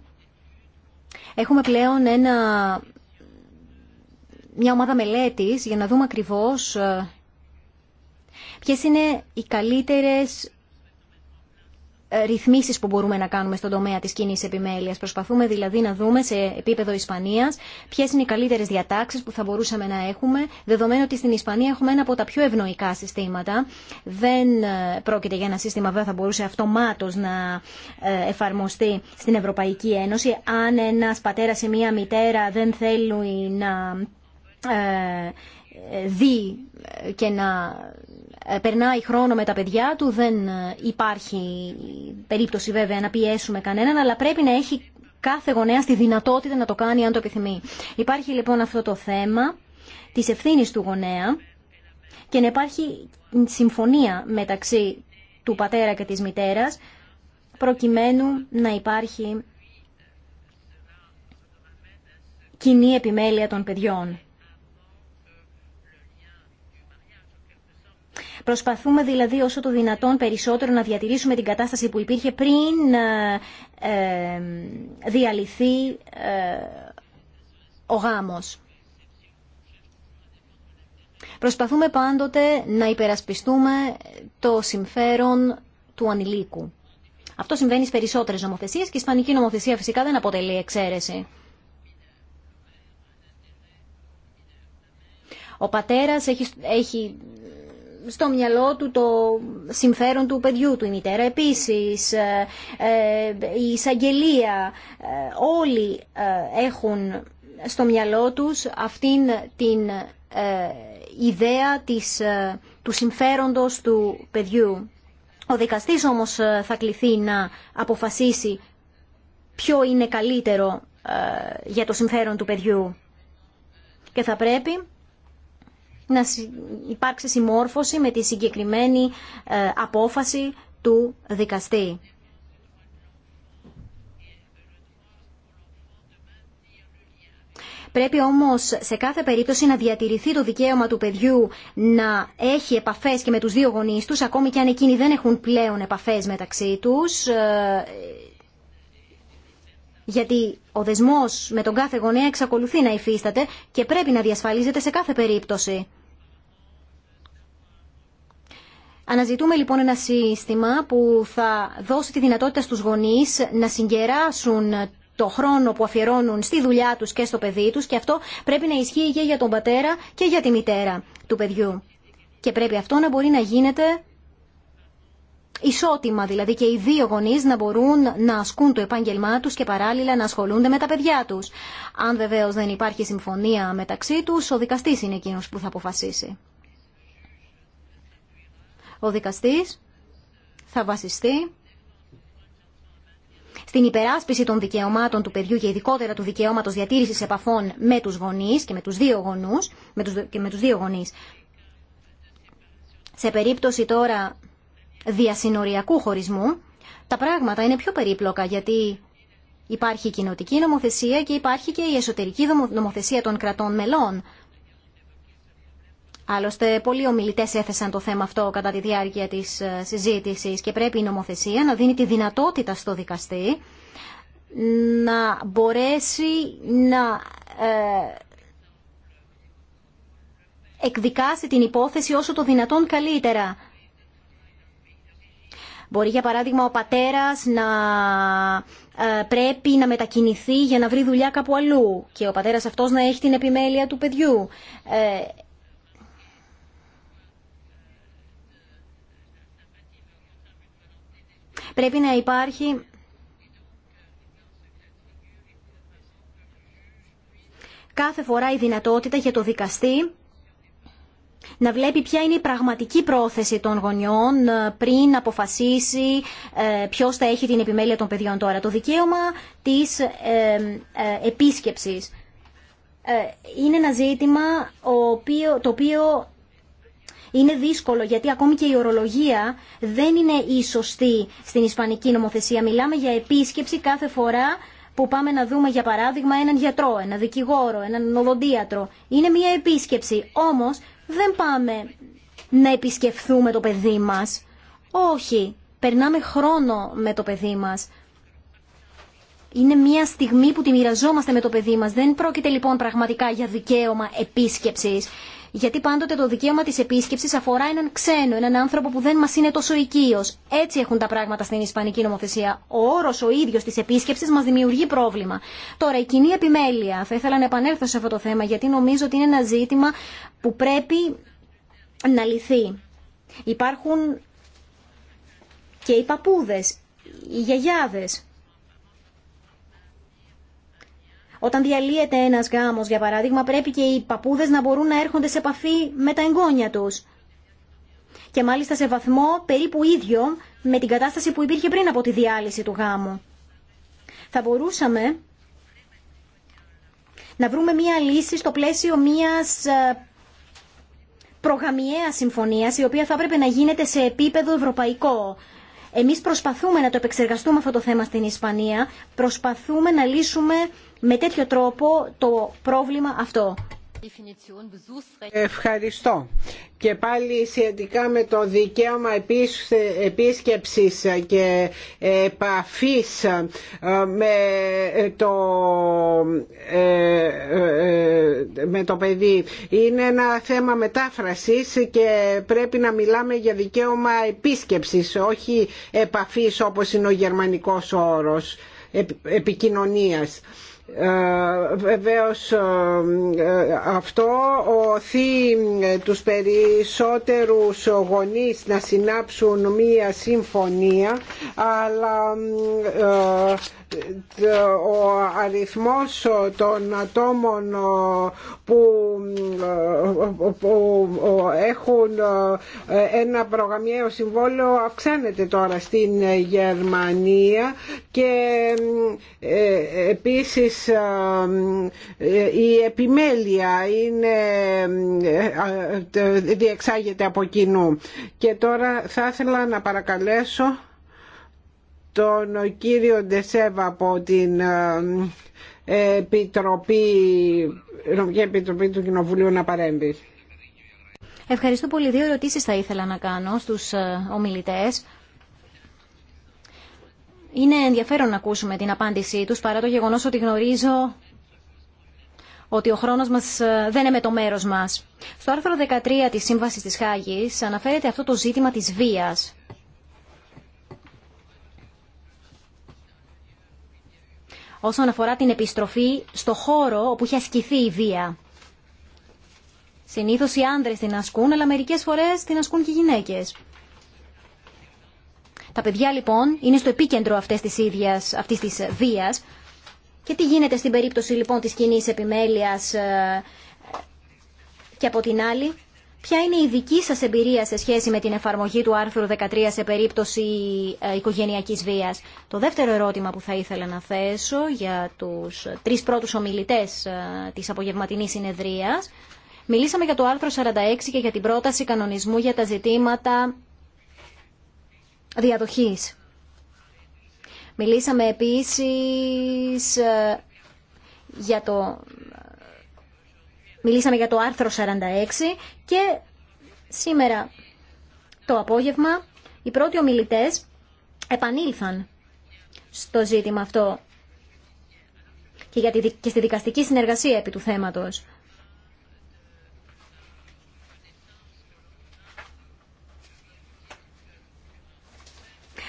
έχουμε πλέον ένα, μια ομάδα μελέτης για να δούμε ακριβώς ε, ποιες είναι οι καλύτερες ε, ρυθμίσεις που μπορούμε να κάνουμε στον τομέα της κοινή επιμέλειας. Προσπαθούμε δηλαδή να δούμε σε επίπεδο Ισπανίας ποιες είναι οι καλύτερες διατάξεις που θα μπορούσαμε να έχουμε, δεδομένου ότι στην Ισπανία έχουμε ένα από τα πιο ευνοϊκά συστήματα. Δεν ε, πρόκειται για ένα σύστημα που θα μπορούσε αυτομάτως να ε, εφαρμοστεί στην Ευρωπαϊκή Ένωση. Αν ένας πατέρας ή μία μητέρα δεν θέλει να δει και να ε, περνάει χρόνο με τα παιδιά του, δεν ε, υπάρχει περίπτωση βέβαια να πιέσουμε κανέναν, αλλά πρέπει να έχει κάθε γονέα τη δυνατότητα να το κάνει αν το επιθυμεί. Υπάρχει λοιπόν αυτό το θέμα της ευθύνης του γονέα και να υπάρχει συμφωνία μεταξύ του πατέρα και της μητέρας προκειμένου να υπάρχει κοινή επιμέλεια των παιδιών. Προσπαθούμε δηλαδή όσο το δυνατόν περισσότερο να διατηρήσουμε την κατάσταση που υπήρχε πριν ε, ε, διαλυθεί ε, ο γάμος. Προσπαθούμε πάντοτε να υπερασπιστούμε το συμφέρον του ανηλίκου. Αυτό συμβαίνει στις περισσότερες νομοθεσίες και η ισπανική νομοθεσία φυσικά δεν αποτελεί εξαίρεση. Ο πατέρας έχει, έχει στο μυαλό του το συμφέρον του παιδιού του, η μητέρα επίσης, ε, ε, η εισαγγελία, ε, όλοι έχουν στο μυαλό τους αυτήν την ιδέα της, του συμφέροντος του παιδιού. Ο δικαστής όμως θα κληθεί να αποφασίσει ποιο είναι καλύτερο για το συμφέρον του παιδιού. Και θα πρέπει να υπάρξει συμμόρφωση με τη συγκεκριμένη ε, απόφαση του δικαστή. Πρέπει όμως σε κάθε περίπτωση να διατηρηθεί το δικαίωμα του παιδιού να έχει επαφές και με τους δύο γονείς τους, ακόμη και αν εκείνοι δεν έχουν πλέον επαφές μεταξύ τους ε, γιατί ο δεσμός με τον κάθε γονέα εξακολουθεί να υφίσταται και πρέπει να διασφαλίζεται σε κάθε περίπτωση. Αναζητούμε λοιπόν ένα σύστημα που θα δώσει τη δυνατότητα στους γονείς να συγκεράσουν το χρόνο που αφιερώνουν στη δουλειά τους και στο παιδί τους και αυτό πρέπει να ισχύει και για τον πατέρα και για τη μητέρα του παιδιού. Και πρέπει αυτό να μπορεί να γίνεται ισότιμα, δηλαδή και οι δύο γονείς να μπορούν να ασκούν το επάγγελμά τους και παράλληλα να ασχολούνται με τα παιδιά τους. Αν βεβαίω δεν υπάρχει συμφωνία μεταξύ τους, ο δικαστής είναι εκείνος που θα αποφασίσει. Ο δικαστής θα βασιστεί στην υπεράσπιση των δικαιωμάτων του παιδιού και ειδικότερα του δικαιώματο διατήρηση επαφών με του γονεί και με του δύο και με τους δύο γονείς. Σε περίπτωση τώρα διασυνοριακού χωρισμού, τα πράγματα είναι πιο περίπλοκα γιατί υπάρχει η κοινοτική νομοθεσία και υπάρχει και η εσωτερική νομοθεσία των κρατών μελών. Άλλωστε, πολλοί ομιλητές έθεσαν το θέμα αυτό κατά τη διάρκεια της ε, συζήτησης και πρέπει η νομοθεσία να δίνει τη δυνατότητα στο δικαστή να μπορέσει να ε, εκδικάσει την υπόθεση όσο το δυνατόν καλύτερα. Μπορεί για παράδειγμα ο πατέρας να ε, πρέπει να μετακινηθεί για να βρει δουλειά κάπου αλλού και ο πατέρας αυτός να έχει την επιμέλεια του παιδιού. Ε, πρέπει να υπάρχει κάθε φορά η δυνατότητα για το δικαστή να βλέπει ποια είναι η πραγματική πρόθεση των γονιών ε, πριν αποφασίσει ε, ποιος θα έχει την επιμέλεια των παιδιών τώρα. Το δικαίωμα της ε, επίσκεψης είναι ένα ζήτημα το οποίο είναι δύσκολο γιατί ακόμη και η ορολογία δεν είναι η σωστή στην ισπανική νομοθεσία. Μιλάμε για επίσκεψη κάθε φορά που πάμε να δούμε για παράδειγμα έναν γιατρό, έναν δικηγόρο, έναν οδοντίατρο. Είναι μια επίσκεψη. Όμως δεν πάμε να επισκεφθούμε το παιδί μας. Όχι, περνάμε χρόνο με το παιδί μας. Είναι μια στιγμή που τη μοιραζόμαστε με το παιδί μας. Δεν πρόκειται λοιπόν πραγματικά για δικαίωμα επίσκεψης γιατί πάντοτε το δικαίωμα της επίσκεψης αφορά έναν ξένο, έναν άνθρωπο που δεν μας είναι τόσο οικείο. Έτσι έχουν τα πράγματα στην Ισπανική νομοθεσία. Ο όρος ο ίδιο της επίσκεψης μας δημιουργεί πρόβλημα. Τώρα η κοινή επιμέλεια, θα ήθελα να επανέλθω σε αυτό το θέμα γιατί νομίζω ότι είναι ένα ζήτημα που πρέπει να λυθεί. Υπάρχουν και οι παππούδε, οι γιαγιάδες Όταν διαλύεται ένας γάμος, για παράδειγμα, πρέπει και οι παππούδε να μπορούν να έρχονται σε επαφή με τα εγγόνια τους. Και μάλιστα σε βαθμό περίπου ίδιο με την κατάσταση που υπήρχε πριν από τη διάλυση του γάμου. Θα μπορούσαμε να βρούμε μία λύση στο πλαίσιο μίας ε, προγαμιαία συμφωνίας, η οποία θα έπρεπε να γίνεται σε επίπεδο ευρωπαϊκό. Εμείς προσπαθούμε να το επεξεργαστούμε αυτό το θέμα στην Ισπανία, προσπαθούμε να λύσουμε με τέτοιο τρόπο το πρόβλημα αυτό. Ευχαριστώ. Και πάλι σχετικά με το δικαίωμα επίσκεψης και επαφής ε, με το, ε, ε, με το παιδί είναι ένα θέμα μετάφρασης και πρέπει να μιλάμε για δικαίωμα επίσκεψης, όχι επαφής όπως είναι ο γερμανικός όρος επικοινωνίας. Ε, βεβαίως ε, αυτό οθεί τους περισσότερους γονείς να συνάψουν μία συμφωνία αλλά ε, ε, ο αριθμός των ατόμων ε, που, ε, έχουν ένα προγαμιαίο συμβόλαιο αυξάνεται τώρα στην Γερμανία και επίσης η επιμέλεια είναι, διεξάγεται από κοινού. Και τώρα θα ήθελα να παρακαλέσω τον κύριο Ντεσέβα από την ε, Επιτροπή, Επιτροπή του Κοινοβουλίου να παρέμβει. Ευχαριστώ πολύ. Δύο ερωτήσει θα ήθελα να κάνω στους ε, ομιλητέ Είναι ενδιαφέρον να ακούσουμε την απάντησή τους, παρά το γεγονός ότι γνωρίζω ότι ο χρόνος μας ε, δεν είναι με το μέρος μας. Στο άρθρο 13 της Σύμβασης της Χάγης αναφέρεται αυτό το ζήτημα της βίας. όσον αφορά την επιστροφή στο χώρο όπου είχε ασκηθεί η βία. Συνήθως οι άντρες την ασκούν, αλλά μερικές φορές την ασκούν και οι γυναίκες. Τα παιδιά λοιπόν είναι στο επίκεντρο αυτές της ίδιας, αυτής της βίας. Και τι γίνεται στην περίπτωση λοιπόν της κοινή επιμέλειας ε, και από την άλλη Ποια είναι η δική σας εμπειρία σε σχέση με την εφαρμογή του άρθρου 13 σε περίπτωση ε, οικογενειακής βίας. Το δεύτερο ερώτημα που θα ήθελα να θέσω για τους τρεις πρώτους ομιλητές ε, της απογευματινής συνεδρίας. Μιλήσαμε για το άρθρο 46 και για την πρόταση κανονισμού για τα ζητήματα διαδοχής. Μιλήσαμε επίσης ε, για το μιλήσαμε για το άρθρο 46 και σήμερα το απόγευμα οι πρώτοι ομιλητές επανήλθαν στο ζήτημα αυτό και, για τη, στη δικαστική συνεργασία επί του θέματος.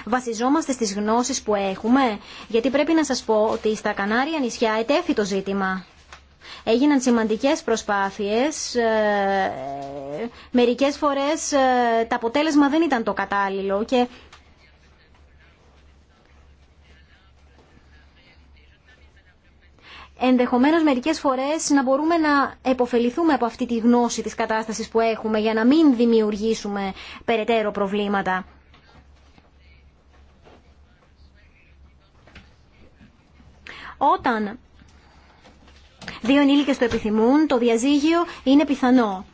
βασιζόμαστε στις γνώσεις που έχουμε, γιατί πρέπει να σας πω ότι στα Κανάρια νησιά ετέθη το ζήτημα. Έγιναν σημαντικές προσπάθειες. Ε, μερικές φορές ε, το αποτέλεσμα δεν ήταν το κατάλληλο και ενδεχομένως μερικές φορές να μπορούμε να επωφεληθούμε από αυτή τη γνώση της κατάστασης που έχουμε για να μην δημιουργήσουμε περαιτέρω προβλήματα. Όταν δύο ενήλικες το επιθυμούν, το διαζύγιο είναι πιθανό.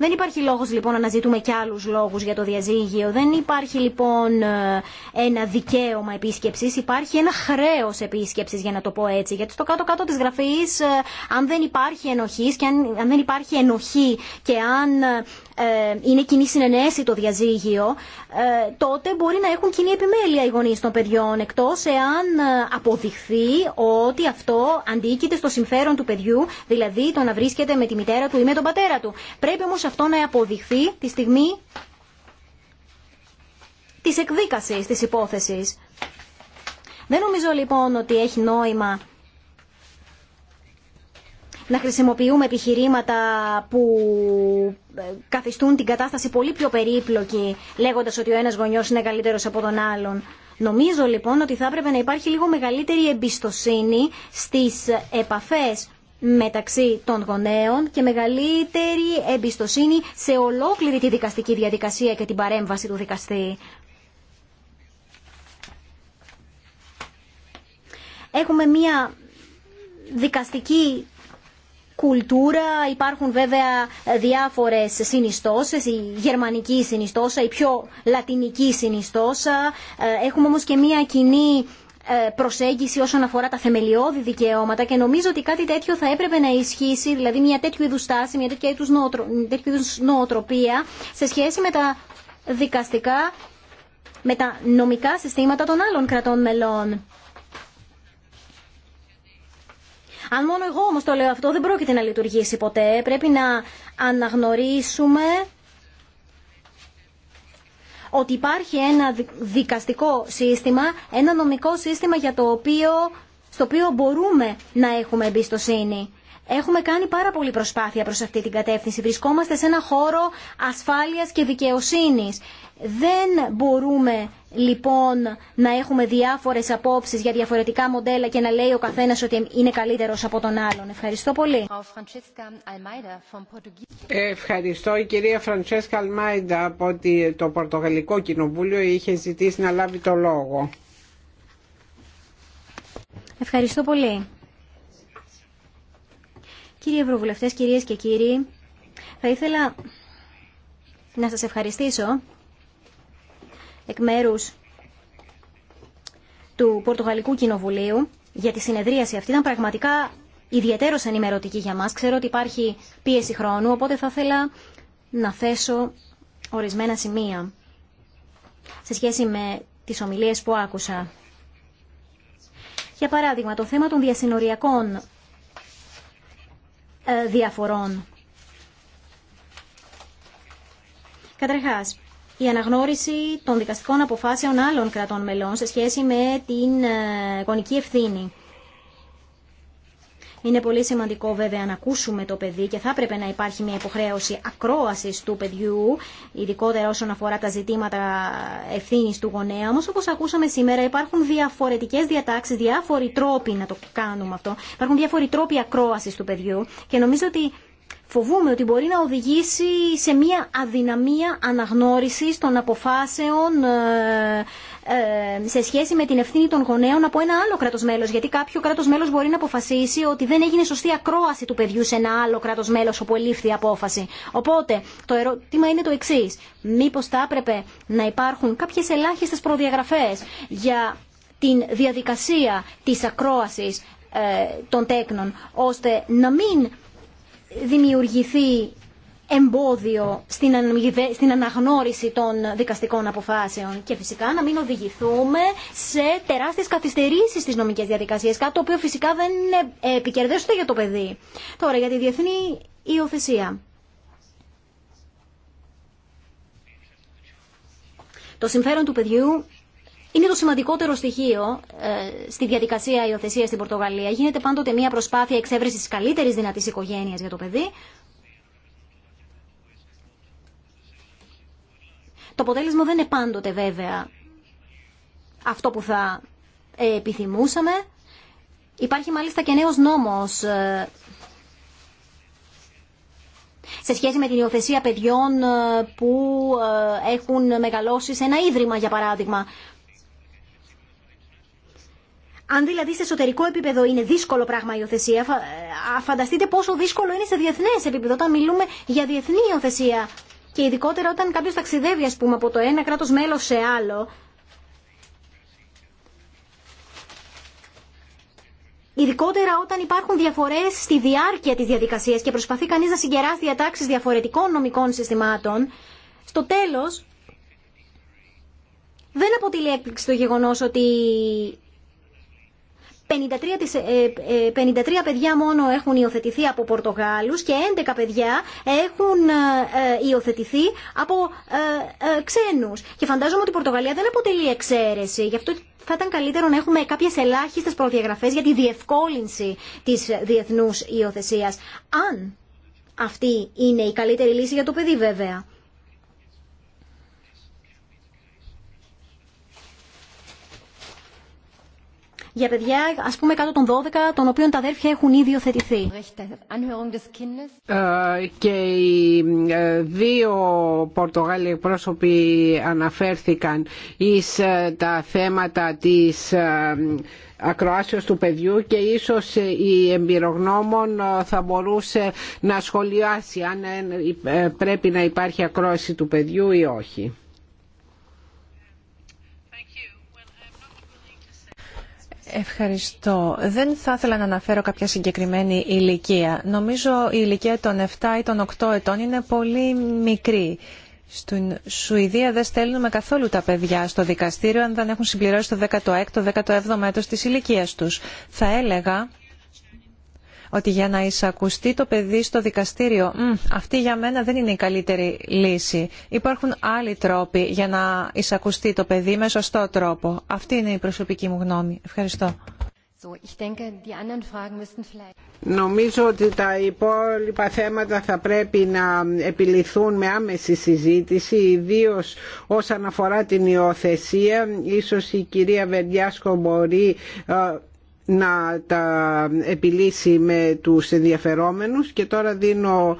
Δεν υπάρχει λόγος λοιπόν να αναζητούμε και άλλους λόγους για το διαζύγιο. Δεν υπάρχει λοιπόν ε, ένα δικαίωμα επίσκεψης, υπάρχει ένα χρέος επίσκεψης για να το πω έτσι. Γιατί στο κάτω-κάτω της γραφής ε, αν δεν υπάρχει ενοχής και αν, αν δεν υπάρχει ενοχή και αν ε, ε, είναι κοινή συνενέση το διαζύγιο, ε, τότε μπορεί να έχουν κοινή επιμέλεια οι γονεί των παιδιών, εκτό εάν ε, αποδειχθεί ότι αυτό αντίκειται στο συμφέρον του παιδιού, δηλαδή το να βρίσκεται με τη μητέρα του ή με τον πατέρα του. Πρέπει όμω αυτό να αποδειχθεί τη στιγμή τη εκδίκαση τη υπόθεση. Δεν νομίζω λοιπόν ότι έχει νόημα να χρησιμοποιούμε επιχειρήματα που ε, καθιστούν την κατάσταση πολύ πιο περίπλοκη λέγοντας ότι ο ένας γονιός είναι καλύτερος από τον άλλον. Νομίζω λοιπόν ότι θα έπρεπε να υπάρχει λίγο μεγαλύτερη εμπιστοσύνη στις επαφές μεταξύ των γονέων και μεγαλύτερη εμπιστοσύνη σε ολόκληρη τη δικαστική διαδικασία και την παρέμβαση του δικαστή. Έχουμε μία δικαστική κουλτούρα. Υπάρχουν βέβαια διάφορες συνιστώσεις, η γερμανική συνιστώσα, η πιο λατινική συνιστώσα. Ε, έχουμε όμως και μία κοινή ε, προσέγγιση όσον αφορά τα θεμελιώδη δικαιώματα και νομίζω ότι κάτι τέτοιο θα έπρεπε να ισχύσει, δηλαδή μια τέτοιου είδου στάση, μια τέτοιου μια τέτοια νοοτροπία σε σχέση με τα δικαστικά, με τα νομικά συστήματα των άλλων κρατών μελών. Αν μόνο εγώ όμως το λέω αυτό δεν πρόκειται να λειτουργήσει ποτέ. Πρέπει να αναγνωρίσουμε ότι υπάρχει ένα δικαστικό σύστημα, ένα νομικό σύστημα για το οποίο, στο οποίο μπορούμε να έχουμε εμπιστοσύνη. Έχουμε κάνει πάρα πολύ προσπάθεια προς αυτή την κατεύθυνση. Βρισκόμαστε σε ένα χώρο ασφάλειας και δικαιοσύνης. Δεν μπορούμε λοιπόν να έχουμε διάφορες απόψεις για διαφορετικά μοντέλα και να λέει ο καθένας ότι είναι καλύτερος από τον άλλον. Ευχαριστώ πολύ. Ευχαριστώ. Η κυρία Φραντσέσκα Αλμάιντα από το Πορτογαλικό Κοινοβούλιο είχε ζητήσει να λάβει το λόγο. Ευχαριστώ πολύ. Κύριοι Ευρωβουλευτές, κυρίες και κύριοι, θα ήθελα να σας ευχαριστήσω εκ μέρους του Πορτογαλικού Κοινοβουλίου για τη συνεδρίαση αυτή ήταν πραγματικά ιδιαίτερος ενημερωτική για μας. Ξέρω ότι υπάρχει πίεση χρόνου, οπότε θα ήθελα να θέσω ορισμένα σημεία σε σχέση με τις ομιλίες που άκουσα. Για παράδειγμα, το θέμα των διασυνοριακών ε, διαφορών. Καταρχάς, η αναγνώριση των δικαστικών αποφάσεων άλλων κρατών μελών σε σχέση με την ε, γονική ευθύνη. Είναι πολύ σημαντικό βέβαια να ακούσουμε το παιδί και θα έπρεπε να υπάρχει μια υποχρέωση ακρόασης του παιδιού, ειδικότερα όσον αφορά τα ζητήματα ευθύνη του γονέα. Όμω, όπως ακούσαμε σήμερα, υπάρχουν διαφορετικές διατάξεις, διάφοροι τρόποι να το κάνουμε αυτό. Υπάρχουν διάφοροι τρόποι ακρόαση του παιδιού και νομίζω ότι Φοβούμαι ότι μπορεί να οδηγήσει σε μια αδυναμία αναγνώρισης των αποφάσεων ε, ε, σε σχέση με την ευθύνη των γονέων από ένα άλλο κράτος μέλος. Γιατί κάποιο κράτος μέλος μπορεί να αποφασίσει ότι δεν έγινε σωστή ακρόαση του παιδιού σε ένα άλλο κράτος μέλος όπου ελήφθη η απόφαση. Οπότε το ερώτημα είναι το εξή. Μήπως θα έπρεπε να υπάρχουν κάποιες ελάχιστες προδιαγραφές για την διαδικασία της ακρόασης ε, των τέκνων, ώστε να μην δημιουργηθεί εμπόδιο στην αναγνώριση των δικαστικών αποφάσεων και φυσικά να μην οδηγηθούμε σε τεράστιες καθυστερήσεις στις νομικές διαδικασίες, κάτι το οποίο φυσικά δεν είναι ούτε για το παιδί. Τώρα για τη διεθνή υιοθεσία. Το συμφέρον του παιδιού είναι το σημαντικότερο στοιχείο ε, στη διαδικασία υιοθεσία στην Πορτογαλία. Γίνεται πάντοτε μια προσπάθεια εξέβρεση τη καλύτερη δυνατή οικογένεια για το παιδί. Το αποτέλεσμα δεν είναι πάντοτε βέβαια αυτό που θα ε, επιθυμούσαμε. Υπάρχει μάλιστα και νέος νόμος ε, σε σχέση με την υιοθεσία παιδιών που έχουν μεγαλώσει σε ένα ίδρυμα, για παράδειγμα. Αν δηλαδή σε εσωτερικό επίπεδο είναι δύσκολο πράγμα η υιοθεσία, ε, φανταστείτε πόσο δύσκολο είναι σε διεθνέ επίπεδο, όταν μιλούμε για διεθνή υιοθεσία. Και ειδικότερα όταν κάποιο ταξιδεύει, α πούμε, από το ένα κράτο μέλο σε άλλο. Ειδικότερα όταν υπάρχουν διαφορέ στη διάρκεια τη διαδικασία και προσπαθεί κανεί να συγκεράσει διατάξει διαφορετικών νομικών συστημάτων, στο τέλο δεν αποτελεί έκπληξη το γεγονό ότι 53, 53 ε, ε, παιδιά μόνο έχουν υιοθετηθεί από Πορτογάλους και 11 παιδιά έχουν ε, υιοθετηθεί από ξένους. Και φαντάζομαι ότι η Πορτογαλία δεν αποτελεί εξαίρεση. Γι' αυτό θα ήταν καλύτερο να έχουμε κάποιες ελάχιστες προδιαγραφές για τη διευκόλυνση της διεθνούς υιοθεσίας. Αν αυτή είναι η καλύτερη λύση για το παιδί βέβαια. για παιδιά, ας πούμε, κάτω των 12, των οποίων τα αδέρφια έχουν ήδη υιοθετηθεί. Ε, και οι ε, δύο Πορτογάλοι εκπρόσωποι αναφέρθηκαν εις ε, τα θέματα της ακροάσεως του παιδιού και ίσως η εμπειρογνώμων θα μπορούσε να σχολιάσει αν πρέπει να υπάρχει ακρόαση του παιδιού ή όχι. Ευχαριστώ. Δεν θα ήθελα να αναφέρω κάποια συγκεκριμένη ηλικία. Νομίζω η ηλικία των 7 ή των 8 ετών είναι πολύ μικρή. Στην Σουηδία δεν στέλνουμε καθόλου τα παιδιά στο δικαστήριο αν δεν έχουν συμπληρώσει το 16ο, 17ο έτος της ηλικίας τους. Θα έλεγα ότι για να εισακουστεί το παιδί στο δικαστήριο, αυτή για μένα δεν είναι η καλύτερη λύση. Υπάρχουν άλλοι τρόποι για να εισακουστεί το παιδί με σωστό τρόπο. Αυτή είναι η προσωπική μου γνώμη. Ευχαριστώ. Νομίζω ότι τα υπόλοιπα θέματα θα πρέπει να επιληθούν με άμεση συζήτηση, ιδίω όσον αφορά την υιοθεσία. Ίσως η κυρία Βερδιάσκο μπορεί ε, να τα επιλύσει με τους ενδιαφερόμενους και τώρα δίνω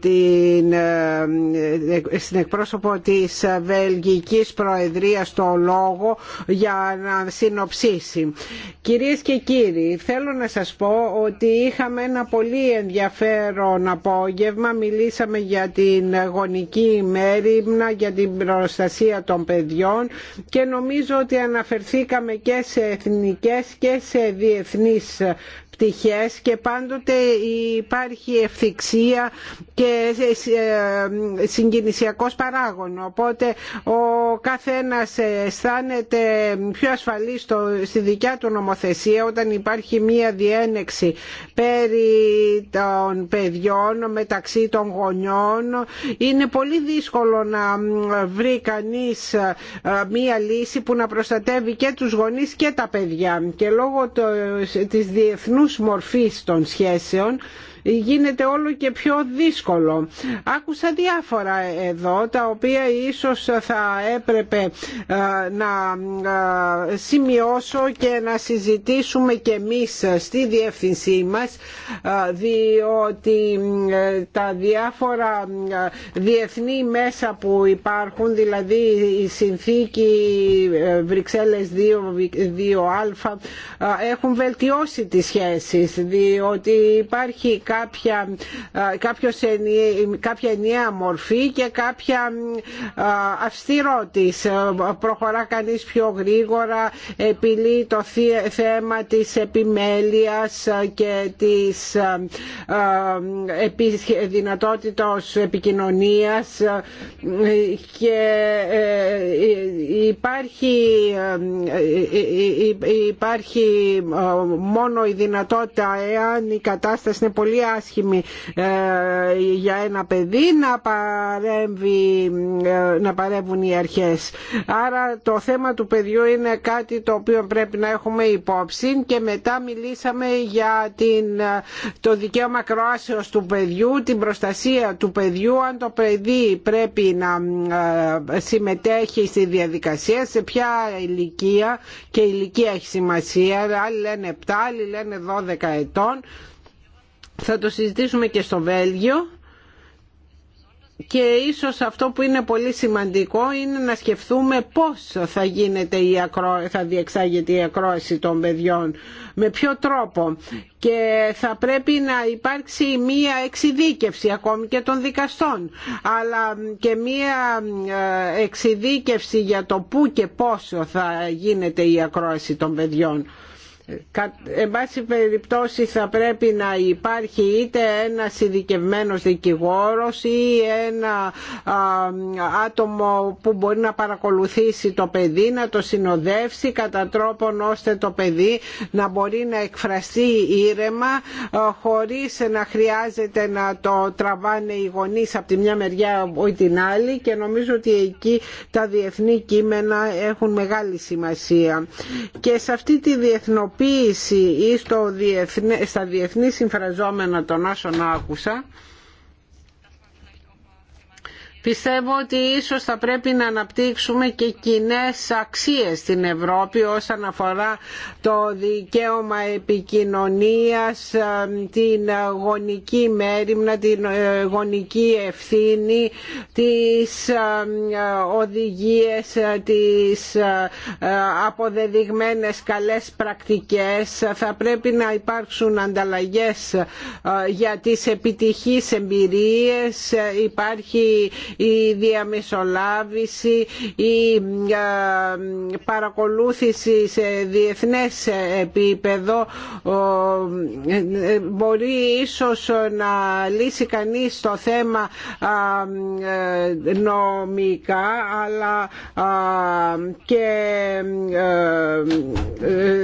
την, ε, στην εκπρόσωπο της Βελγικής Προεδρίας το λόγο για να συνοψίσει. Κυρίες και κύριοι, θέλω να σας πω ότι είχαμε ένα πολύ ενδιαφέρον απόγευμα. Μιλήσαμε για την γονική μέρημνα, για την προστασία των παιδιών και νομίζω ότι αναφερθήκαμε και σε εθνικές και σε διεθνείς και πάντοτε υπάρχει ευθυξία και ε, συγκινησιακός παράγων. Οπότε ο καθένας αισθάνεται πιο ασφαλής στο, στη δικιά του νομοθεσία όταν υπάρχει μία διένεξη περί των παιδιών μεταξύ των γονιών. Είναι πολύ δύσκολο να βρει κανείς ε, μία λύση που να προστατεύει και τους γονείς και τα παιδιά. Και λόγω της διεθνούς μορφής των σχέσεων γίνεται όλο και πιο δύσκολο. Άκουσα διάφορα εδώ τα οποία ίσως θα έπρεπε ε, να ε, σημειώσω και να συζητήσουμε και εμείς στη διεύθυνσή μας ε, διότι τα διάφορα διεθνή μέσα που υπάρχουν δηλαδή η συνθήκη Βρυξέλλες 2, 2α έχουν βελτιώσει τις σχέσεις διότι υπάρχει κάποια, κάποιος κάποια ενιαία μορφή και κάποια αυστηρότης. Προχωρά κανείς πιο γρήγορα, επιλύει το θέμα της επιμέλειας και της δυνατότητας επικοινωνίας και ε, υπάρχει, ε, ε, υπάρχει μόνο η δυνατότητα εάν η κατάσταση είναι πολύ άσχημη ε, για ένα παιδί να, παρέμβει, ε, να παρέμβουν οι αρχές. Άρα το θέμα του παιδιού είναι κάτι το οποίο πρέπει να έχουμε υπόψη και μετά μιλήσαμε για την, ε, το δικαίωμα κροάσεως του παιδιού, την προστασία του παιδιού, αν το παιδί πρέπει να συμμετέχει στη διαδικασία, σε ποια ηλικία και ηλικία έχει σημασία, άλλοι λένε 7, άλλοι λένε 12 ετών θα το συζητήσουμε και στο Βέλγιο και ίσως αυτό που είναι πολύ σημαντικό είναι να σκεφτούμε πώς θα, γίνεται η θα διεξάγεται η ακρόαση των παιδιών, με ποιο τρόπο και θα πρέπει να υπάρξει μία εξειδίκευση ακόμη και των δικαστών αλλά και μία ε, εξειδίκευση για το πού και πόσο θα γίνεται η ακρόαση των παιδιών. Εν πάση περιπτώσει θα πρέπει να υπάρχει είτε ένας ειδικευμένο δικηγόρος ή ένα άτομο που μπορεί να παρακολουθήσει το παιδί, να το συνοδεύσει κατά τρόπον ώστε το παιδί να μπορεί να εκφραστεί ήρεμα χωρίς να χρειάζεται να το τραβάνε οι γονείς από τη μια μεριά ή την άλλη και νομίζω ότι εκεί τα διεθνή κείμενα έχουν μεγάλη σημασία. Και σε αυτή τη διεθνοποίηση υλοποίηση ή στα διεθνή συμφραζόμενα των όσων άκουσα Πιστεύω ότι ίσως θα πρέπει να αναπτύξουμε και κοινέ αξίες στην Ευρώπη όσον αφορά το δικαίωμα επικοινωνίας, ε, την γονική μέρημνα, την ε, γονική ευθύνη, τις ε, οδηγίες, τις αποδεδειγμένες καλές πρακτικές. Θα πρέπει να υπάρξουν ανταλλαγές για τις επιτυχείς εμπειρίες. Υπάρχει η διαμεσολάβηση, η ε, παρακολούθηση σε διεθνές επίπεδο ε, ε, μπορεί ίσως να λύσει κανείς το θέμα νομικά αλλά και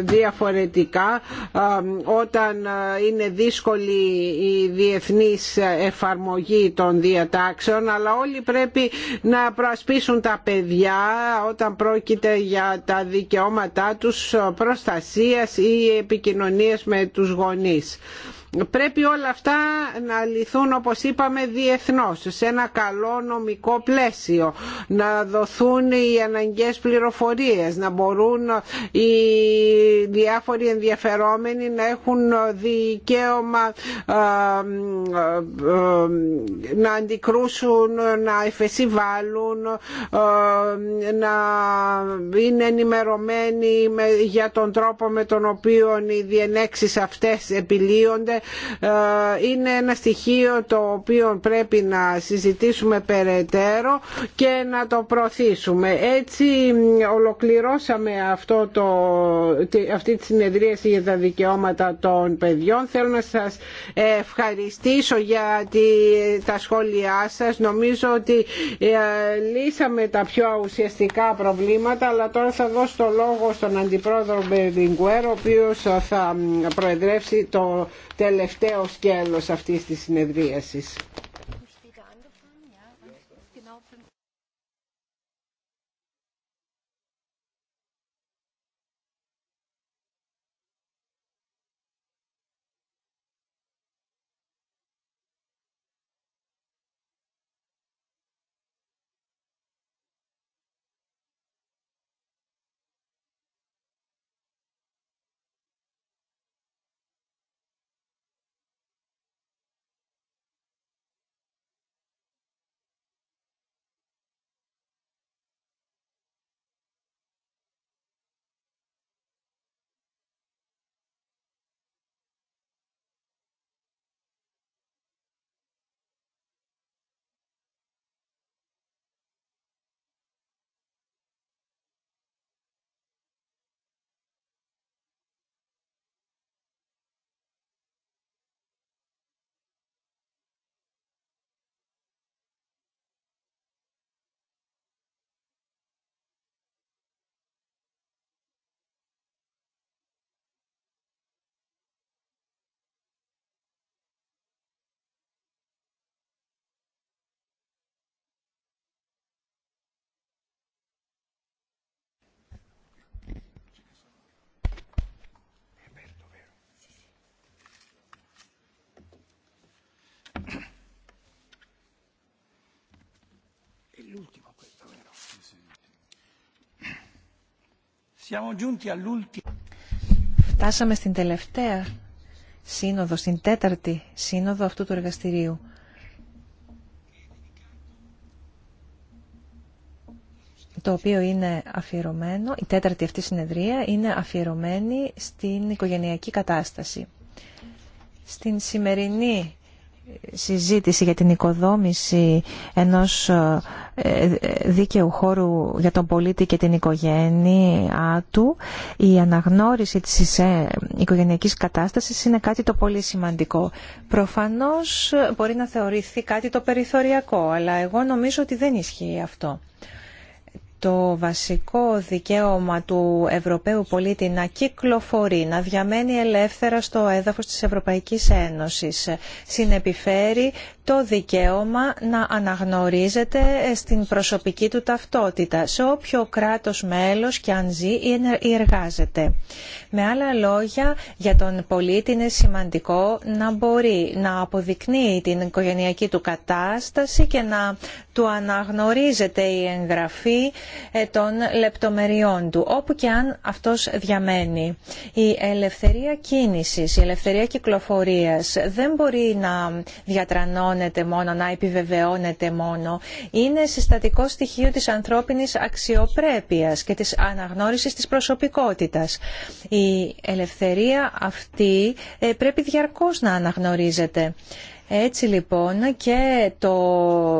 διαφορετικά όταν είναι δύσκολη η διεθνής εφαρμογή των διατάξεων αλλά όλοι πρέπει να προασπίσουν τα παιδιά όταν πρόκειται για τα δικαιώματά τους προστασίας ή επικοινωνίας με τους γονείς. Πρέπει όλα αυτά να λυθούν όπως είπαμε διεθνώς σε ένα καλό νομικό πλαίσιο να δοθούν οι αναγκαίες πληροφορίες να μπορούν οι διάφοροι ενδιαφερόμενοι να έχουν δικαίωμα ε, ε, να αντικρούσουν, να εφεσιβάλουν ε, να είναι ενημερωμένοι για τον τρόπο με τον οποίο οι διενέξεις αυτές επιλύονται ε, είναι ένα στοιχείο το οποίο πρέπει να συζητήσουμε περαιτέρω και να το προωθήσουμε. Έτσι ολοκληρώσαμε αυτό το, αυτή τη συνεδρίαση για τα δικαιώματα των παιδιών. Θέλω να σας ευχαριστήσω για τη, τα σχόλιά σας. Νομίζω ότι ε, λύσαμε τα πιο ουσιαστικά προβλήματα, αλλά τώρα θα δώσω το λόγο στον Αντιπρόεδρο Μπερδιγκουέρ, ο οποίος θα προεδρεύσει το τελευταίο σκέλος αυτής της συνεδρίασης. Φτάσαμε στην τελευταία σύνοδο, στην τέταρτη σύνοδο αυτού του εργαστηρίου. το οποίο είναι αφιερωμένο, η τέταρτη αυτή συνεδρία είναι αφιερωμένη στην οικογενειακή κατάσταση. Στην σημερινή συζήτηση για την οικοδόμηση ενός ε, ε, δίκαιου χώρου για τον πολίτη και την οικογένειά του, η αναγνώριση της ε, οικογενειακής κατάστασης είναι κάτι το πολύ σημαντικό. Προφανώς μπορεί να θεωρηθεί κάτι το περιθωριακό, αλλά εγώ νομίζω ότι δεν ισχύει αυτό το βασικό δικαίωμα του Ευρωπαίου πολίτη να κυκλοφορεί, να διαμένει ελεύθερα στο έδαφος της Ευρωπαϊκής Ένωσης. Συνεπιφέρει το δικαίωμα να αναγνωρίζεται στην προσωπική του ταυτότητα, σε όποιο κράτος μέλος και αν ζει ή εργάζεται. Με άλλα λόγια, για τον πολίτη είναι σημαντικό να μπορεί να αποδεικνύει την οικογενειακή του κατάσταση και να του αναγνωρίζεται η εγγραφή ε, των λεπτομεριών του, όπου και αν αυτός διαμένει. Η ελευθερία κίνησης, η ελευθερία κυκλοφορίας δεν μπορεί να διατρανώνεται μόνο, να επιβεβαιώνεται μόνο. Είναι συστατικό στοιχείο της ανθρώπινης αξιοπρέπειας και της αναγνώρισης της προσωπικότητας. Η ελευθερία αυτή ε, πρέπει διαρκώς να αναγνωρίζεται. Έτσι λοιπόν και το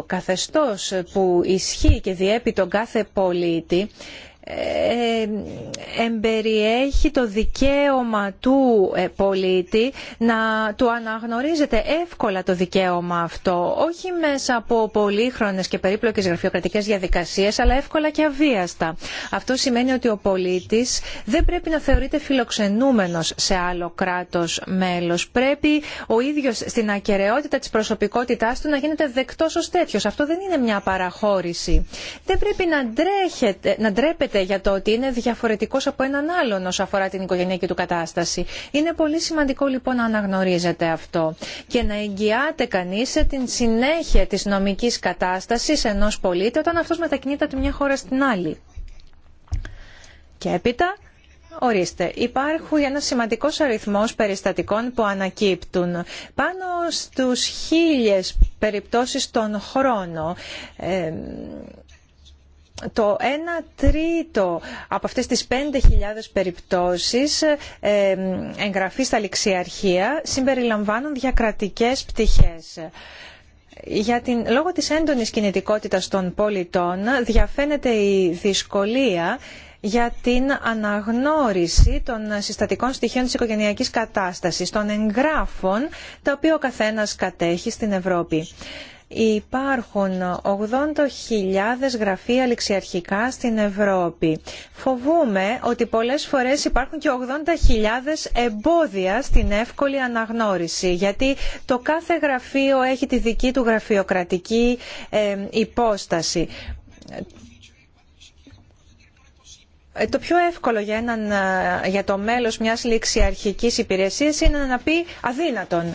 καθεστώς που ισχύει και διέπει τον κάθε πολίτη ε, εμπεριέχει το δικαίωμα του ε, πολίτη να του αναγνωρίζεται εύκολα το δικαίωμα αυτό όχι μέσα από πολύχρονες και περίπλοκες γραφειοκρατικές διαδικασίες αλλά εύκολα και αβίαστα. Αυτό σημαίνει ότι ο πολίτης δεν πρέπει να θεωρείται φιλοξενούμενος σε άλλο κράτος μέλος. Πρέπει ο ίδιος στην ακαιρεότητα της προσωπικότητάς του να γίνεται δεκτός ως τέτοιος. Αυτό δεν είναι μια παραχώρηση. Δεν πρέπει να, να ντρέπεται για το ότι είναι διαφορετικός από έναν άλλον όσο αφορά την οικογενειακή του κατάσταση. Είναι πολύ σημαντικό λοιπόν να αναγνωρίζετε αυτό και να εγγυάται κανείς την συνέχεια της νομικής κατάστασης ενός πολίτη όταν αυτός μετακινείται από τη μια χώρα στην άλλη. Και έπειτα Ορίστε, υπάρχουν ένα σημαντικός αριθμός περιστατικών που ανακύπτουν. Πάνω στους χίλιες περιπτώσεις τον χρόνο. Ε, το 1 τρίτο από αυτές τις 5.000 περιπτώσεις ε, εγγραφή στα ληξιαρχεία συμπεριλαμβάνουν διακρατικές πτυχές. Για την, λόγω της έντονης κινητικότητας των πολιτών διαφαίνεται η δυσκολία για την αναγνώριση των συστατικών στοιχείων της οικογενειακής κατάστασης, των εγγράφων τα οποία ο καθένας κατέχει στην Ευρώπη. Υπάρχουν 80.000 γραφεία ληξιαρχικά στην Ευρώπη. Φοβούμε ότι πολλές φορές υπάρχουν και 80.000 εμπόδια στην εύκολη αναγνώριση, γιατί το κάθε γραφείο έχει τη δική του γραφειοκρατική ε, υπόσταση ε, το πιο εύκολο για, έναν, ε, για το μέλος μιας ληξιαρχικής υπηρεσίας είναι να πει αδύνατον. Ε,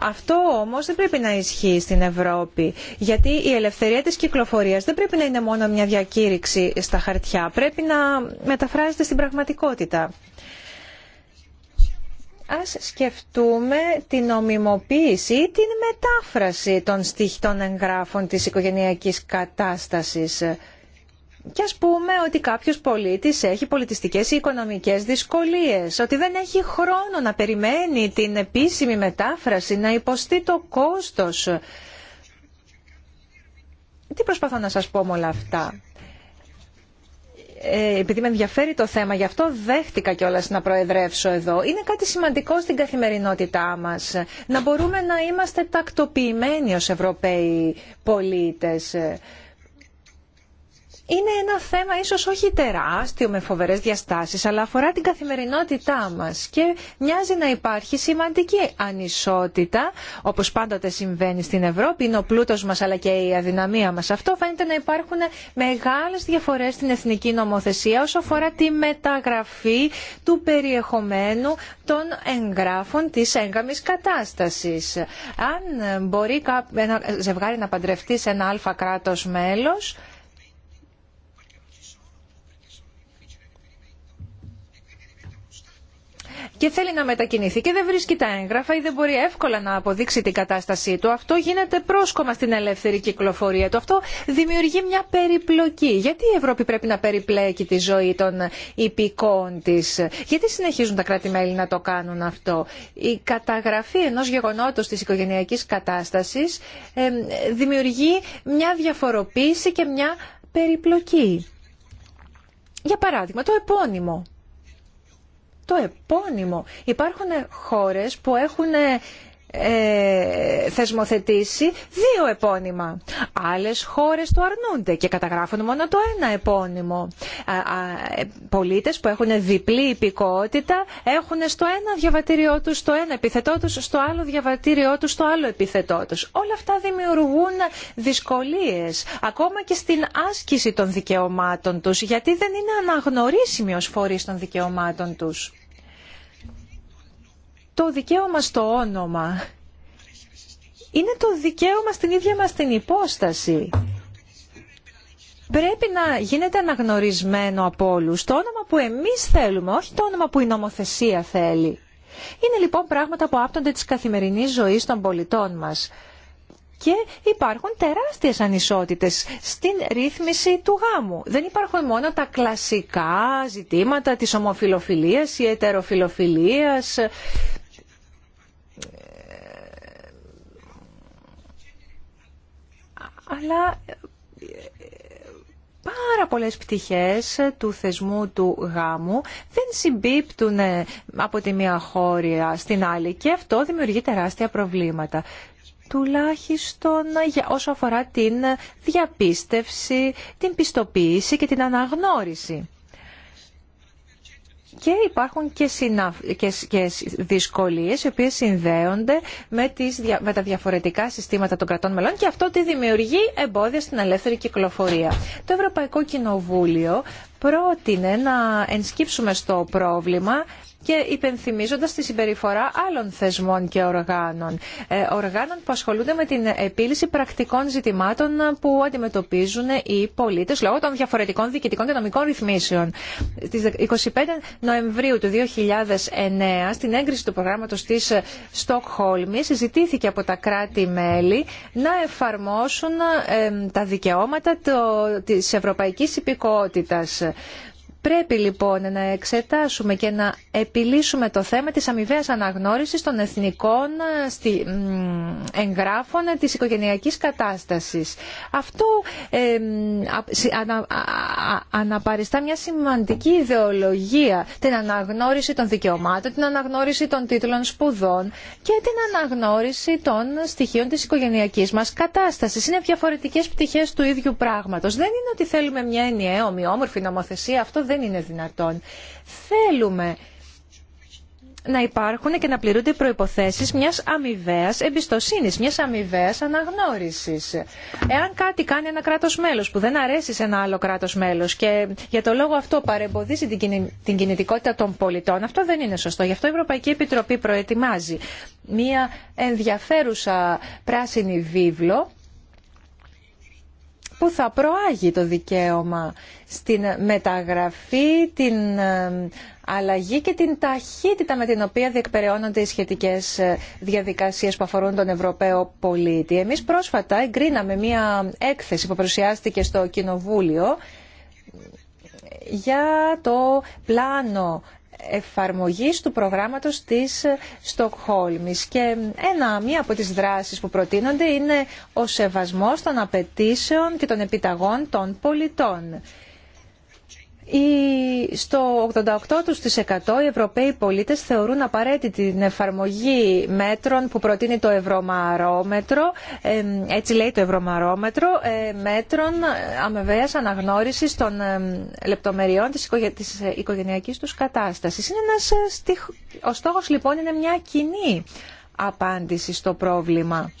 αυτό όμως δεν πρέπει να ισχύει στην Ευρώπη, γιατί η ελευθερία της κυκλοφορίας δεν πρέπει να είναι μόνο μια διακήρυξη στα χαρτιά, πρέπει να μεταφράζεται στην πραγματικότητα. Ας σκεφτούμε την ομιμοποίηση ή την μετάφραση των στοιχείων εγγράφων της οικογενειακής κατάστασης και ας πούμε ότι κάποιος πολίτης έχει πολιτιστικές ή οικονομικές δυσκολίες, ότι δεν έχει χρόνο να περιμένει την επίσημη μετάφραση, να υποστεί το κόστος. Τι προσπαθώ να σας πω με όλα αυτά. Ε, επειδή με ενδιαφέρει το θέμα, γι' αυτό δέχτηκα κιόλα να προεδρεύσω εδώ. Είναι κάτι σημαντικό στην καθημερινότητά μας. Να μπορούμε να είμαστε τακτοποιημένοι ως Ευρωπαίοι πολίτες είναι ένα θέμα ίσως όχι τεράστιο με φοβερές διαστάσεις, αλλά αφορά την καθημερινότητά μας και μοιάζει να υπάρχει σημαντική ανισότητα, όπως πάντοτε συμβαίνει στην Ευρώπη, είναι ο πλούτος μας αλλά και η αδυναμία μας. Αυτό φαίνεται να υπάρχουν μεγάλες διαφορές στην εθνική νομοθεσία όσο αφορά τη μεταγραφή του περιεχομένου των εγγράφων της έγκαμης κατάστασης. Αν μπορεί ένα ζευγάρι να παντρευτεί σε ένα αλφα κράτος μέλος, και θέλει να μετακινηθεί και δεν βρίσκει τα έγγραφα ή δεν μπορεί εύκολα να αποδείξει την κατάστασή του, αυτό γίνεται πρόσκομα στην ελεύθερη κυκλοφορία του. Αυτό δημιουργεί μια περιπλοκή. Γιατί η Ευρώπη πρέπει να περιπλέκει τη ζωή των υπηκών τη, Γιατί συνεχίζουν τα κράτη-μέλη να το κάνουν αυτό. Η καταγραφή ενό γεγονότο τη οικογενειακή κατάσταση δημιουργεί μια διαφοροποίηση και μια περιπλοκή. Για παράδειγμα, το επώνυμο. Το επώνυμο. Υπάρχουν χώρες που έχουν ε, θεσμοθετήσει δύο επώνυμα. Άλλες χώρες το αρνούνται και καταγράφουν μόνο το ένα επώνυμο. Α, πολίτες που έχουν διπλή υπηκότητα έχουν στο ένα διαβατήριό τους στο ένα επιθετό τους, στο άλλο διαβατήριό τους στο άλλο επιθετό τους. Όλα αυτά δημιουργούν δυσκολίες ακόμα και στην άσκηση των δικαιωμάτων τους γιατί δεν είναι αναγνωρίσιμοι ως φορείς των δικαιωμάτων τους το δικαίωμα στο όνομα είναι το δικαίωμα στην ίδια μας την υπόσταση. Πρέπει να γίνεται αναγνωρισμένο από όλου το όνομα που εμείς θέλουμε, όχι το όνομα που η νομοθεσία θέλει. Είναι λοιπόν πράγματα που άπτονται της καθημερινής ζωής των πολιτών μας. Και υπάρχουν τεράστιες ανισότητες στην ρύθμιση του γάμου. Δεν υπάρχουν μόνο τα κλασικά ζητήματα της ομοφιλοφιλίας ή ετεροφιλοφιλίας αλλά ε, ε, πάρα πολλές πτυχές του θεσμού του γάμου δεν συμπίπτουν ε, από τη μία χώρια στην άλλη και αυτό δημιουργεί τεράστια προβλήματα τουλάχιστον για όσο αφορά την διαπίστευση, την πιστοποίηση και την αναγνώριση και υπάρχουν και, συνα... και... δυσκολίες οι οποίες συνδέονται με, τις... τα διαφορετικά συστήματα των κρατών μελών και αυτό τι δημιουργεί εμπόδια στην ελεύθερη κυκλοφορία. Το Ευρωπαϊκό Κοινοβούλιο πρότεινε να ενσκύψουμε στο πρόβλημα και υπενθυμίζοντα τη συμπεριφορά άλλων θεσμών και οργάνων. Ε, οργάνων που ασχολούνται με την επίλυση πρακτικών ζητημάτων που αντιμετωπίζουν οι πολίτες λόγω των διαφορετικών διοικητικών και νομικών ρυθμίσεων. Στι 25 Νοεμβρίου του 2009 στην έγκριση του προγράμματος της Στοκχόλμη συζητήθηκε από τα κράτη-μέλη να εφαρμόσουν ε, τα δικαιώματα τη Ευρωπαϊκή Υπηκότητα. Πρέπει λοιπόν να εξετάσουμε και να επιλύσουμε το θέμα της αμοιβαίας αναγνώρισης των εθνικών ε, εγγράφων της οικογενειακής κατάστασης. Αυτό ε, αναπαριστά μια σημαντική ιδεολογία. Την αναγνώριση των δικαιωμάτων, την αναγνώριση των τίτλων σπουδών και την αναγνώριση των στοιχείων της οικογενειακής μας κατάστασης. Είναι διαφορετικές πτυχές του ίδιου πράγματος. Δεν είναι ότι θέλουμε μια ενιαία ομοιόμορφη νομοθεσία. Αυτό δεν είναι δυνατόν. Θέλουμε να υπάρχουν και να πληρούνται οι προϋποθέσεις μιας αμοιβαία εμπιστοσύνης, μιας αμοιβαία αναγνώρισης. Εάν κάτι κάνει ένα κράτος μέλος που δεν αρέσει σε ένα άλλο κράτος μέλος και για το λόγο αυτό παρεμποδίζει την κινητικότητα των πολιτών, αυτό δεν είναι σωστό. Γι' αυτό η Ευρωπαϊκή Επιτροπή προετοιμάζει μια ενδιαφέρουσα πράσινη βίβλο που θα προάγει το δικαίωμα στην μεταγραφή, την ε, αλλαγή και την ταχύτητα με την οποία διεκπεραιώνονται οι σχετικές ε, διαδικασίες που αφορούν τον Ευρωπαίο πολίτη. Εμείς πρόσφατα εγκρίναμε μία έκθεση που παρουσιάστηκε στο Κοινοβούλιο για το πλάνο εφαρμογής του προγράμματος της Στοκχόλμης. Και ένα, μία από τις δράσεις που προτείνονται είναι ο σεβασμός των απαιτήσεων και των επιταγών των πολιτών. Στο 88% οι Ευρωπαίοι πολίτες θεωρούν απαραίτητη την εφαρμογή μέτρων που προτείνει το ευρωμαρόμετρο, έτσι λέει το ευρωμαρόμετρο, ε, μέτρων ε, αμεβαίας αναγνώρισης των λεπτομεριών της οικογενειακής τους κατάστασης. Είναι ένας ε, στιχ... Ο στόχος λοιπόν είναι μια κοινή απάντηση στο πρόβλημα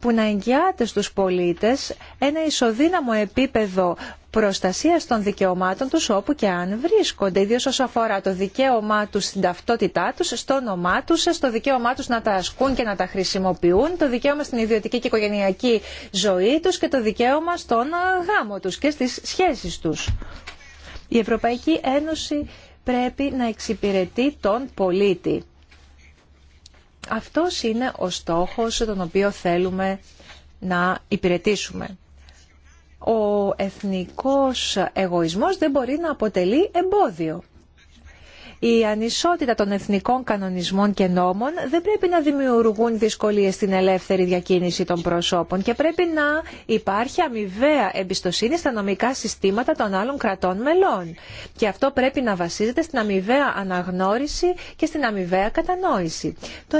που να εγγυάται στους πολίτες ένα ισοδύναμο επίπεδο Προστασία των δικαιωμάτων τους όπου και αν βρίσκονται, ιδίω όσο αφορά το δικαίωμά τους στην ταυτότητά τους, στο όνομά τους, στο δικαίωμά τους να τα ασκούν και να τα χρησιμοποιούν, το δικαίωμα στην ιδιωτική και οικογενειακή ζωή τους και το δικαίωμα στον ε, γάμο τους και στις σχέσεις τους. Η Ευρωπαϊκή Ένωση πρέπει να εξυπηρετεί τον πολίτη. Αυτός είναι ο στόχος τον οποίο θέλουμε να υπηρετήσουμε ο εθνικός εγωισμός δεν μπορεί να αποτελεί εμπόδιο. Η ανισότητα των εθνικών κανονισμών και νόμων δεν πρέπει να δημιουργούν δυσκολίες στην ελεύθερη διακίνηση των προσώπων και πρέπει να υπάρχει αμοιβαία εμπιστοσύνη στα νομικά συστήματα των άλλων κρατών μελών. Και αυτό πρέπει να βασίζεται στην αμοιβαία αναγνώριση και στην αμοιβαία κατανόηση. Το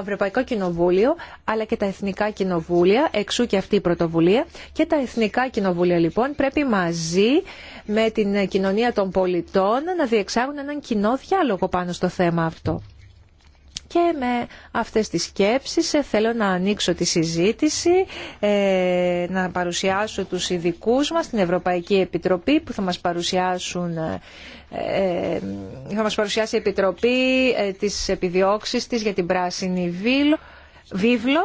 Ευρωπαϊκό Κοινοβούλιο αλλά και τα Εθνικά Κοινοβούλια, εξού και αυτή η πρωτοβουλία, και τα Εθνικά Κοινοβούλια λοιπόν πρέπει μαζί με την κοινωνία των πολιτών να διεξάγουν έναν κοινό διάλογο πάνω στο θέμα αυτό. Και με αυτές τις σκέψεις ε, θέλω να ανοίξω τη συζήτηση, ε, να παρουσιάσω τους ειδικού μας στην Ευρωπαϊκή Επιτροπή που θα μας παρουσιάσουν ε, θα μας παρουσιάσει η Επιτροπή της επιδιώξης της για την Πράσινη Βίβλο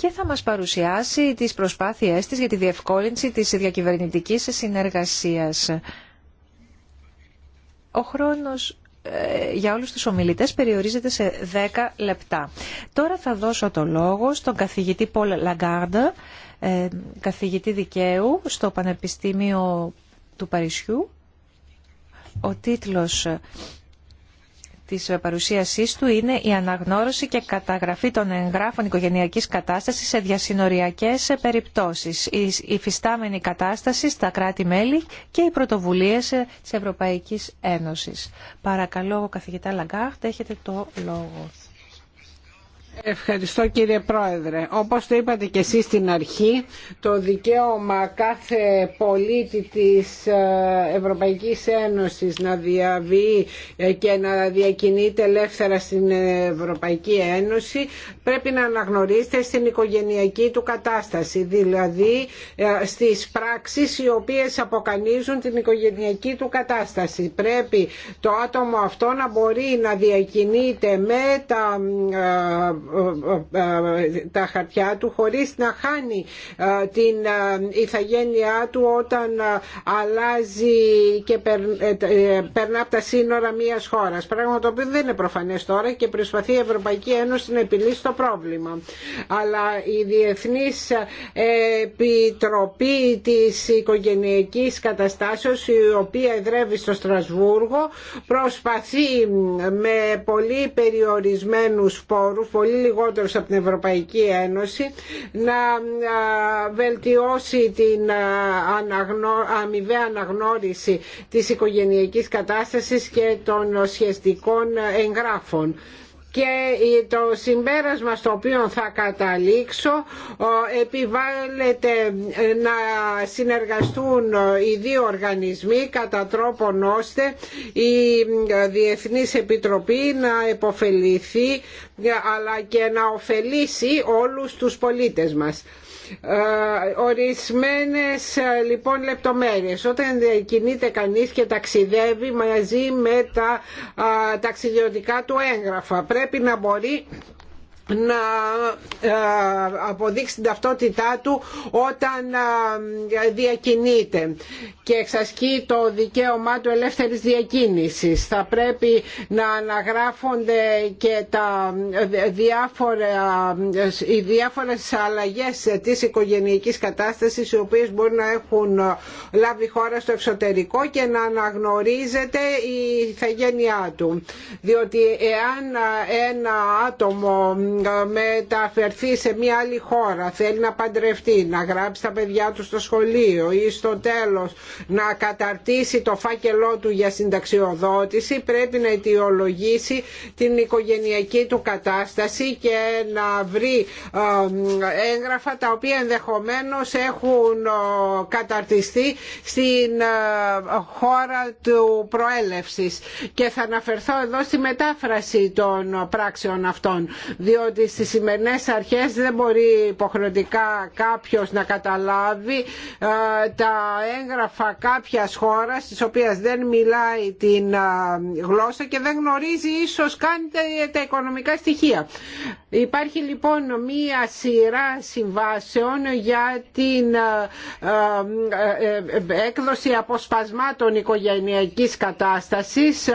και θα μας παρουσιάσει τις προσπάθειές της για τη διευκόλυνση της διακυβερνητικής συνεργασίας. Ο χρόνος ε, για όλους τους ομιλητές περιορίζεται σε 10 λεπτά. Τώρα θα δώσω το λόγο στον καθηγητή Πολ Λαγκάρντα, ε, καθηγητή δικαίου στο Πανεπιστήμιο του Παρισιού. Ο τίτλος της παρουσίασής του είναι η αναγνώριση και καταγραφή των εγγράφων οικογενειακής κατάστασης σε διασυνοριακές περιπτώσεις, η υφιστάμενη κατάσταση στα κράτη-μέλη και οι πρωτοβουλίες της Ευρωπαϊκής Ένωσης. Παρακαλώ, καθηγητά Λαγκάρτ, έχετε το λόγο. Ευχαριστώ κύριε Πρόεδρε. Όπως το είπατε και εσείς στην αρχή, το δικαίωμα κάθε πολίτη της ε, Ευρωπαϊκής Ένωσης να διαβεί ε, και να διακινείται ελεύθερα στην Ευρωπαϊκή Ένωση πρέπει να αναγνωρίζεται στην οικογενειακή του κατάσταση, δηλαδή ε, στις πράξεις οι οποίες αποκανίζουν την οικογενειακή του κατάσταση. Πρέπει το άτομο αυτό να μπορεί να διακινείται με τα τα χαρτιά του χωρίς να χάνει ε, την ε, ηθαγένειά του όταν ε, αλλάζει και περνά από τα σύνορα μιας χώρας. Πράγμα το οποίο δεν είναι προφανές τώρα και προσπαθεί η Ευρωπαϊκή Ένωση να επιλύσει το πρόβλημα. Αλλά η Διεθνής Επιτροπή της Οικογενειακής Καταστάσεως η οποία εδρεύει στο Στρασβούργο προσπαθεί με πολύ περιορισμένους πόρους, πολύ λιγότερους από την Ευρωπαϊκή Ένωση να βελτιώσει την αμοιβαία αναγνώριση της οικογενειακής κατάστασης και των σχεστικών εγγράφων και το συμπέρασμα στο οποίο θα καταλήξω επιβάλλεται ε, να συνεργαστούν ε, οι δύο οργανισμοί κατά τρόπον ώστε η ε, Διεθνής Επιτροπή να επωφεληθεί αλλά και να ωφελήσει όλους τους πολίτες μας. Ε, ορισμένες ε, λοιπόν λεπτομέρειες. Όταν κινείται κανείς και ταξιδεύει μαζί με τα ταξιδιωτικά του έγγραφα πρέπει να μπορεί να ε, αποδείξει την ταυτότητά του όταν ε, διακινείται και εξασκεί το δικαίωμά του ελεύθερης διακίνησης. Θα πρέπει να αναγράφονται και τα ε, διάφορα, οι διάφορες αλλαγές της οικογενειακής κατάστασης οι οποίες μπορεί να έχουν λάβει χώρα στο εξωτερικό και να αναγνωρίζεται η ηθαγένειά του. Διότι εάν ένα άτομο μεταφερθεί σε μια άλλη χώρα, θέλει να παντρευτεί, να γράψει τα παιδιά του στο σχολείο ή στο τέλος να καταρτήσει το φάκελό του για συνταξιοδότηση, πρέπει να αιτιολογήσει την οικογενειακή του κατάσταση και να βρει ε, έγγραφα τα οποία ενδεχομένως έχουν ε, καταρτιστεί στην ε, χώρα του προέλευσης. Και θα αναφερθώ εδώ στη μετάφραση των πράξεων αυτών, διότι ότι στις σημερινές αρχές δεν μπορεί υποχρεωτικά κάποιος να καταλάβει ε, τα έγγραφα κάποιας χώρας της οποίας δεν μιλάει την ε, γλώσσα και δεν γνωρίζει ίσως καν τα οικονομικά στοιχεία. Υπάρχει λοιπόν μία σειρά συμβάσεων για την ε, έκδοση αποσπασμάτων οικογενειακής κατάστασης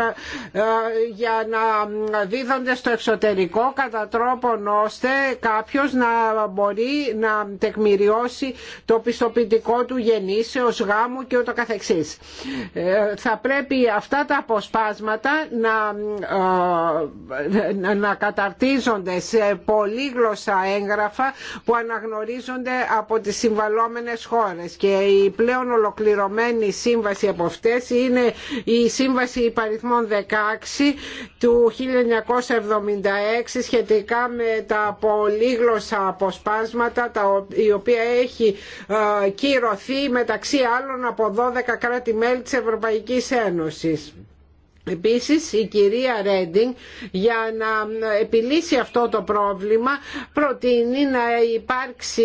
για να δίδονται στο εξωτερικό κατά τρόπο τρόπον λοιπόν, ώστε κάποιος να μπορεί να τεκμηριώσει το πιστοποιητικό του γεννήσεως γάμου και ούτω καθεξής. Ε, θα πρέπει αυτά τα αποσπάσματα να, ε, να καταρτίζονται σε πολύγλωσσα έγγραφα που αναγνωρίζονται από τις συμβαλόμενες χώρες και η πλέον ολοκληρωμένη σύμβαση από αυτές είναι η σύμβαση υπαριθμών 16 του 1976 σχετικά με τα πολύγλωσσα αποσπάσματα τα, η οποία έχει ε, κυρωθεί μεταξύ άλλων από 12 κράτη-μέλη της Ευρωπαϊκής Ένωσης. Επίσης η κυρία Ρέντινγκ για να επιλύσει αυτό το πρόβλημα προτείνει να υπάρξει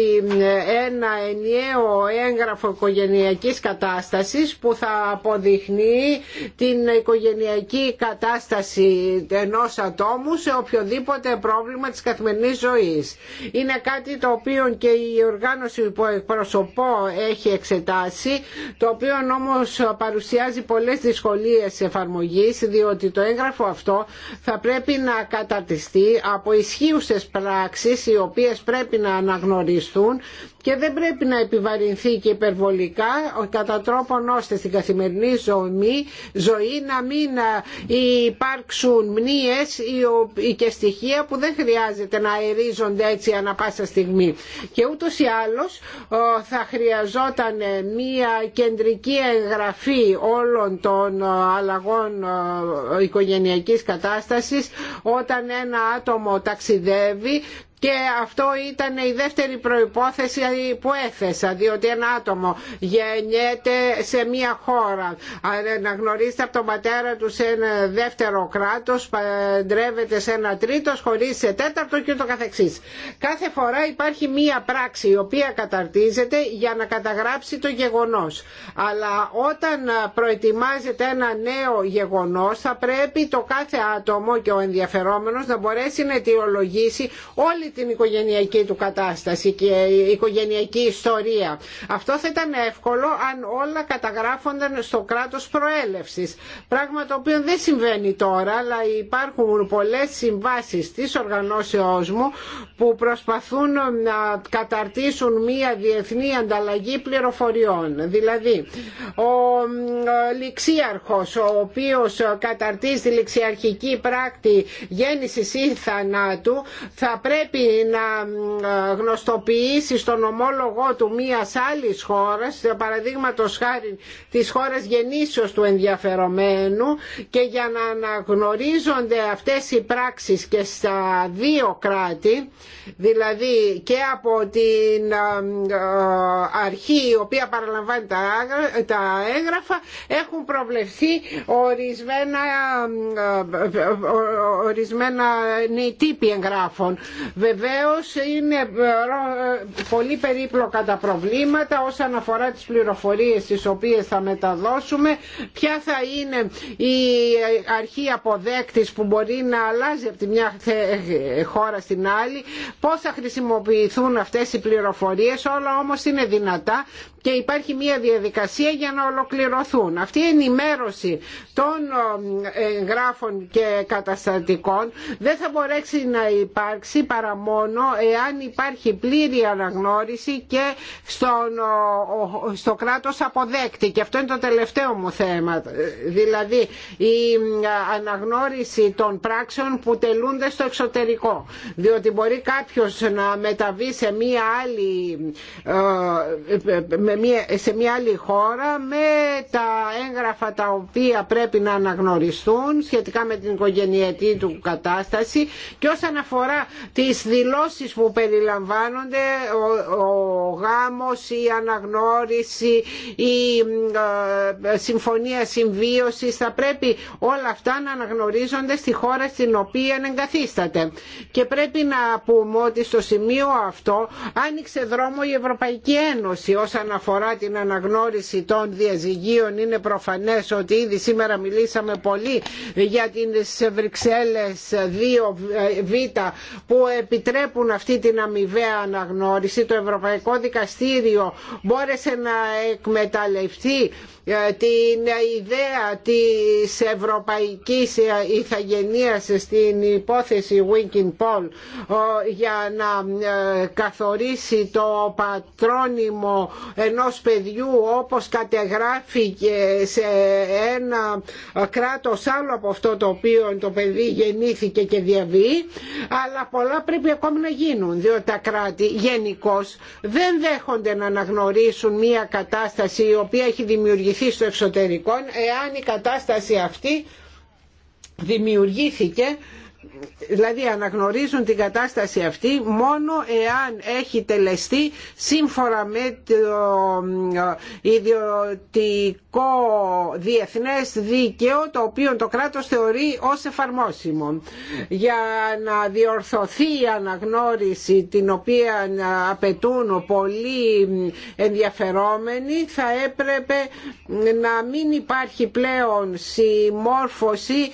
ένα ενιαίο έγγραφο οικογενειακής κατάστασης που θα αποδειχνεί την οικογενειακή κατάσταση ενός ατόμου σε οποιοδήποτε πρόβλημα της καθημερινής ζωής. Είναι κάτι το οποίο και η οργάνωση που εκπροσωπώ έχει εξετάσει, το οποίο όμως παρουσιάζει πολλές δυσκολίες εφαρμογής διότι το έγγραφο αυτό θα πρέπει να καταρτιστεί από ισχύουσες πράξεις οι οποίες πρέπει να αναγνωριστούν και δεν πρέπει να επιβαρυνθεί και υπερβολικά κατά τρόπον ώστε στην καθημερινή ζωή, ζωή να μην ε, υπάρξουν μνήες και στοιχεία που δεν χρειάζεται να αερίζονται έτσι ανα πάσα στιγμή. Και ούτως ή άλλως θα χρειαζόταν μια κεντρική εγγραφή όλων των ε, αλλαγών ε, οικογενειακής κατάστασης όταν ένα άτομο ταξιδεύει και αυτό ήταν η δεύτερη προϋπόθεση που έθεσα, διότι ένα άτομο γεννιέται σε μία χώρα, να γνωρίζεται από τον πατέρα του σε ένα δεύτερο κράτος, παντρεύεται σε ένα τρίτο, χωρί σε τέταρτο και ούτω καθεξής. Κάθε φορά υπάρχει μία πράξη η οποία καταρτίζεται για να καταγράψει το γεγονός. Αλλά όταν προετοιμάζεται ένα νέο γεγονός θα πρέπει το κάθε άτομο και ο ενδιαφερόμενος να μπορέσει να αιτιολογήσει όλη την οικογενειακή του κατάσταση και η οικογενειακή ιστορία. Αυτό θα ήταν εύκολο αν όλα καταγράφονταν στο κράτος προέλευσης. Πράγμα το οποίο δεν συμβαίνει τώρα, αλλά υπάρχουν πολλές συμβάσεις της οργανώσεώς μου που προσπαθούν να καταρτήσουν μία διεθνή ανταλλαγή πληροφοριών. Δηλαδή, ο ληξίαρχος, ο οποίος καταρτίζει τη ληξιαρχική πράκτη γέννησης ή θανάτου, θα πρέπει να ε, γνωστοποιήσει στον ομόλογο του μια άλλη χώρα, παραδείγματο χάρη της χώρας γεννήσεω του ενδιαφερομένου και για να αναγνωρίζονται αυτέ οι πράξεις και στα δύο κράτη, δηλαδή και από την ε, ε, αρχή η οποία παραλαμβάνει τα έγγραφα, έχουν προβλεφθεί ορισμένα ορισμένα εγγράφων. Βεβαίως είναι ε, ε, πολύ περίπλοκα τα προβλήματα όσον αφορά τις πληροφορίες τις οποίες θα μεταδώσουμε, ποια θα είναι η αρχή αποδέκτης που μπορεί να αλλάζει από τη μια ε, χώρα στην άλλη, πώς θα χρησιμοποιηθούν αυτές οι πληροφορίες, όλα όμως είναι δυνατά και υπάρχει μια διαδικασία για να ολοκληρωθούν. Αυτή η ενημέρωση των γράφων και καταστατικών δεν θα μπορέσει να υπάρξει παρά μόνο εάν υπάρχει πλήρη αναγνώριση και στον, στο κράτος αποδέκτη. Και αυτό είναι το τελευταίο μου θέμα. Δηλαδή η αναγνώριση των πράξεων που τελούνται στο εξωτερικό. Διότι μπορεί κάποιος να μεταβεί σε μία άλλη, ε, σε μία άλλη χώρα με τα έγγραφα τα οποία πρέπει να αναγνωριστούν σχετικά με την οικογενειακή του κατάσταση και όσον αφορά τις δηλώσεις που περιλαμβάνονται ο, ο γάμος, η αναγνώριση, η ε, συμφωνία συμβίωσης θα πρέπει όλα αυτά να αναγνωρίζονται στη χώρα στην οποία εγκαθίσταται. Και πρέπει να πούμε ότι στο σημείο αυτό άνοιξε δρόμο η Ευρωπαϊκή Ένωση όσον αφορά την αναγνώριση των διαζυγίων. Είναι προφανές ότι ήδη σήμερα μιλήσαμε πολύ για τις Βρυξέλλες 2 ε, Β που επιτρέπουν αυτή την αμοιβαία αναγνώριση. Το Ευρωπαϊκό Δικαστήριο μπόρεσε να εκμεταλλευτεί ε, την ιδέα της ευρωπαϊκής ε, ηθαγενείας στην υπόθεση Winking Paul ε, για να καθορίσει το πατρόνιμο ενός παιδιού όπως κατεγράφηκε σε ένα κράτος άλλο από αυτό το οποίο το παιδί γεννήθηκε και διαβεί αλλά πολλά πρέπει που ακόμη να γίνουν διότι τα κράτη γενικώ δεν δέχονται να αναγνωρίσουν μια κατάσταση η οποία έχει δημιουργηθεί στο εξωτερικό εάν η κατάσταση αυτή δημιουργήθηκε δηλαδή αναγνωρίζουν την κατάσταση αυτή μόνο εάν έχει τελεστεί σύμφωνα με το ε, ιδιωτικό διεθνές δίκαιο το οποίο το κράτος θεωρεί ως εφαρμόσιμο. Για να διορθωθεί η αναγνώριση την οποία απαιτούν πολλοί ενδιαφερόμενοι θα έπρεπε να μην υπάρχει πλέον συμμόρφωση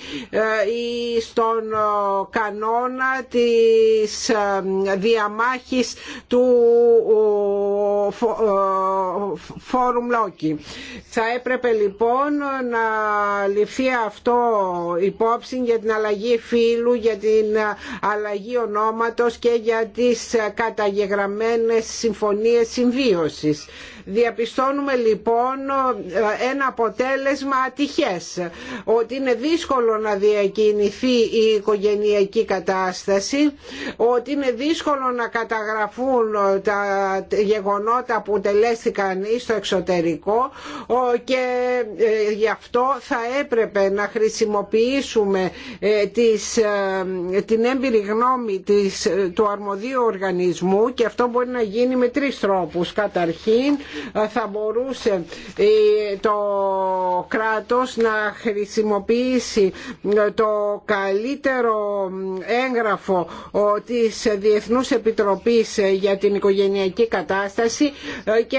στον ε, κανόνα της ε, διαμάχης του Φόρουμ ε, Λόκη. Θα έπρεπε λοιπόν να ληφθεί αυτό υπόψη για την αλλαγή φύλου, για την αλλαγή ονόματος και για τις καταγεγραμμένες συμφωνίες συμβίωσης. Διαπιστώνουμε λοιπόν ένα αποτέλεσμα ατυχές, ότι είναι δύσκολο να διακινηθεί η οικογενειακή κατάσταση, ότι είναι δύσκολο να καταγραφούν τα γεγονότα που τελέστηκαν ή στο εξωτερικό και ε, γι' αυτό θα έπρεπε να χρησιμοποιήσουμε ε, τις, ε, την έμπειρη γνώμη της, του αρμοδίου οργανισμού και αυτό μπορεί να γίνει με τρεις τρόπους. Καταρχήν θα μπορούσε το κράτος να χρησιμοποιήσει το καλύτερο έγγραφο της Διεθνούς Επιτροπής για την Οικογενειακή Κατάσταση ε, και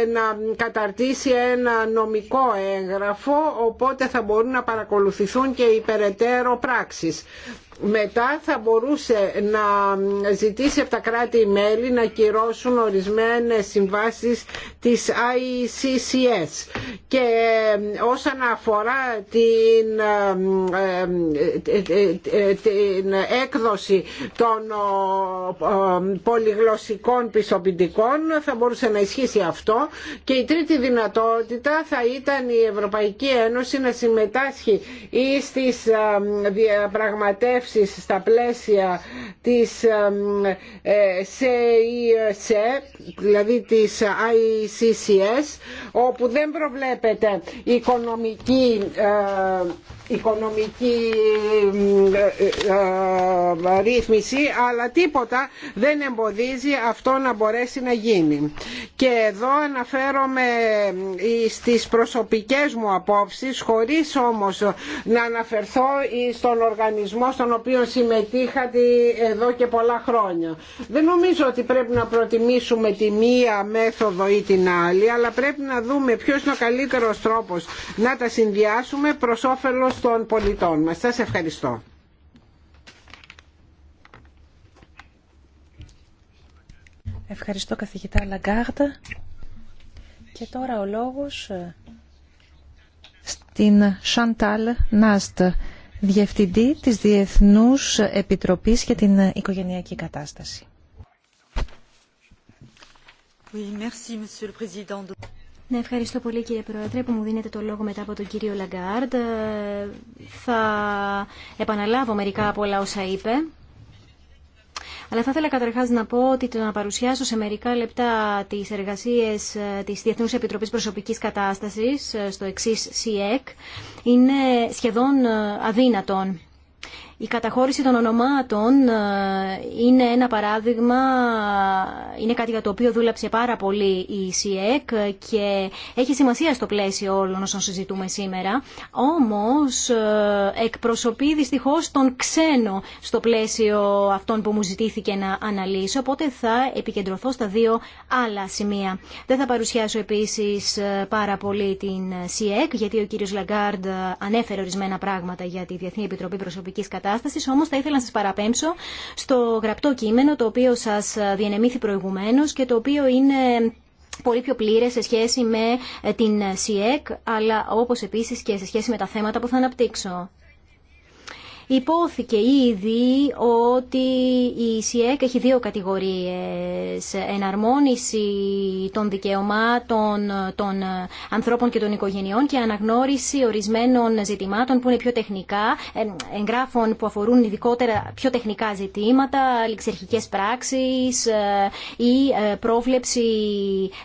ε, να καταρτήσει ένα νομικό έγγραφο οπότε θα μπορούν να παρακολουθηθούν και υπεραιτέρω περαιτέρω πράξεις μετά θα μπορούσε να ζητήσει από τα κράτη-μέλη να κυρώσουν ορισμένες συμβάσεις της ICCS και όσον αφορά την, την έκδοση των πολυγλωσσικών πιστοποιητικών θα μπορούσε να ισχύσει αυτό και η τρίτη δυνατότητα θα ήταν η Ευρωπαϊκή Ένωση να συμμετάσχει ή στις διαπραγματεύσεις στα πλαίσια της CEC, ε, e e, δηλαδή της ICCS, όπου δεν προβλέπεται οικονομική ε, οικονομική ε, ε, ε, ρύθμιση αλλά τίποτα δεν εμποδίζει αυτό να μπορέσει να γίνει. Και εδώ αναφέρομαι στις προσωπικές μου απόψεις χωρίς όμως να αναφερθώ στον οργανισμό στον οποίο συμμετείχα εδώ και πολλά χρόνια. Δεν νομίζω ότι πρέπει να προτιμήσουμε τη μία μέθοδο ή την άλλη αλλά πρέπει να δούμε ποιος είναι ο καλύτερος τρόπος να τα συνδυάσουμε προς όφελος των πολιτών μας. Σας ευχαριστώ. Ευχαριστώ καθηγητά Λαγκάρτα. Και τώρα ο λόγος ε, στην Σαντάλ Νάστ, Διευθυντή της Διεθνούς Επιτροπής για την Οικογενειακή Κατάσταση. Oui, merci, ναι, ευχαριστώ πολύ κύριε Πρόεδρε που μου δίνετε το λόγο μετά από τον κύριο Λαγκάρντ. Ε, θα επαναλάβω μερικά από όλα όσα είπε. Αλλά θα ήθελα καταρχάς να πω ότι το να παρουσιάσω σε μερικά λεπτά τις εργασίες ε, της Διεθνούς Επιτροπής Προσωπικής Κατάστασης ε, στο εξής ΣΥΕΚ είναι σχεδόν αδύνατον. Η καταχώρηση των ονομάτων ε, είναι ένα παράδειγμα, είναι κάτι για το οποίο δούλεψε πάρα πολύ η ΣΥΕΚ και έχει σημασία στο πλαίσιο όλων όσων συζητούμε σήμερα, όμως ε, εκπροσωπεί δυστυχώς τον ξένο στο πλαίσιο αυτών που μου ζητήθηκε να αναλύσω, οπότε θα επικεντρωθώ στα δύο άλλα σημεία. Δεν θα παρουσιάσω επίσης ε, πάρα πολύ την ΣΥΕΚ, γιατί ο κύριος Λαγκάρντ ανέφερε ορισμένα πράγματα για τη Διεθνή Επιτροπή Προσωπικής Κατάστασης κατάστασης, όμως θα ήθελα να σας παραπέμψω στο γραπτό κείμενο το οποίο σας διενεμήθη προηγουμένως και το οποίο είναι πολύ πιο πλήρε σε σχέση με ε, την ΣΥΕΚ, αλλά όπως επίσης και σε σχέση με τα θέματα που θα αναπτύξω. Υπόθηκε ήδη ότι η ΣΥΕΚ έχει δύο κατηγορίες. Εναρμόνιση των δικαιωμάτων των ανθρώπων και των οικογενειών και αναγνώριση ορισμένων ζητημάτων που είναι πιο τεχνικά, ε, εγγράφων που αφορούν ειδικότερα πιο τεχνικά ζητήματα, ληξερχικές πράξεις ε, ή ε, πρόβλεψη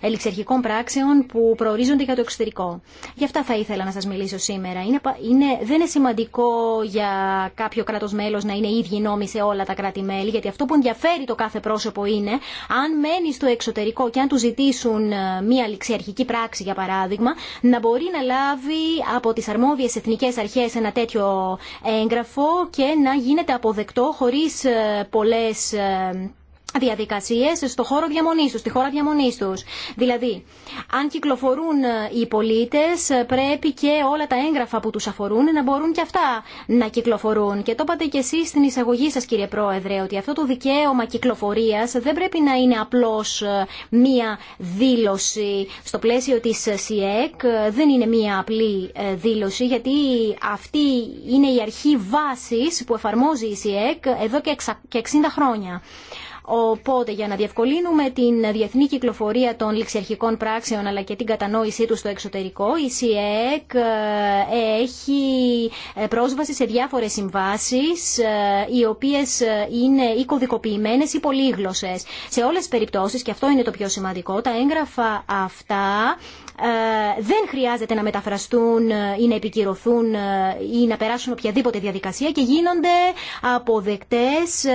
ληξερχικών πράξεων που προορίζονται για το εξωτερικό. Γι' αυτά θα ήθελα να σας μιλήσω σήμερα. Είναι, είναι, δεν είναι σημαντικό για κάποιο κράτος μέλος να είναι ίδιοι νόμοι σε όλα τα κράτη-μέλη, γιατί αυτό που ενδιαφέρει το κάθε πρόσωπο είναι αν μένει στο εξωτερικό και αν του ζητήσουν ε, μία ληξιαρχική πράξη, για παράδειγμα, να μπορεί να λάβει από τις αρμόδιε εθνικές αρχές ένα τέτοιο έγγραφο και να γίνεται αποδεκτό χωρίς ε, πολλές ε, Διαδικασίε στο χώρο διαμονής τους, στη χώρα διαμονή τους. Δηλαδή, αν κυκλοφορούν ε, οι πολίτες, ε, πρέπει και όλα τα έγγραφα που τους αφορούν να μπορούν και αυτά να κυκλοφορούν. Και το είπατε και εσεί στην εισαγωγή σας, κύριε Πρόεδρε, ότι αυτό το δικαίωμα κυκλοφορία δεν πρέπει να είναι απλώς ε, μία δήλωση. Στο πλαίσιο τη ΣΥΕΚ δεν είναι μία απλή δήλωση, γιατί αυτή είναι η αρχή βάση που εφαρμόζει η ΣΥΕΚ εδώ και 60 χρόνια. Οπότε για να διευκολύνουμε την διεθνή κυκλοφορία των ληξιαρχικών πράξεων αλλά και την κατανόησή του στο εξωτερικό, η ΣΥΕΚ e e έχει ε, πρόσβαση σε διάφορες συμβάσεις ε, οι οποίες ε, είναι ή κωδικοποιημένες ή πολύγλωσσες. Σε όλες τις περιπτώσεις, και αυτό είναι το πιο σημαντικό, τα έγγραφα αυτά δεν χρειάζεται να μεταφραστούν ή να επικυρωθούν ή να περάσουν οποιαδήποτε διαδικασία και γίνονται αποδεκτές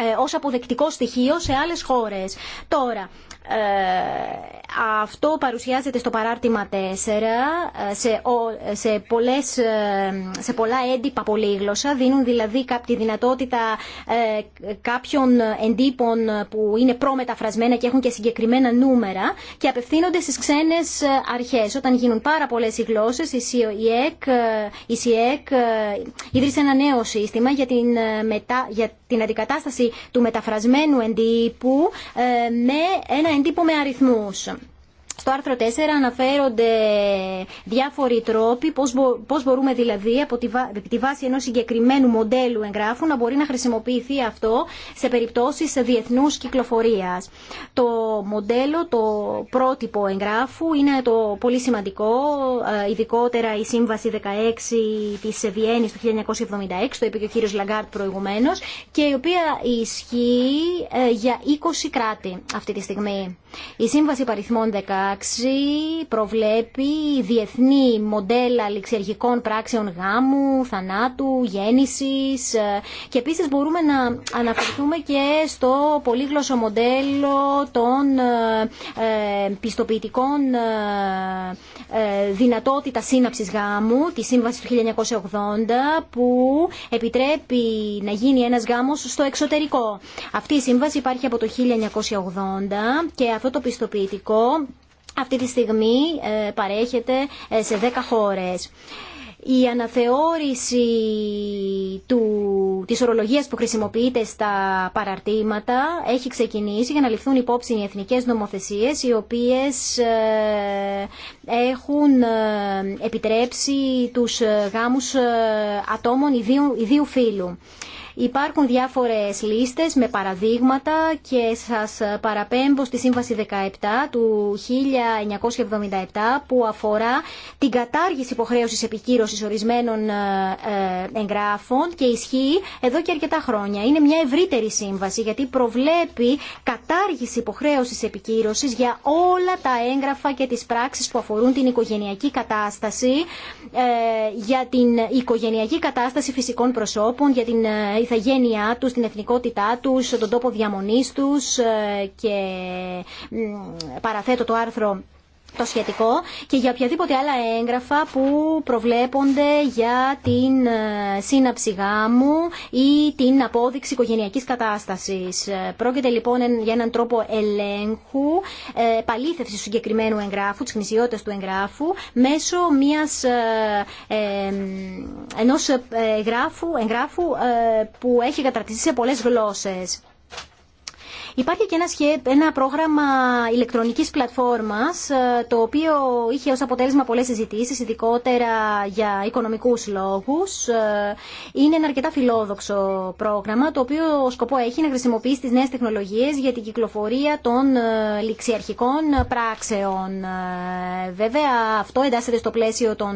ε, ως αποδεκτικό στοιχείο σε άλλες χώρες. Τώρα, ε, αυτό παρουσιάζεται στο παράρτημα 4 ε, σε, ε, σε, πολλές, ε, σε πολλά έντυπα πολύγλωσσα. Δίνουν δηλαδή τη δυνατότητα κάποιων εντύπων που είναι προμεταφρασμένα και έχουν και συγκεκριμένα νούμερα και απευθύνονται στις ξένες αρχές. Όταν γίνουν πάρα πολλές οι γλώσσες, η ΣΥΕΚ, η ίδρυσε e e ένα νέο σύστημα για την, μετα... για την αντικατάσταση του μεταφρασμένου εντύπου με ένα εντύπο με αριθμούς. Στο άρθρο 4 αναφέρονται διάφοροι τρόποι, πώς, πώς μπορούμε δηλαδή από τη, βάση ενός συγκεκριμένου μοντέλου εγγράφου να μπορεί να χρησιμοποιηθεί αυτό σε περιπτώσεις διεθνούς κυκλοφορίας. Το μοντέλο, το πρότυπο εγγράφου είναι το πολύ σημαντικό, ε, ειδικότερα η Σύμβαση 16 της Βιέννης του 1976, το είπε και ο κύριος Λαγκάρτ προηγουμένως, και η οποία ισχύει ε, για 20 κράτη αυτή τη στιγμή. Η Σύμβαση Παριθμών 10 πράξη προβλέπει διεθνή μοντέλα ληξιαρχικών πράξεων γάμου, θανάτου, γέννησης ε, και επίσης μπορούμε να αναφερθούμε και στο πολύγλωσσο μοντέλο των ε, ε, πιστοποιητικών δυνατότητα σύναψης γάμου, τη σύμβαση του 1980 που επιτρέπει να γίνει ένας γάμος στο εξωτερικό. Αυτή η σύμβαση υπάρχει από το 1980 και αυτό το πιστοποιητικό αυτή τη στιγμή ε, παρέχεται ε, σε 10 χώρες. Η αναθεώρηση του, της ορολογίας που χρησιμοποιείται στα παραρτήματα έχει ξεκινήσει για να ληφθούν υπόψη οι εθνικές νομοθεσίες οι οποίες ε, έχουν επιτρέψει τους γάμους ατόμων ιδίου, ιδίου φύλου. Υπάρχουν διάφορες λίστες με παραδείγματα και σας παραπέμπω στη Σύμβαση 17 του 1977 που αφορά την κατάργηση υποχρέωσης επικύρωσης ορισμένων ε, ε, εγγράφων και ισχύει εδώ και αρκετά χρόνια. Είναι μια ευρύτερη σύμβαση γιατί προβλέπει κατάργηση υποχρέωσης επικύρωσης για όλα τα έγγραφα και τις πράξεις που αφορούν την οικογενειακή κατάσταση, ε, για την οικογενειακή κατάσταση φυσικών προσώπων, για την ηθαγένειά τους, την εθνικότητά τους, τον τόπο διαμονής τους ε, και παραθέτω το άρθρο το σχετικό και για οποιαδήποτε άλλα έγγραφα που προβλέπονται για την ε, σύναψη γάμου ή την απόδειξη οικογενειακής κατάστασης. Ε, πρόκειται λοιπόν για έναν τρόπο ελέγχου, ε, παλήθευσης του συγκεκριμένου εγγράφου, της γνησιότητας του εγγράφου, μέσω μιας, ενός εγγράφου, εγγράφου που έχει καταρτιστεί σε πολλές γλώσσες. Υπάρχει και ένα, ένα πρόγραμμα ηλεκτρονική πλατφόρμα, ε, το οποίο είχε ω αποτέλεσμα πολλέ συζητήσει, ειδικότερα για οικονομικού λόγου. Ε, είναι ένα αρκετά φιλόδοξο πρόγραμμα το οποίο σκοπό έχει να χρησιμοποιήσει τι νέε τεχνολογίε για την κυκλοφορία των ε, ληξιαρχικών πράξεων. Βέβαια αυτό εντάσσεται στο πλαίσιο των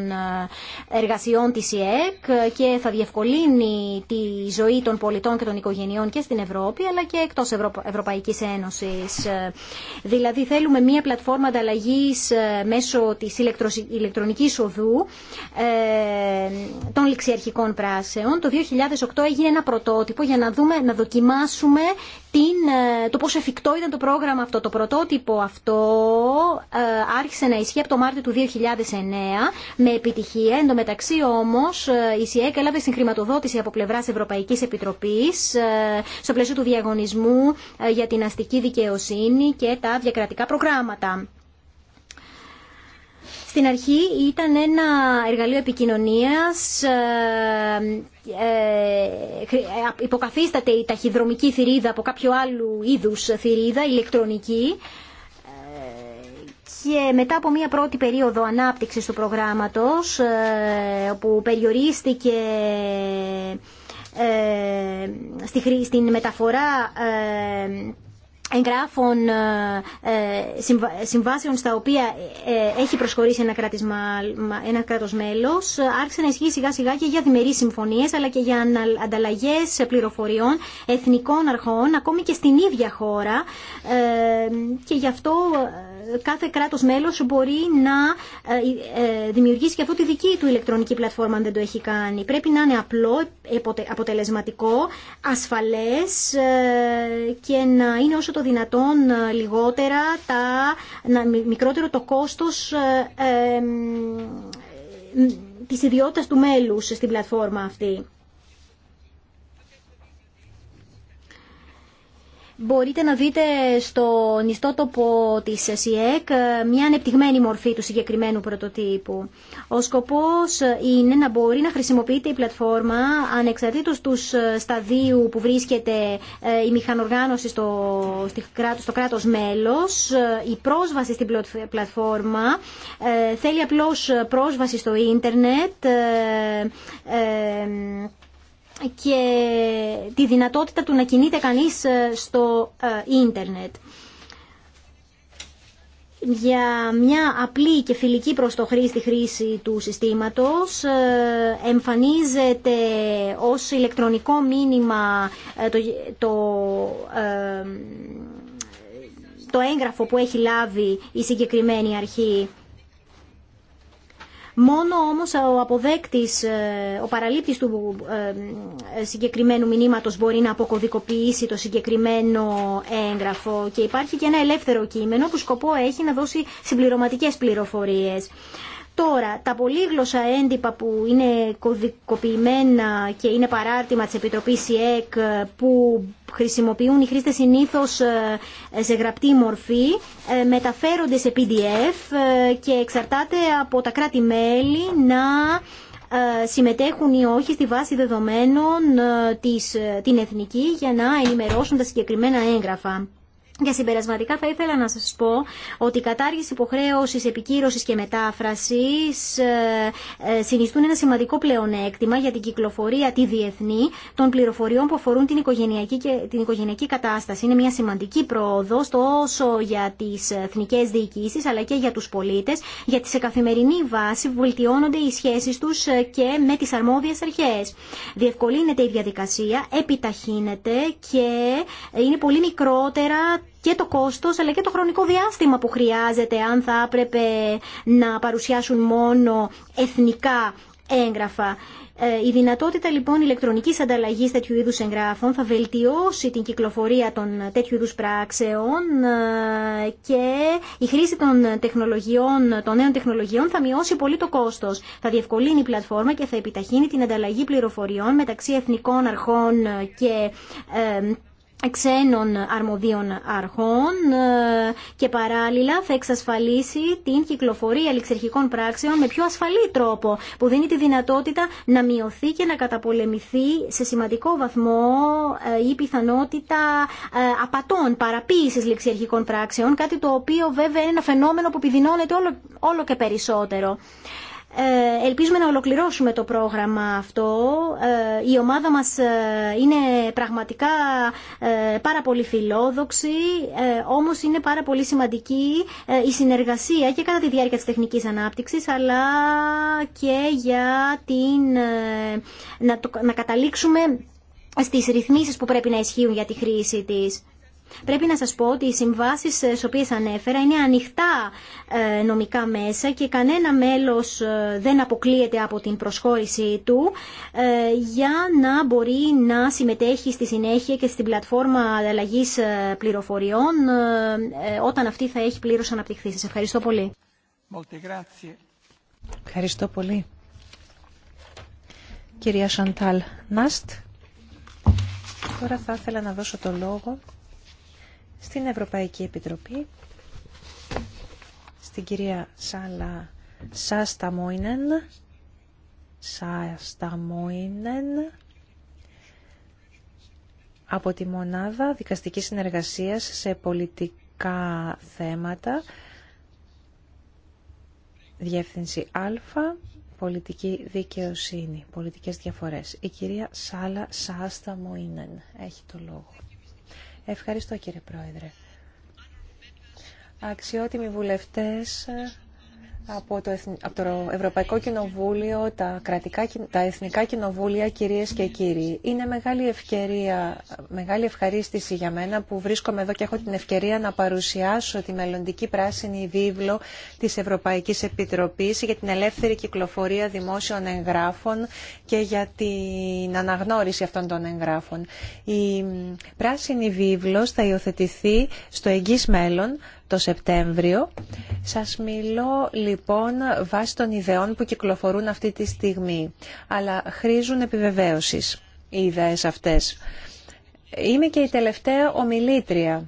εργασιών τη ΙΕΚ και θα διευκολύνει τη ζωή των πολιτών και των οικογενειών και στην Ευρώπη αλλά και εκτό Ευρωπαϊκή. Ευρωπαϊκή ε, Δηλαδή θέλουμε μία πλατφόρμα ανταλλαγή ε, μέσω τη ηλεκτρονική οδού ε, των ληξιαρχικών πράσεων. Το 2008 έγινε ένα πρωτότυπο για να δούμε, να δοκιμάσουμε την, ε, το πόσο εφικτό ήταν το πρόγραμμα αυτό. Το πρωτότυπο αυτό ε, άρχισε να ισχύει από το Μάρτιο του 2009 με επιτυχία. Εν τω μεταξύ όμως ε, η ΣΥΕΚ έλαβε συγχρηματοδότηση χρηματοδότηση από πλευράς Ευρωπαϊκής Επιτροπής στο πλαίσιο του διαγωνισμού για την αστική δικαιοσύνη και τα διακρατικά προγράμματα. Στην αρχή ήταν ένα εργαλείο επικοινωνίας, ε, ε, ε, υποκαθίσταται η ταχυδρομική θηρίδα από κάποιο άλλου είδους θηρίδα, ηλεκτρονική, και μετά από μία πρώτη περίοδο ανάπτυξης του προγράμματος, όπου περιορίστηκε στην μεταφορά εγγράφων ε, ε, συμβάσεων στα οποία ε, έχει προσχωρήσει ένα, κράτος, ένα κράτος μέλος άρχισε να ισχύει σιγά σιγά και για διμερείς συμφωνίες αλλά και για ανταλλαγές πληροφοριών εθνικών αρχών ακόμη και στην ίδια χώρα και γι' αυτό κάθε κράτος μέλος μπορεί να ε, ε, δημιουργήσει και αυτό τη δική του ηλεκτρονική πλατφόρμα αν δεν το έχει κάνει. Πρέπει να είναι απλό, αποτελεσματικό, ασφαλές ε, και να είναι όσο το δυνατόν λιγότερα, τα, μικρότερο το κόστος της ιδιότητας του μέλους στην πλατφόρμα αυτή. Μπορείτε να δείτε στο νηστότοπο της ΣΥΕΚ ε, μια ανεπτυγμένη μορφή του συγκεκριμένου πρωτοτύπου. Ο σκοπός είναι να μπορεί να χρησιμοποιείται η πλατφόρμα ανεξαρτήτως του ε, σταδίου που βρίσκεται ε, η μηχανοργάνωση στο, στο κράτος μέλος. Η πρόσβαση στην πλατφόρμα θέλει απλώς πρόσβαση στο ίντερνετ και τη δυνατότητα του να κινείται κανείς ε, στο ε, ίντερνετ. Για μια απλή και φιλική προς το χρήστη χρήση του συστήματος ε, εμφανίζεται ως ηλεκτρονικό μήνυμα το, το, το έγγραφο που έχει λάβει η συγκεκριμένη αρχή Μόνο όμως ο αποδέκτης, ε, ο παραλήπτης του ε, ε, συγκεκριμένου μηνύματος μπορεί να αποκωδικοποιήσει το συγκεκριμένο έγγραφο και υπάρχει και ένα ελεύθερο κείμενο που σκοπό έχει να δώσει συμπληρωματικές πληροφορίες. Τώρα, τα πολύγλωσσα έντυπα που είναι κωδικοποιημένα και είναι παράρτημα της Επιτροπής ΕΚ που χρησιμοποιούν οι χρήστες συνήθως ε, σε γραπτή μορφή, ε, μεταφέρονται σε PDF ε, και εξαρτάται από τα κράτη-μέλη να συμμετέχουν ή όχι στη βάση δεδομένων της, την εθνική για να ενημερώσουν τα συγκεκριμένα έγγραφα. Και συμπερασματικά θα ήθελα να σας πω ότι η κατάργηση υποχρέωσης επικύρωσης και μετάφρασης ε, ε, συνιστούν ένα σημαντικό πλεονέκτημα για την κυκλοφορία τη διεθνή των πληροφοριών που αφορούν την οικογενειακή, και, την οικογενειακή κατάσταση. Είναι μια σημαντική πρόοδο τόσο για τις εθνικές διοικήσεις αλλά και για τους πολίτες, γιατί σε καθημερινή βάση βελτιώνονται οι σχέσεις τους ε, και με τις αρμόδιες αρχές. Διευκολύνεται η διαδικασία, επιταχύνεται και είναι πολύ μικρότερα και το κόστος αλλά και το χρονικό διάστημα που χρειάζεται αν θα έπρεπε να παρουσιάσουν μόνο εθνικά έγγραφα. Ε, η δυνατότητα λοιπόν ηλεκτρονικής ανταλλαγής τέτοιου είδους εγγράφων θα βελτιώσει την κυκλοφορία των τέτοιου είδους πράξεων ε, και η χρήση των, τεχνολογιών, των νέων τεχνολογιών θα μειώσει πολύ το κόστος. Θα διευκολύνει η πλατφόρμα και θα επιταχύνει την ανταλλαγή πληροφοριών μεταξύ εθνικών αρχών και ε, ξένων αρμοδίων αρχών ε, και παράλληλα θα εξασφαλίσει την κυκλοφορία ληξιερχικών πράξεων με πιο ασφαλή τρόπο που δίνει τη δυνατότητα να μειωθεί και να καταπολεμηθεί σε σημαντικό βαθμό ε, η πιθανότητα ε, απατών, παραποίησης ληξιερχικών πράξεων κάτι το οποίο βέβαια είναι ένα φαινόμενο που επιδεινώνεται όλο, όλο και περισσότερο. Ε, ελπίζουμε να ολοκληρώσουμε το πρόγραμμα αυτό. Ε, η ομάδα μας ε, είναι πραγματικά πάρα πολύ φιλόδοξη, όμως είναι πάρα πολύ σημαντική η συνεργασία και κατά τη διάρκεια της τεχνικής ανάπτυξης, αλλά και για την, να, το, καταλήξουμε στις ρυθμίσεις που πρέπει να ισχύουν για τη χρήση της. Πρέπει να σας πω ότι οι συμβάσεις ε, στις οποίες ανέφερα είναι ανοιχτά ε, νομικά μέσα και κανένα μέλος ε, δεν αποκλείεται από την προσχώρησή του για να μπορεί να συμμετέχει στη συνέχεια και στην πλατφόρμα αλλαγή πληροφοριών όταν αυτή θα έχει πλήρως αναπτυχθεί. Σας ευχαριστώ πολύ. Ευχαριστώ πολύ. Κυρία Σαντάλ Νάστ, τώρα θα ήθελα να δώσω το λόγο στην Ευρωπαϊκή Επιτροπή, στην κυρία Σάλα Σάστα Μόινεν από τη Μονάδα Δικαστικής Συνεργασίας σε Πολιτικά Θέματα, Διεύθυνση Α, Πολιτική Δικαιοσύνη, Πολιτικές Διαφορές. Η κυρία Σάλα Σάστα Μοίνεν έχει το λόγο. Ευχαριστώ κύριε Πρόεδρε. Αξιότιμοι βουλευτές, από το, το Ευρωπαϊκό Κοινοβούλιο, τα, κρατικά, τα Εθνικά Κοινοβούλια, κυρίες και κύριοι. Είναι μεγάλη ευκαιρία, μεγάλη ευχαρίστηση για μένα που βρίσκομαι εδώ και έχω την ευκαιρία να παρουσιάσω τη μελλοντική πράσινη βίβλο της Ευρωπαϊκής Επιτροπής για την ελεύθερη κυκλοφορία δημόσιων εγγράφων και για την αναγνώριση αυτών των εγγράφων. Η πράσινη βίβλος θα υιοθετηθεί στο εγγύς μέλλον το Σεπτέμβριο. Σας μιλώ λοιπόν βάσει των ιδεών που κυκλοφορούν αυτή τη στιγμή, αλλά χρήζουν επιβεβαίωσης οι ιδέες αυτές. Είμαι και η τελευταία ομιλήτρια.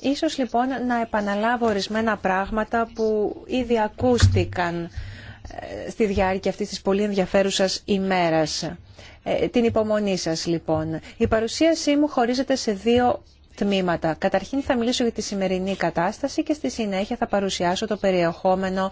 Ίσως λοιπόν να επαναλάβω ορισμένα πράγματα που ήδη ακούστηκαν ε, στη διάρκεια αυτής της πολύ ενδιαφέρουσας ημέρας. Ε, την υπομονή σας λοιπόν. Η παρουσίασή μου χωρίζεται σε δύο τμήματα. Καταρχήν θα μιλήσω για τη σημερινή κατάσταση και στη συνέχεια θα παρουσιάσω το περιεχόμενο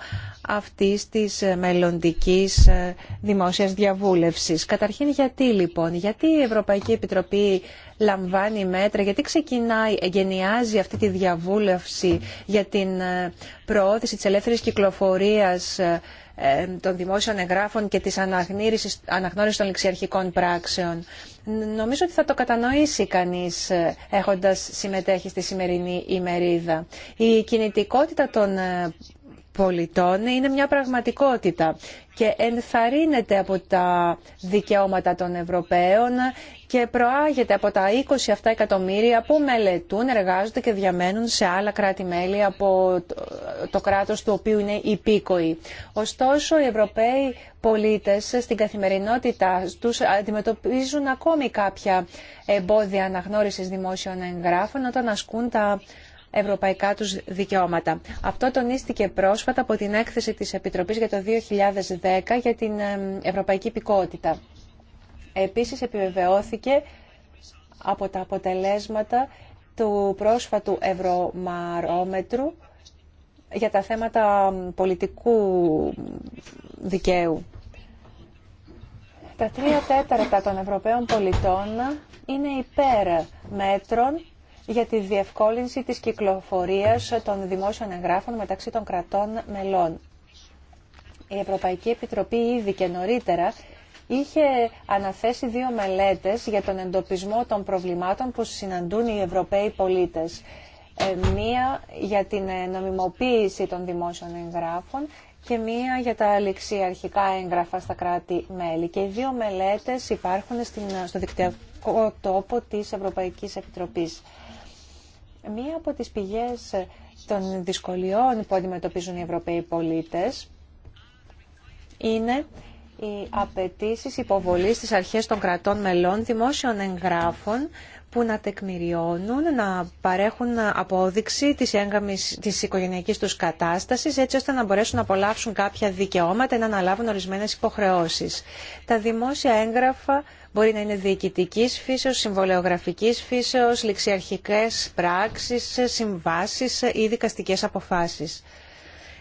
αυτής της μελλοντικής ε, δημόσιας διαβούλευσης. Καταρχήν γιατί λοιπόν, γιατί η Ευρωπαϊκή Επιτροπή λαμβάνει μέτρα, γιατί ξεκινάει, εγκαινιάζει αυτή τη διαβούλευση για την ε, προώθηση της ελεύθερης κυκλοφορίας ε, ε, των δημόσιων εγγράφων και της αναγνώρισης των ληξιαρχικών πράξεων. Νομίζω ότι θα το κατανοήσει κανείς ε, έχοντας συμμετέχει στη σημερινή ημερίδα. Η κινητικότητα των ε, πολιτών είναι μια πραγματικότητα και ενθαρρύνεται από τα δικαιώματα των Ευρωπαίων και προάγεται από τα 20 αυτά εκατομμύρια που μελετούν, εργάζονται και διαμένουν σε άλλα κράτη-μέλη από το κράτος του οποίου είναι υπήκοοι. Ωστόσο, οι Ευρωπαίοι πολίτες στην καθημερινότητα τους αντιμετωπίζουν ακόμη κάποια εμπόδια αναγνώρισης δημόσιων εγγράφων όταν ασκούν τα ευρωπαϊκά τους δικαιώματα. Αυτό τονίστηκε πρόσφατα από την έκθεση της Επιτροπής για το 2010 για την Ευρωπαϊκή Πικότητα. Επίσης επιβεβαιώθηκε από τα αποτελέσματα του πρόσφατου ευρωμαρόμετρου για τα θέματα πολιτικού δικαίου. Τα τρία τέταρτα των Ευρωπαίων πολιτών είναι υπέρ μέτρων για τη διευκόλυνση της κυκλοφορίας των δημόσιων εγγράφων μεταξύ των κρατών μελών. Η Ευρωπαϊκή Επιτροπή ήδη και νωρίτερα είχε αναθέσει δύο μελέτες για τον εντοπισμό των προβλημάτων που συναντούν οι Ευρωπαίοι πολίτες. Ε, μία για την ε, νομιμοποίηση των δημόσιων εγγράφων και μία για τα αρχικά έγγραφα στα κράτη-μέλη. Και οι δύο μελέτες υπάρχουν στην, ε, στο δικτυακό τόπο της Ευρωπαϊκής Επιτροπής. Μία από τις πηγές των δυσκολιών που αντιμετωπίζουν οι Ευρωπαίοι πολίτες είναι οι απαιτήσει υποβολής στις αρχές των κρατών μελών δημόσιων εγγράφων που να τεκμηριώνουν, να παρέχουν απόδειξη τη έγκαμης, τη οικογενειακής του κατάστασης, έτσι ώστε να μπορέσουν να απολαύσουν κάποια δικαιώματα ή να αναλάβουν ορισμένε υποχρεώσεις. Τα δημόσια έγγραφα μπορεί να είναι διοικητική φύσεως, συμβολεογραφική φύσεως, ληξιαρχικές πράξεις, συμβάσεις ή δικαστικέ αποφάσεις.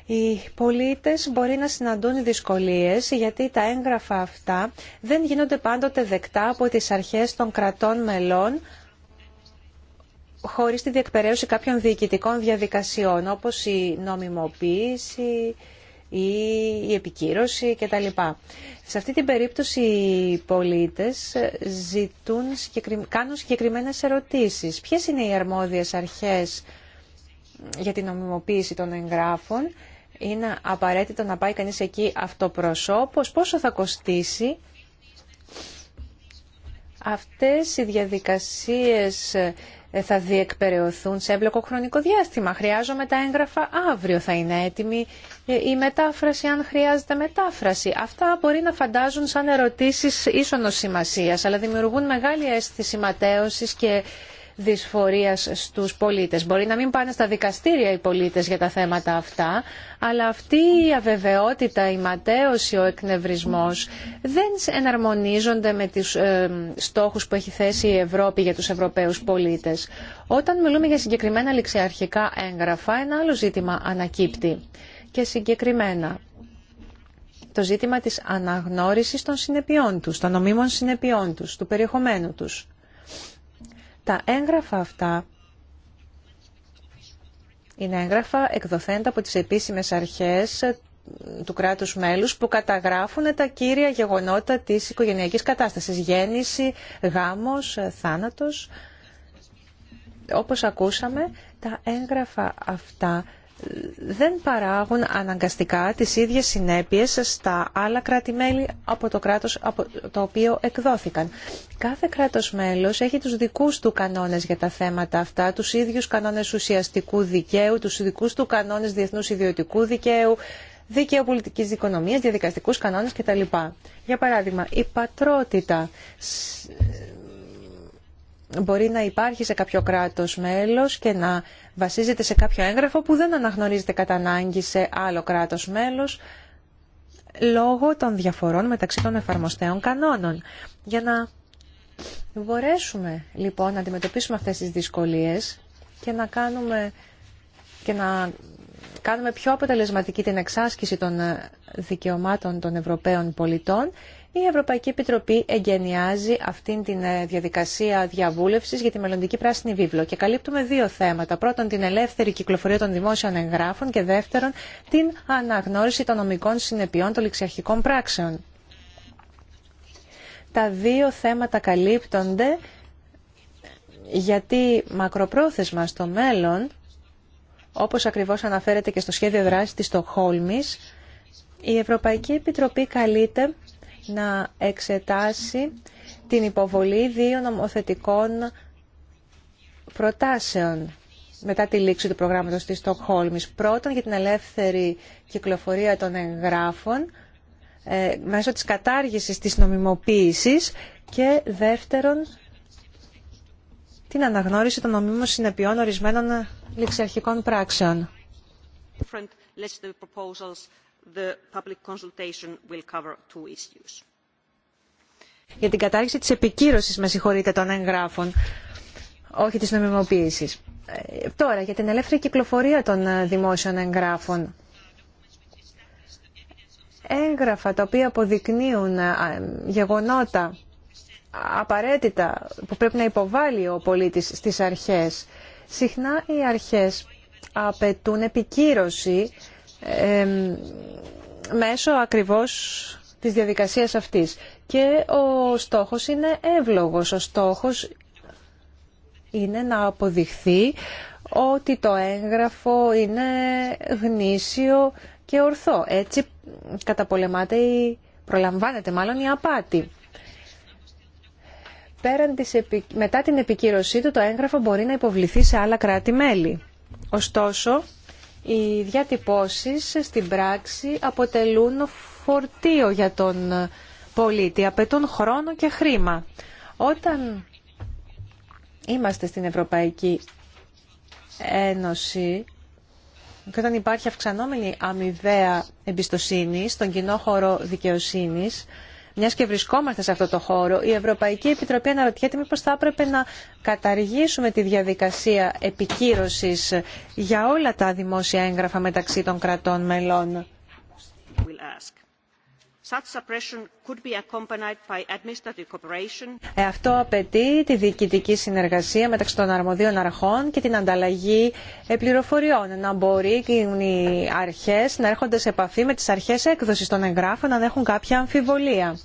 Οι πολίτες μπορεί να συναντούν δυσκολίες γιατί τα έγγραφα αυτά δεν γίνονται πάντοτε δεκτά από τις αρχές των κρατών μελών χωρίς τη διεκπαιρέωση κάποιων διοικητικών διαδικασιών όπως η νομιμοποίηση ή η επικύρωση κτλ. Σε αυτή την περίπτωση οι πολίτες ζητούν, κάνουν συγκεκριμένες ερωτήσεις. Ποιες είναι οι αρμόδιες αρχές για την νομιμοποίηση των εγγράφων είναι απαραίτητο να πάει κανείς εκεί αυτοπροσώπως, πόσο θα κοστίσει. Αυτές οι διαδικασίες ε, θα διεκπεραιωθούν σε έμπλοκο χρονικό διάστημα. Χρειάζομαι τα έγγραφα αύριο, θα είναι έτοιμη ε, η μετάφραση αν χρειάζεται μετάφραση. Αυτά μπορεί να φαντάζουν σαν ερωτήσεις ίσονος σημασίας, αλλά δημιουργούν μεγάλη αίσθηση ματέωσης και Δυσφορία στου πολίτε. Μπορεί να μην πάνε στα δικαστήρια οι πολίτε για τα θέματα αυτά, αλλά αυτή η αβεβαιότητα, η ματέωση, ο εκνευρισμό δεν εναρμονίζονται με του ε, στόχους που έχει θέσει η Ευρώπη για τους Ευρωπαίου πολίτε. Όταν μιλούμε για συγκεκριμένα ληξιαρχικά έγγραφα, ένα άλλο ζήτημα ανακύπτει. Και συγκεκριμένα, το ζήτημα της αναγνώρισης των συνεπειών τους, των νομίμων συνεπειών τους, του περιεχομένου τους. Τα έγγραφα αυτά είναι έγγραφα εκδοθέντα από τις επίσημες αρχές του κράτους μέλους που καταγράφουν τα κύρια γεγονότα της οικογενειακής κατάστασης. Γέννηση, γάμος, θάνατος. Όπως ακούσαμε, τα έγγραφα αυτά δεν παράγουν αναγκαστικά τις ίδιες συνέπειες στα άλλα κράτη-μέλη από το κράτος από το οποίο εκδόθηκαν. Κάθε κράτος μέλος έχει τους δικούς του κανόνες για τα θέματα αυτά, τους ίδιους κανόνες ουσιαστικού δικαίου, τους δικούς του κανόνες διεθνούς ιδιωτικού δικαίου, Δικαίου πολιτικής δικονομίας, διαδικαστικούς κανόνες κτλ. Για παράδειγμα, η πατρότητα μπορεί να υπάρχει σε κάποιο κράτος μέλος και να βασίζεται σε κάποιο έγγραφο που δεν αναγνωρίζεται κατά ανάγκη σε άλλο κράτος μέλος λόγω των διαφορών μεταξύ των εφαρμοστέων κανόνων. Για να μπορέσουμε λοιπόν να αντιμετωπίσουμε αυτές τις δυσκολίες και να κάνουμε, και να κάνουμε πιο αποτελεσματική την εξάσκηση των δικαιωμάτων των Ευρωπαίων πολιτών, η Ευρωπαϊκή Επιτροπή εγκαινιάζει αυτήν την ε, διαδικασία διαβούλευση για τη μελλοντική πράσινη βίβλο και καλύπτουμε δύο θέματα. Πρώτον, την ελεύθερη κυκλοφορία των δημόσιων εγγράφων και δεύτερον, την αναγνώριση των νομικών συνεπειών των ληξιαρχικών πράξεων. Τα δύο θέματα καλύπτονται γιατί μακροπρόθεσμα στο μέλλον, όπως ακριβώς αναφέρεται και στο σχέδιο δράσης της Στοχόλμης, η Ευρωπαϊκή Επιτροπή καλείται να εξετάσει την υποβολή δύο νομοθετικών προτάσεων μετά τη λήξη του προγράμματος της Στοκχόλμης. Πρώτον, για την ελεύθερη κυκλοφορία των εγγράφων ε, μέσω της κατάργησης της νομιμοποίησης και δεύτερον, την αναγνώριση των νομίμων συνεπειών ορισμένων ληξιαρχικών πράξεων the public consultation will cover two issues. Για την κατάργηση της επικύρωσης, με συγχωρείτε, των εγγράφων, όχι της νομιμοποίησης. Ε, τώρα, για την ελεύθερη κυκλοφορία των ε, δημόσιων εγγράφων. Έγγραφα τα οποία αποδεικνύουν ε, γεγονότα απαραίτητα που πρέπει να υποβάλει ο πολίτης στις αρχές. Συχνά οι αρχές απαιτούν επικύρωση μέσω ακριβώς της διαδικασίας αυτής. Και ο στόχος είναι εύλογος. Ο στόχος είναι να αποδειχθεί ότι το έγγραφο είναι γνήσιο και ορθό. Έτσι καταπολεμάται ή προλαμβάνεται μάλλον η απάτη. Πέραν της, μετά την επικύρωσή του το έγγραφο μπορεί να υποβληθεί σε άλλα κράτη-μέλη. Ωστόσο, οι διατυπώσεις στην πράξη αποτελούν φορτίο για τον πολίτη, απαιτούν χρόνο και χρήμα. Όταν είμαστε στην Ευρωπαϊκή Ένωση και όταν υπάρχει αυξανόμενη αμοιβαία εμπιστοσύνη στον κοινό χώρο δικαιοσύνης, μια και βρισκόμαστε σε αυτό το χώρο, η Ευρωπαϊκή Επιτροπή αναρωτιέται μήπω θα έπρεπε να καταργήσουμε τη διαδικασία επικύρωσης για όλα τα δημόσια έγγραφα μεταξύ των κρατών μελών. ask. Ε, αυτό απαιτεί τη διοικητική συνεργασία μεταξύ των αρμοδίων αρχών και την ανταλλαγή ε, πληροφοριών. Να μπορεί οι αρχές να έρχονται σε επαφή με τις αρχές έκδοσης των εγγράφων αν έχουν κάποια αμφιβολία.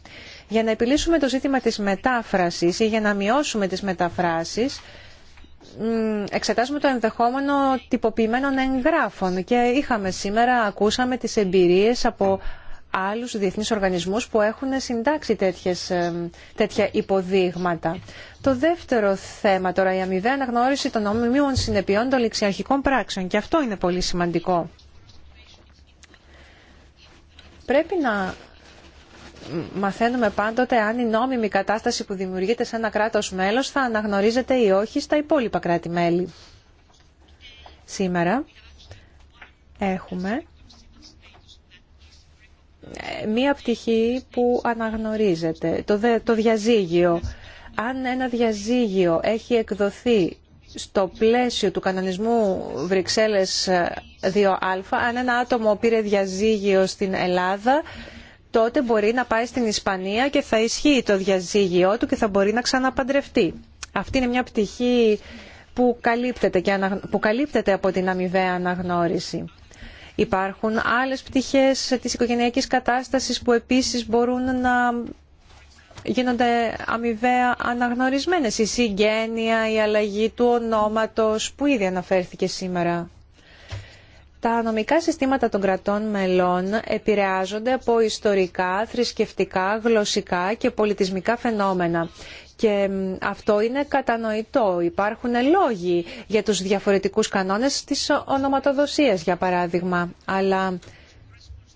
Για να επιλύσουμε το ζήτημα της μετάφρασης ή για να μειώσουμε τις μεταφράσεις, εξετάζουμε το ενδεχόμενο τυποποιημένων εγγράφων και είχαμε σήμερα, ακούσαμε τις εμπειρίες από άλλους διεθνείς οργανισμούς που έχουν συντάξει τέτοιες, ε, τέτοια υποδείγματα. Το δεύτερο θέμα τώρα, η αμοιβαία αναγνώριση των νομιμίων συνεπειών των ληξιαρχικών πράξεων. Και αυτό είναι πολύ σημαντικό. Πρέπει να μαθαίνουμε πάντοτε αν η νόμιμη κατάσταση που δημιουργείται σε ένα κράτος μέλος θα αναγνωρίζεται ή όχι στα υπόλοιπα κράτη-μέλη. Σήμερα έχουμε μία πτυχή που αναγνωρίζεται, το, το διαζύγιο. Αν ένα διαζύγιο έχει εκδοθεί στο πλαίσιο του κανονισμού Βρυξέλλες 2α, αν ένα άτομο πήρε διαζύγιο στην Ελλάδα, τότε μπορεί να πάει στην Ισπανία και θα ισχύει το διαζύγιο του και θα μπορεί να ξαναπαντρευτεί. Αυτή είναι μια πτυχή που καλύπτεται, και που καλύπτεται από την αμοιβαία αναγνώριση. Υπάρχουν άλλες πτυχές της οικογενειακής κατάστασης που επίσης μπορούν να γίνονται αμοιβαία αναγνωρισμένες. Η συγγένεια, η αλλαγή του ονόματος που ήδη αναφέρθηκε σήμερα. Τα νομικά συστήματα των κρατών μελών επηρεάζονται από ιστορικά, θρησκευτικά, γλωσσικά και πολιτισμικά φαινόμενα και αυτό είναι κατανοητό. Υπάρχουν λόγοι για τους διαφορετικούς κανόνες της ονοματοδοσίας, για παράδειγμα. Αλλά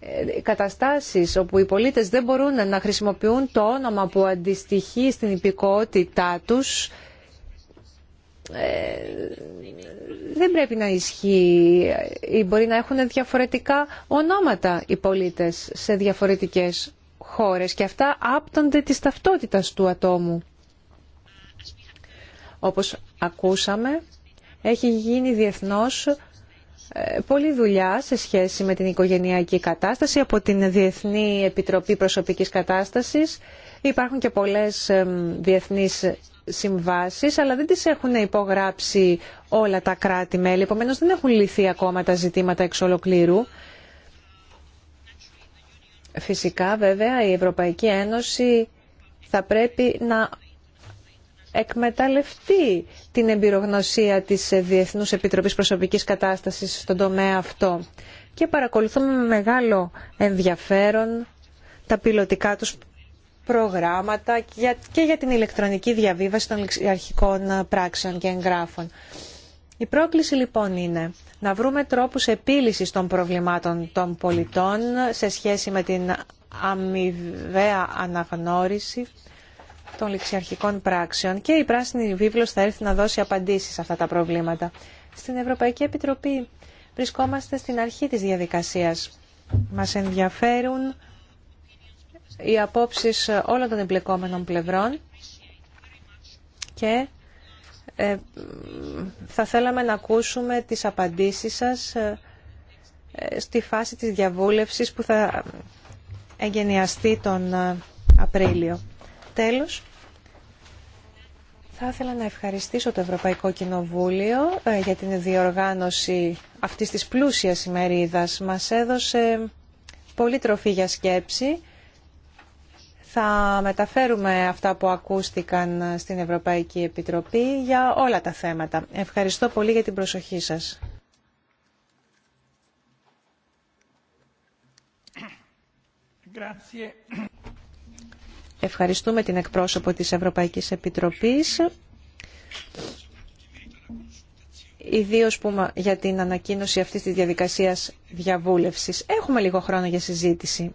ε, καταστάσεις όπου οι πολίτες δεν μπορούν να χρησιμοποιούν το όνομα που αντιστοιχεί στην υπηκότητά τους ε, δεν πρέπει να ισχύει ή μπορεί να έχουν διαφορετικά ονόματα οι πολίτες σε διαφορετικές χώρες και αυτά άπτονται της ταυτότητας του ατόμου. Όπως ακούσαμε, έχει γίνει διεθνώς ε, πολλή δουλειά σε σχέση με την οικογενειακή κατάσταση από την Διεθνή Επιτροπή Προσωπικής Κατάστασης. Υπάρχουν και πολλές διεθνείς συμβάσεις, αλλά δεν τις έχουν υπογράψει όλα τα κράτη-μέλη, επομένως δεν έχουν λυθεί ακόμα τα ζητήματα εξ ολοκλήρου. Φυσικά, βέβαια, η Ευρωπαϊκή Ένωση θα πρέπει να εκμεταλλευτεί την εμπειρογνωσία της Διεθνούς Επιτροπής Προσωπικής Κατάστασης στον τομέα αυτό. Και παρακολουθούμε με μεγάλο ενδιαφέρον τα πιλωτικά τους προγράμματα και για την ηλεκτρονική διαβίβαση των αρχικών πράξεων και εγγράφων. Η πρόκληση λοιπόν είναι να βρούμε τρόπους επίλυσης των προβλημάτων των πολιτών σε σχέση με την αμοιβαία αναγνώριση των ληξιαρχικών πράξεων και η πράσινη βίβλος θα έρθει να δώσει απαντήσεις σε αυτά τα προβλήματα. Στην Ευρωπαϊκή Επιτροπή βρισκόμαστε στην αρχή της διαδικασίας. Μας ενδιαφέρουν οι απόψεις όλων των εμπλεκόμενων πλευρών και ε, θα θέλαμε να ακούσουμε τις απαντήσεις σας ε, στη φάση της διαβούλευσης που θα εγγενιαστεί τον ε, Απρίλιο. Τέλος, θα ήθελα να ευχαριστήσω το Ευρωπαϊκό Κοινοβούλιο ε, για την διοργάνωση αυτής της πλούσιας ημερίδας. Μας έδωσε πολύ τροφή για σκέψη. Θα μεταφέρουμε αυτά που ακούστηκαν στην Ευρωπαϊκή Επιτροπή για όλα τα θέματα. Ευχαριστώ πολύ για την προσοχή σας. Ευχαριστούμε την εκπρόσωπο της Ευρωπαϊκής Επιτροπής, ιδίω για την ανακοίνωση αυτή της διαδικασίας διαβούλευσης. Έχουμε λίγο χρόνο για συζήτηση.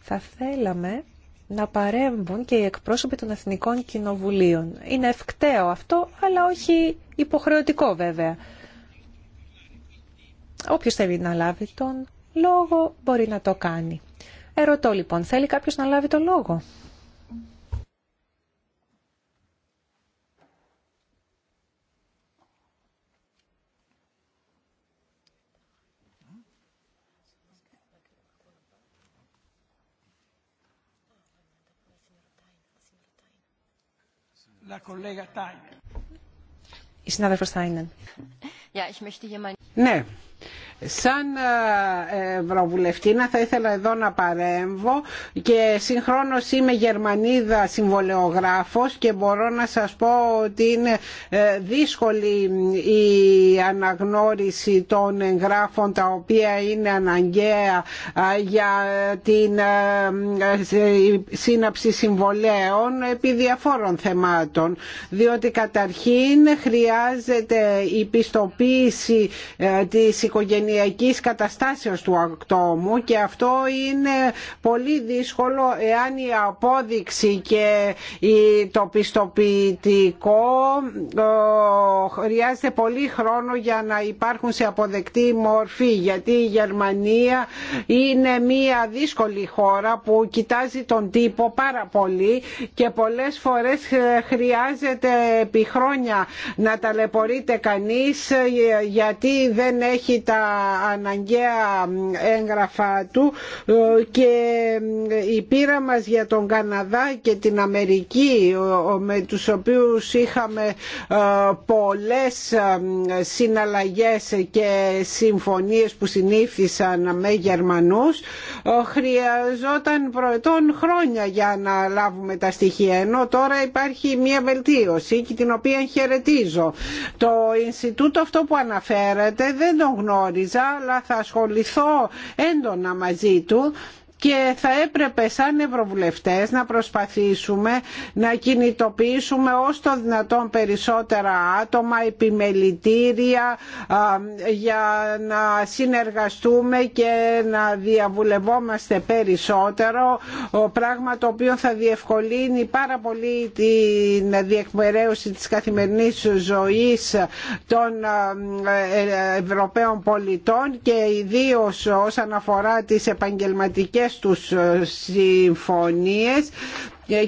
Θα θέλαμε να παρέμβουν και οι εκπρόσωποι των Εθνικών Κοινοβουλίων. Είναι ευκταίο αυτό, αλλά όχι υποχρεωτικό βέβαια. Όποιος θέλει να λάβει τον λόγο μπορεί να το κάνει. Ερωτώ λοιπόν, θέλει κάποιος να λάβει τον λόγο. Η συνάδελφος Τάινεν. Ναι, σαν ε, Ευρωβουλευτήνα θα ήθελα εδώ να παρέμβω και συγχρόνως είμαι Γερμανίδα συμβολεογράφος και μπορώ να σας πω ότι είναι ε, δύσκολη η αναγνώριση των εγγράφων τα οποία είναι αναγκαία για την ε, σύναψη συμβολέων επί διαφόρων θεμάτων διότι καταρχήν χρειάζεται η πιστοποίηση της οικογενειακής καταστάσεως του ακτόμου και αυτό είναι πολύ δύσκολο εάν η απόδειξη και το πιστοποιητικό χρειάζεται πολύ χρόνο για να υπάρχουν σε αποδεκτή μορφή γιατί η Γερμανία είναι μια δύσκολη χώρα που κοιτάζει τον τύπο πάρα πολύ και πολλές φορές χρειάζεται επί χρόνια να ταλαιπωρείται κανείς ε, γιατί δεν έχει τα αναγκαία έγγραφά του ε, και ε, η πείρα μας για τον Καναδά και την Αμερική με τους οποίους είχαμε ε, πολλές συναλλαγές και συμφωνίες που συνήθισαν με Γερμανούς χρειαζόταν προετών χρόνια για να λάβουμε τα στοιχεία ενώ τώρα υπάρχει μια βελτίωση και την οποία χαιρετίζω. Το Ινστιτούτο αυτό που αναφέρατε δεν τον γνώριζα αλλά θα ασχοληθώ έντονα μαζί του και θα έπρεπε σαν ευρωβουλευτές να προσπαθήσουμε να κινητοποιήσουμε ως το δυνατόν περισσότερα άτομα, επιμελητήρια για να συνεργαστούμε και να διαβουλευόμαστε περισσότερο πράγμα το οποίο θα διευκολύνει πάρα πολύ την διεκμεραίωση της καθημερινής ζωής των ε, ε, Ευρωπαίων πολιτών και ιδίως όσον αφορά τις επαγγελματικές αυτές τους ε, συμφωνίες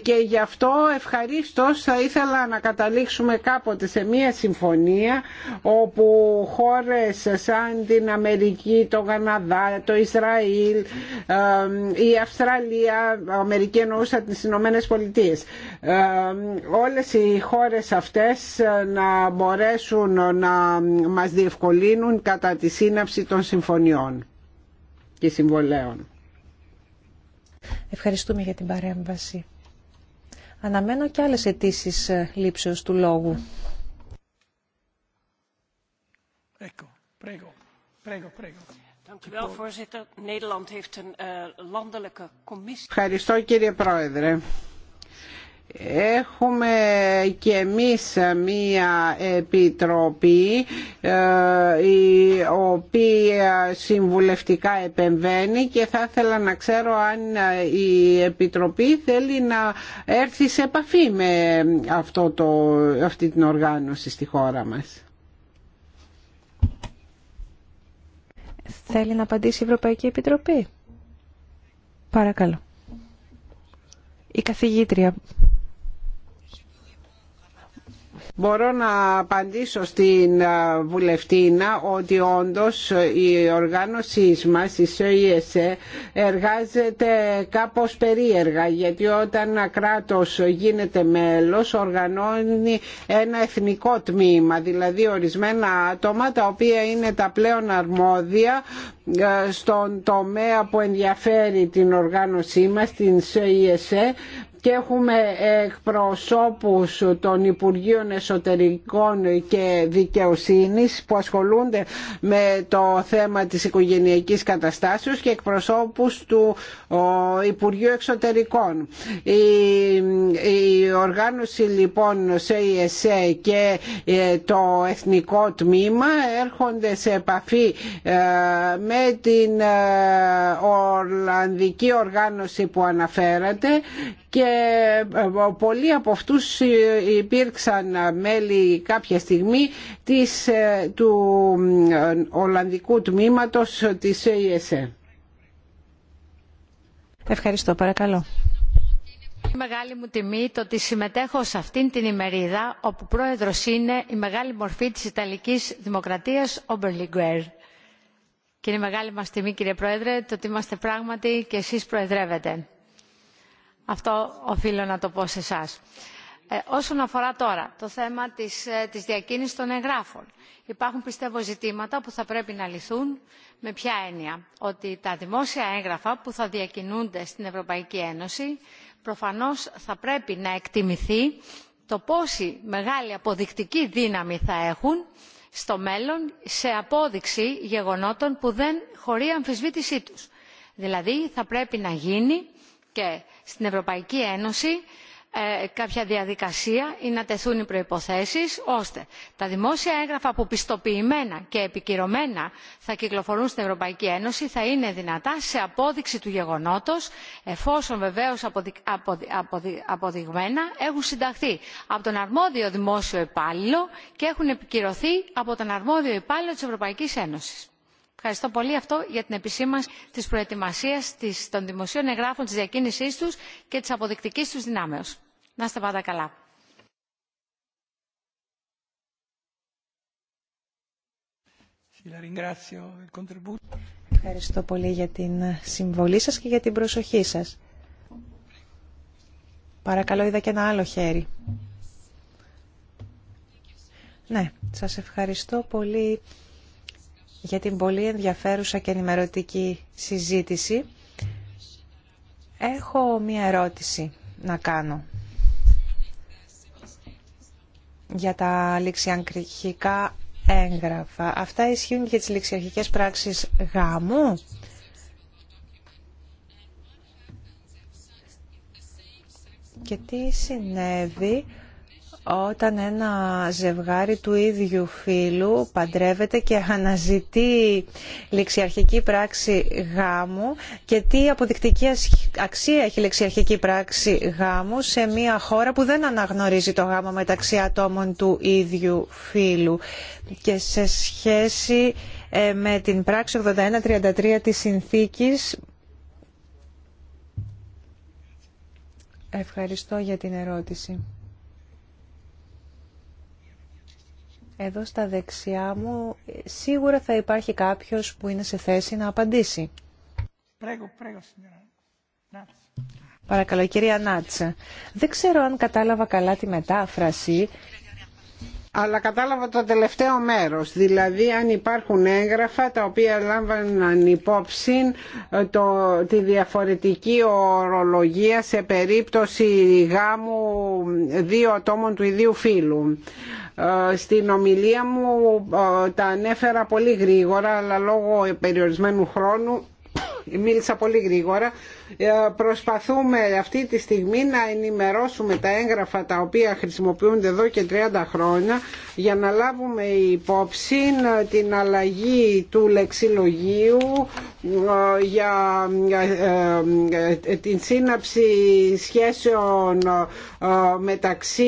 και γι' αυτό ευχαρίστως θα ήθελα να καταλήξουμε κάποτε σε μία συμφωνία όπου χώρες σαν την Αμερική, το Καναδά, το Ισραήλ, η Αυστραλία, Αμερική εννοούσα τις Ηνωμένες Πολιτείες, όλες οι χώρες αυτές ε, να μπορέσουν να μας διευκολύνουν κατά τη σύναψη των συμφωνιών και συμβολέων. Ευχαριστούμε για την παρέμβαση. Αναμένω και άλλες αιτήσει ε, λήψεως του λόγου. Eh, Ευχαριστώ κύριε Πρόεδρε. Έχουμε και εμείς μία επιτροπή ε, η οποία συμβουλευτικά επεμβαίνει και θα ήθελα να ξέρω αν ε, η επιτροπή θέλει να έρθει σε επαφή με αυτό το, αυτή την οργάνωση στη χώρα μας. Θέλει να απαντήσει η Ευρωπαϊκή Επιτροπή. Παρακαλώ. Η καθηγήτρια Μπορώ να απαντήσω στην βουλευτήνα ότι όντως η οργάνωσή μας, η ΣΕΙΕΣΕ, εργάζεται κάπως περίεργα γιατί όταν ένα κράτος γίνεται μέλος οργανώνει ένα εθνικό τμήμα, δηλαδή ορισμένα άτομα τα οποία είναι τα πλέον αρμόδια στον τομέα που ενδιαφέρει την οργάνωσή μας, την ΣΕΙΕΣΕ, και έχουμε εκπροσώπους των Υπουργείων Εσωτερικών και Δικαιοσύνης που ασχολούνται με το θέμα της οικογενειακής καταστάσεως και εκπροσώπους του Υπουργείου Εξωτερικών. Η, οργάνωση λοιπόν σε και ε, το Εθνικό Τμήμα έρχονται σε επαφή ε, με την ε, Ορλανδική οργάνωση που αναφέρατε και ε, πολλοί από αυτούς ε, υπήρξαν ε, μέλη κάποια στιγμή της, του Ολλανδικού Τμήματος της ΕΕΣΕ. Ευχαριστώ, παρακαλώ. Είναι μεγάλη μου τιμή το ότι συμμετέχω σε αυτήν την ημερίδα όπου πρόεδρος είναι η μεγάλη μορφή της Ιταλικής Δημοκρατίας, ο Και είναι μεγάλη μας τιμή κύριε Πρόεδρε το ότι είμαστε πράγματι και εσείς προεδρεύετε αυτό οφείλω να το πω σε εσά. Ε, όσον αφορά τώρα το θέμα της, ε, της διακίνησης των εγγράφων, υπάρχουν πιστεύω ζητήματα που θα πρέπει να λυθούν με ποια έννοια. Ότι τα δημόσια έγγραφα που θα διακινούνται στην Ευρωπαϊκή Ένωση προφανώς θα πρέπει να εκτιμηθεί το πόση μεγάλη αποδεικτική δύναμη θα έχουν στο μέλλον σε απόδειξη γεγονότων που δεν χωρεί αμφισβήτησή τους. Δηλαδή θα πρέπει να γίνει και στην Ευρωπαϊκή Ένωση ε, κάποια διαδικασία ή να τεθούν οι προϋποθέσεις ώστε τα δημόσια έγγραφα που πιστοποιημένα και επικυρωμένα θα κυκλοφορούν στην Ευρωπαϊκή Ένωση θα είναι δυνατά σε απόδειξη του γεγονότος εφόσον βεβαίως αποδειγμένα έχουν συνταχθεί από τον αρμόδιο δημόσιο υπάλληλο και έχουν επικυρωθεί από τον αρμόδιο υπάλληλο της Ευρωπαϊκής Ένωσης. Ευχαριστώ πολύ αυτό για την επισήμανση της προετοιμασίας της, των δημοσίων εγγράφων της διακίνησής τους και της αποδεικτικής τους δυνάμεως. Να είστε πάντα καλά. Ευχαριστώ πολύ για την συμβολή σας και για την προσοχή σας. Παρακαλώ, είδα και ένα άλλο χέρι. Ναι, σας ευχαριστώ πολύ για την πολύ ενδιαφέρουσα και ενημερωτική συζήτηση. Έχω μία ερώτηση να κάνω για τα ληξιαρχικά έγγραφα. Αυτά ισχύουν και για τις ληξιαρχικές πράξεις γάμου. Και τι συνέβη όταν ένα ζευγάρι του ίδιου φίλου παντρεύεται και αναζητεί λεξιαρχική πράξη γάμου και τι αποδεικτική αξία έχει λεξιαρχική πράξη γάμου σε μια χώρα που δεν αναγνωρίζει το γάμο μεταξύ ατόμων του ίδιου φίλου και σε σχέση ε, με την πράξη 8133 της συνθήκης Ευχαριστώ για την ερώτηση. Εδώ στα δεξιά μου σίγουρα θα υπάρχει κάποιος που είναι σε θέση να απαντήσει. Πρέγω, πρέγω, Παρακαλώ, κυρία Νάτσα. Δεν ξέρω αν κατάλαβα καλά τη μετάφραση αλλά κατάλαβα το τελευταίο μέρος, δηλαδή αν υπάρχουν έγγραφα τα οποία λάμβαναν υπόψη ε, το, τη διαφορετική ορολογία σε περίπτωση γάμου δύο ατόμων του ιδίου φύλου. Ε, στην ομιλία μου ε, τα ανέφερα πολύ γρήγορα αλλά λόγω περιορισμένου χρόνου μίλησα πολύ γρήγορα. Ε, προσπαθούμε αυτή τη στιγμή να ενημερώσουμε τα έγγραφα τα οποία χρησιμοποιούνται εδώ και 30 χρόνια για να λάβουμε υπόψη την αλλαγή του λεξιλογίου ε, για ε, την σύναψη σχέσεων μεταξύ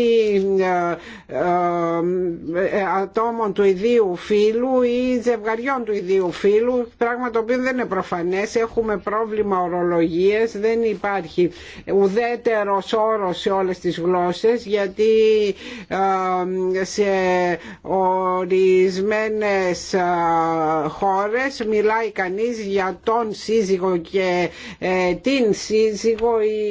ατόμων του ιδίου φύλου ή ζευγαριών του ιδίου φύλου, πράγμα το οποίο δεν είναι προφανές έχουμε πρόβλημα ορολογίας, δεν υπάρχει ουδέτερος όρος σε όλες τις γλώσσες γιατί σε ορισμένες χώρες μιλάει κανείς για τον σύζυγο και ε, την σύζυγο ή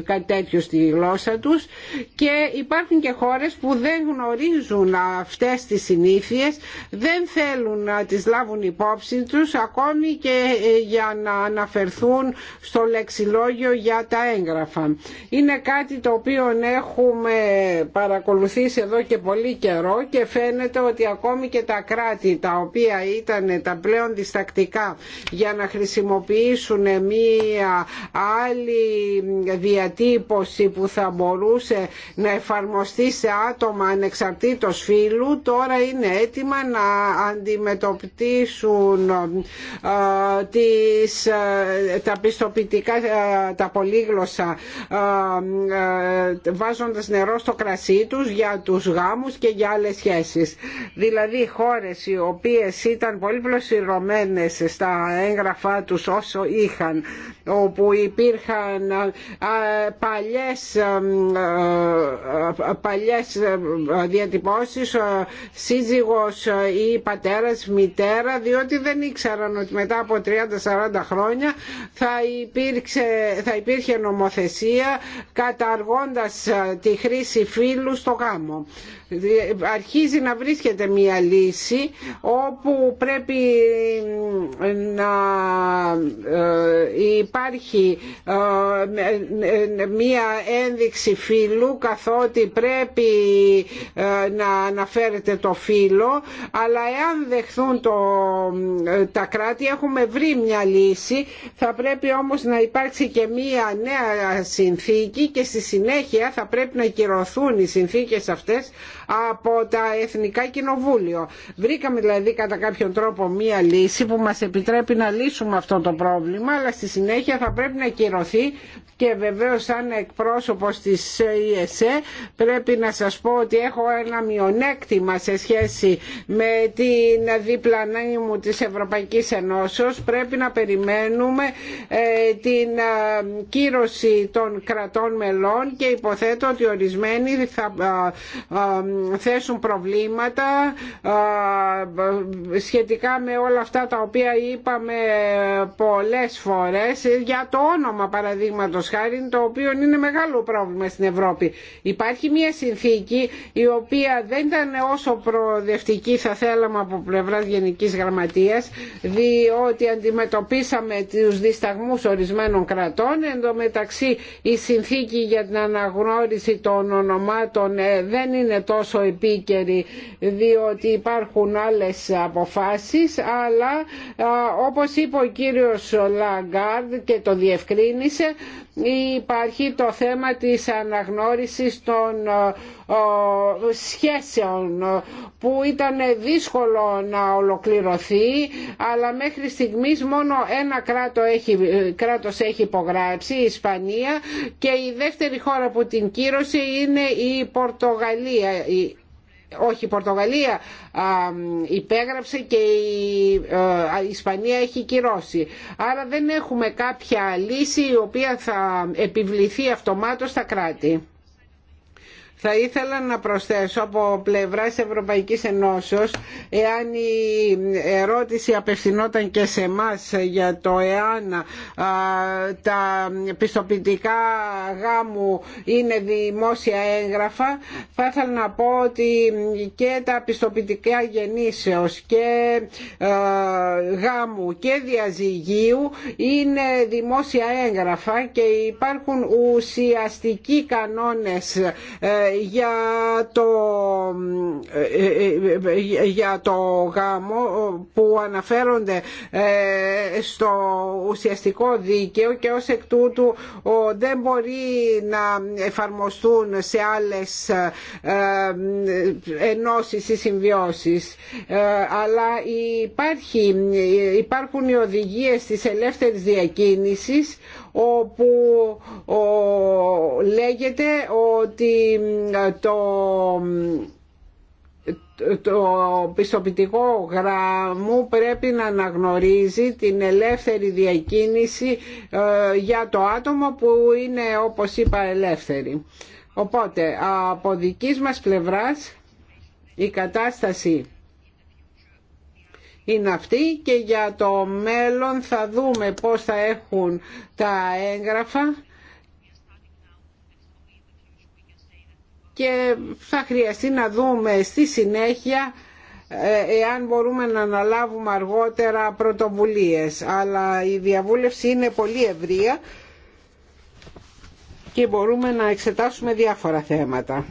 κάτι τέτοιο στη γλώσσα τους και υπάρχουν και χώρες που δεν γνωρίζουν αυτές τις συνήθειες δεν θέλουν να τις λάβουν υπόψη τους ακόμη και ε, για να αναφερθούν στο λεξιλόγιο για τα έγγραφα. Είναι κάτι το οποίο έχουμε παρακολουθήσει εδώ και πολύ καιρό και φαίνεται ότι ακόμη και τα κράτη τα οποία ήταν τα πλέον διστακτικά για να χρησιμοποιήσουν μία άλλη διατύπωση που θα μπορούσε να εφαρμοστεί σε άτομα ανεξαρτήτως φύλου τώρα είναι έτοιμα να αντιμετωπίσουν ε, τα πιστοποιητικά ε, τα πολύγλωσσα ε, βάζοντας νερό στο κρασί τους για τους γάμους και για άλλες σχέσεις. Δηλαδή χώρες οι οποίες ήταν πολύ πλωσιρωμένες στα έγγραφά τους όσο είχαν όπου υπήρχαν παλιές, παλιές διατυπώσεις σύζυγος ή πατέρας, μητέρα διότι δεν ήξεραν ότι μετά από 40 χρόνια θα, υπήρξε, θα υπήρχε νομοθεσία καταργώντας ε, τη χρήση φύλου στο γάμο αρχίζει να βρίσκεται μια λύση όπου πρέπει ε, να ε, υπάρχει ε, μια ένδειξη φύλου καθότι πρέπει να αναφέρεται το φύλο αλλά εάν δεχθούν το, τα κράτη έχουμε βρει μια λύση θα πρέπει όμως να υπάρξει και μια νέα συνθήκη και στη συνέχεια θα πρέπει να κυρωθούν οι συνθήκες αυτές από τα Εθνικά Κοινοβούλιο. Βρήκαμε δηλαδή κατά κάποιον τρόπο μία λύση που μας επιτρέπει να λύσουμε αυτό το πρόβλημα αλλά στη συνέχεια θα πρέπει να κυρωθεί και βεβαίως σαν εκπρόσωπος της ΕΣΕ πρέπει να σας πω ότι έχω ένα μειονέκτημα σε σχέση με την διπλανή μου της Ευρωπαϊκής Ενώσεως πρέπει να περιμένουμε ε, την ε, κύρωση των κρατών μελών και υποθέτω ότι ορισμένοι θα ε, θέσουν προβλήματα σχετικά με όλα αυτά τα οποία είπαμε πολλές φορές για το όνομα παραδείγματος χάρη το οποίο είναι μεγάλο πρόβλημα στην Ευρώπη. Υπάρχει μια συνθήκη η οποία δεν ήταν όσο προοδευτική θα θέλαμε από πλευράς Γενικής Γραμματείας διότι αντιμετωπίσαμε τους δισταγμούς ορισμένων κρατών εν η συνθήκη για την αναγνώριση των ονομάτων ε, δεν είναι τόσο τόσο επίκαιρη διότι υπάρχουν άλλες αποφάσεις αλλά όπως είπε ο κύριος Λαγκάρντ και το διευκρίνησε υπάρχει το θέμα της αναγνώρισης των ε, σχέσεων που ήταν δύσκολο να ολοκληρωθεί αλλά μέχρι στιγμής μόνο ένα κράτο έχει, κράτος έχει υπογράψει, η Ισπανία και η δεύτερη χώρα που την κύρωσε είναι η Πορτογαλία όχι η Πορτογαλία υπέγραψε και ε, η Ισπανία έχει κυρώσει. Άρα δεν έχουμε κάποια λύση η οποία θα επιβληθεί αυτομάτως στα κράτη. Θα ήθελα να προσθέσω από πλευράς Ευρωπαϊκής Ενώσεως εάν η ερώτηση απευθυνόταν και σε εμά για το εάν τα πιστοποιητικά γάμου είναι δημόσια έγγραφα θα ήθελα να πω ότι και τα πιστοποιητικά γεννήσεως και γάμου και διαζυγίου είναι δημόσια έγγραφα και υπάρχουν ουσιαστικοί κανόνες ε, για το, για το γάμο που αναφέρονται ε, στο ουσιαστικό δίκαιο και ως εκ τούτου δεν μπορεί να εφαρμοστούν σε άλλες ε, ενώσεις ή συμβιώσεις ε, αλλά υπάρχει, υπάρχουν οι οδηγίες της ελεύθερης διακίνησης όπου λέγεται ότι ε, το το πιστοποιητικό γραμμού πρέπει να αναγνωρίζει την ελεύθερη διακίνηση ε, για το άτομο που είναι όπως είπα ελεύθερη. Οπότε από δικής μας πλευράς η κατάσταση είναι αυτή και για το μέλλον θα δούμε πώς θα έχουν τα έγγραφα και θα χρειαστεί να δούμε στη συνέχεια ε, εάν μπορούμε να αναλάβουμε αργότερα πρωτοβουλίες. Αλλά η διαβούλευση είναι πολύ ευρεία και μπορούμε να εξετάσουμε διάφορα θέματα.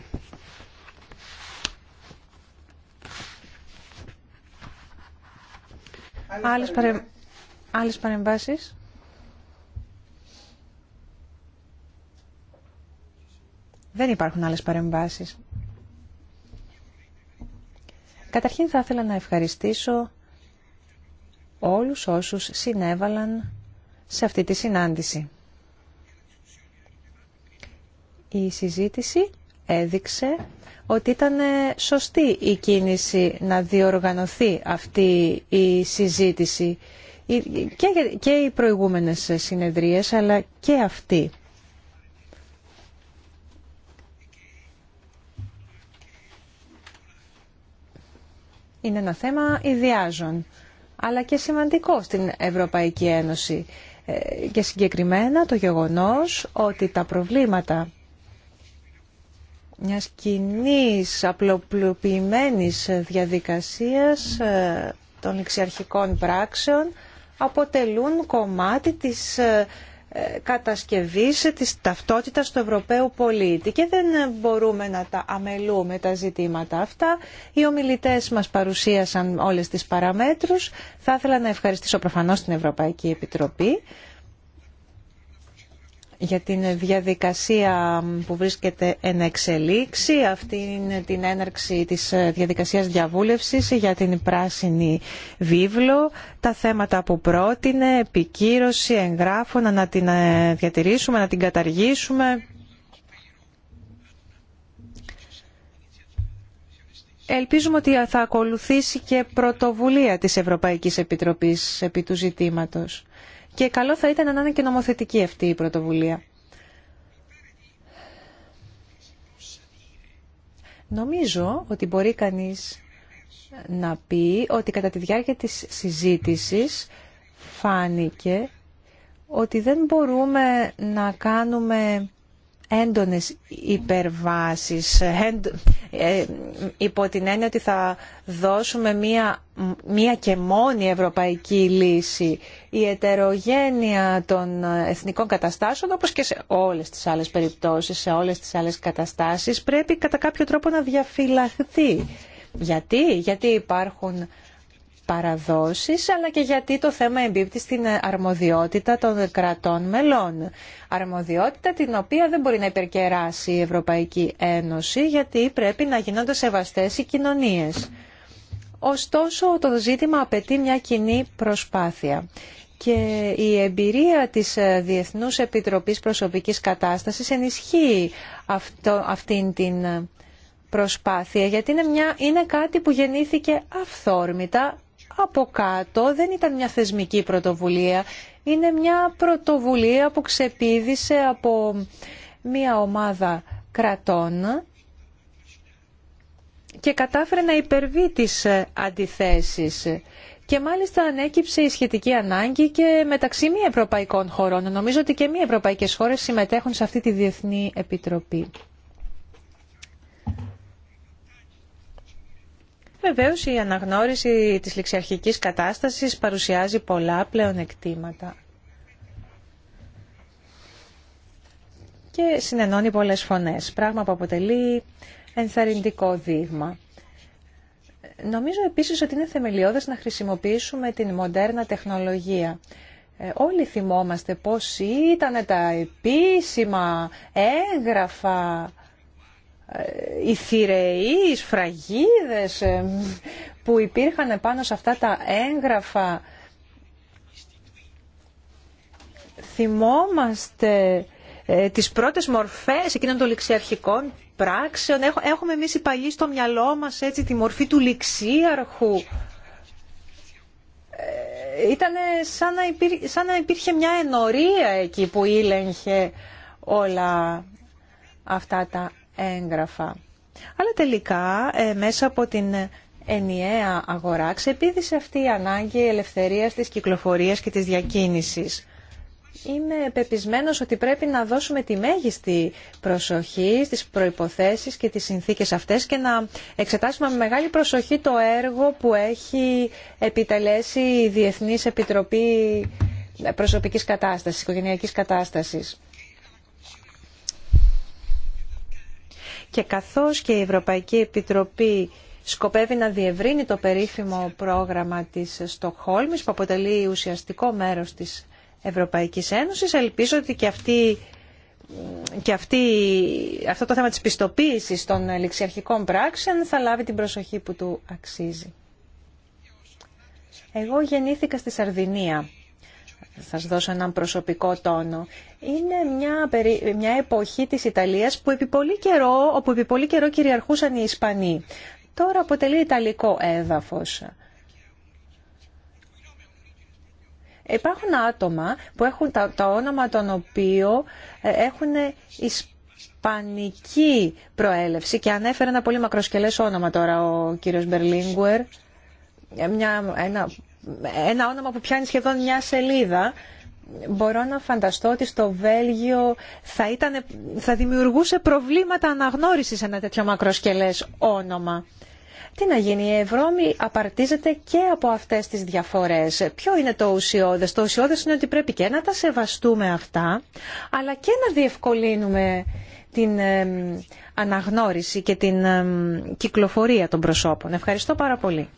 Άλλες, παρεμβάσεις. Δεν υπάρχουν άλλες παρεμβάσεις. Καταρχήν θα ήθελα να ευχαριστήσω όλους όσους συνέβαλαν σε αυτή τη συνάντηση. Η συζήτηση έδειξε ότι ήταν ε, σωστή η κίνηση να διοργανωθεί αυτή η συζήτηση και οι προηγούμενες συνεδρίες αλλά και αυτή. Είναι ένα θέμα ιδιάζων, αλλά και σημαντικό στην Ευρωπαϊκή Ένωση ε, και συγκεκριμένα το γεγονός ότι τα προβλήματα μιας κοινή απλοποιημένης διαδικασίας ε, των εξιαρχικών πράξεων αποτελούν κομμάτι της ε, ε, κατασκευής της ταυτότητας του Ευρωπαίου πολίτη και δεν μπορούμε να τα αμελούμε τα ζητήματα αυτά. Οι ομιλητές μας παρουσίασαν όλες τις παραμέτρους. Θα ήθελα να ευχαριστήσω προφανώς την Ευρωπαϊκή Επιτροπή για την διαδικασία που βρίσκεται εν εξελίξη. Αυτή είναι την έναρξη της διαδικασίας διαβούλευσης για την πράσινη βίβλο. Τα θέματα που πρότεινε, επικύρωση εγγράφων, να την ε, διατηρήσουμε, να την καταργήσουμε. Ελπίζουμε ότι θα ακολουθήσει και πρωτοβουλία της Ευρωπαϊκής Επιτροπής επί του ζητήματος και καλό θα ήταν να είναι και νομοθετική αυτή η πρωτοβουλία. Νομίζω ότι μπορεί κανείς να πει ότι κατά τη διάρκεια της συζήτησης φάνηκε ότι δεν μπορούμε να κάνουμε έντονες υπερβάσεις, ε, υπό την έννοια ότι θα δώσουμε μία, μία και μόνη ευρωπαϊκή λύση. Η ετερογένεια των εθνικών καταστάσεων, όπως και σε όλες τις άλλες περιπτώσεις, σε όλες τις άλλες καταστάσεις, πρέπει κατά κάποιο τρόπο να διαφυλαχθεί. Γιατί, Γιατί υπάρχουν παραδόσεις, αλλά και γιατί το θέμα εμπίπτει στην αρμοδιότητα των κρατών μελών. Αρμοδιότητα την οποία δεν μπορεί να υπερκεράσει η Ευρωπαϊκή Ένωση, γιατί πρέπει να γίνονται σεβαστές οι κοινωνίες. Ωστόσο, το ζήτημα απαιτεί μια κοινή προσπάθεια και η εμπειρία της Διεθνούς Επιτροπής Προσωπικής Κατάστασης ενισχύει αυτό, αυτήν την προσπάθεια γιατί είναι, μια, είναι κάτι που γεννήθηκε αυθόρμητα από κάτω δεν ήταν μια θεσμική πρωτοβουλία. Είναι μια πρωτοβουλία που ξεπίδησε από μια ομάδα κρατών και κατάφερε να υπερβεί τις αντιθέσεις. Και μάλιστα ανέκυψε η σχετική ανάγκη και μεταξύ μη ευρωπαϊκών χωρών. Νομίζω ότι και μη ευρωπαϊκές χώρες συμμετέχουν σε αυτή τη Διεθνή Επιτροπή. Βεβαίω η αναγνώριση της ληξιαρχική κατάστασης παρουσιάζει πολλά πλεονεκτήματα και συνενώνει πολλές φωνές, πράγμα που αποτελεί ενθαρρυντικό δείγμα. Νομίζω επίσης ότι είναι θεμελιώδες να χρησιμοποιήσουμε την μοντέρνα τεχνολογία. Ε, όλοι θυμόμαστε πώς ήταν τα επίσημα έγγραφα οι θηρεοί, οι σφραγίδες ε, που υπήρχαν πάνω σε αυτά τα έγγραφα. Θυμόμαστε ε, τις πρώτες μορφές εκείνων των ληξιαρχικών πράξεων. Έχουμε εμείς οι στο μυαλό μας έτσι τη μορφή του ληξίαρχου. Ε, Ήταν σαν σαν υπήρχε μια ενορία εκεί που ήλεγχε όλα αυτά τα έγγραφα. Αλλά τελικά ε, μέσα από την ενιαία αγορά ξεπίδησε αυτή η ανάγκη ελευθερίας της κυκλοφορίας και της διακίνησης. Είμαι πεπισμένος ότι πρέπει να δώσουμε τη μέγιστη προσοχή στις προϋποθέσεις και τις συνθήκες αυτές και να εξετάσουμε με μεγάλη προσοχή το έργο που έχει επιτελέσει η Διεθνής Επιτροπή Προσωπικής Κατάστασης, Οικογενειακής Κατάστασης. Και καθώς και η Ευρωπαϊκή Επιτροπή σκοπεύει να διευρύνει το περίφημο πρόγραμμα της Στοχόλμης, που αποτελεί ουσιαστικό μέρος της Ευρωπαϊκής Ένωσης, ελπίζω ότι και αυτή και αυτή, αυτό το θέμα της πιστοποίησης των ληξιαρχικών πράξεων θα λάβει την προσοχή που του αξίζει. Εγώ γεννήθηκα στη Σαρδινία θα σας δώσω έναν προσωπικό τόνο. Είναι μια, μια εποχή της Ιταλίας που επί καιρό, όπου επί πολύ καιρό κυριαρχούσαν οι Ισπανοί. Τώρα αποτελεί Ιταλικό έδαφος. Υπάρχουν άτομα που έχουν το, όνομα των οποίων ε, έχουν ισπανική προέλευση και ανέφερε ένα πολύ μακροσκελές όνομα τώρα ο κύριος Μπερλίνγκουερ ε, ένα ένα όνομα που πιάνει σχεδόν μια σελίδα, μπορώ να φανταστώ ότι στο Βέλγιο θα, ήταν, θα δημιουργούσε προβλήματα αναγνώρισης ένα τέτοιο μακροσκελές όνομα. Τι να γίνει, η Ευρώμη απαρτίζεται και από αυτές τις διαφορές. Ποιο είναι το ουσιώδες. Το ουσιώδες είναι ότι πρέπει και να τα σεβαστούμε αυτά, αλλά και να διευκολύνουμε την αναγνώριση και την κυκλοφορία των προσώπων. Ευχαριστώ πάρα πολύ.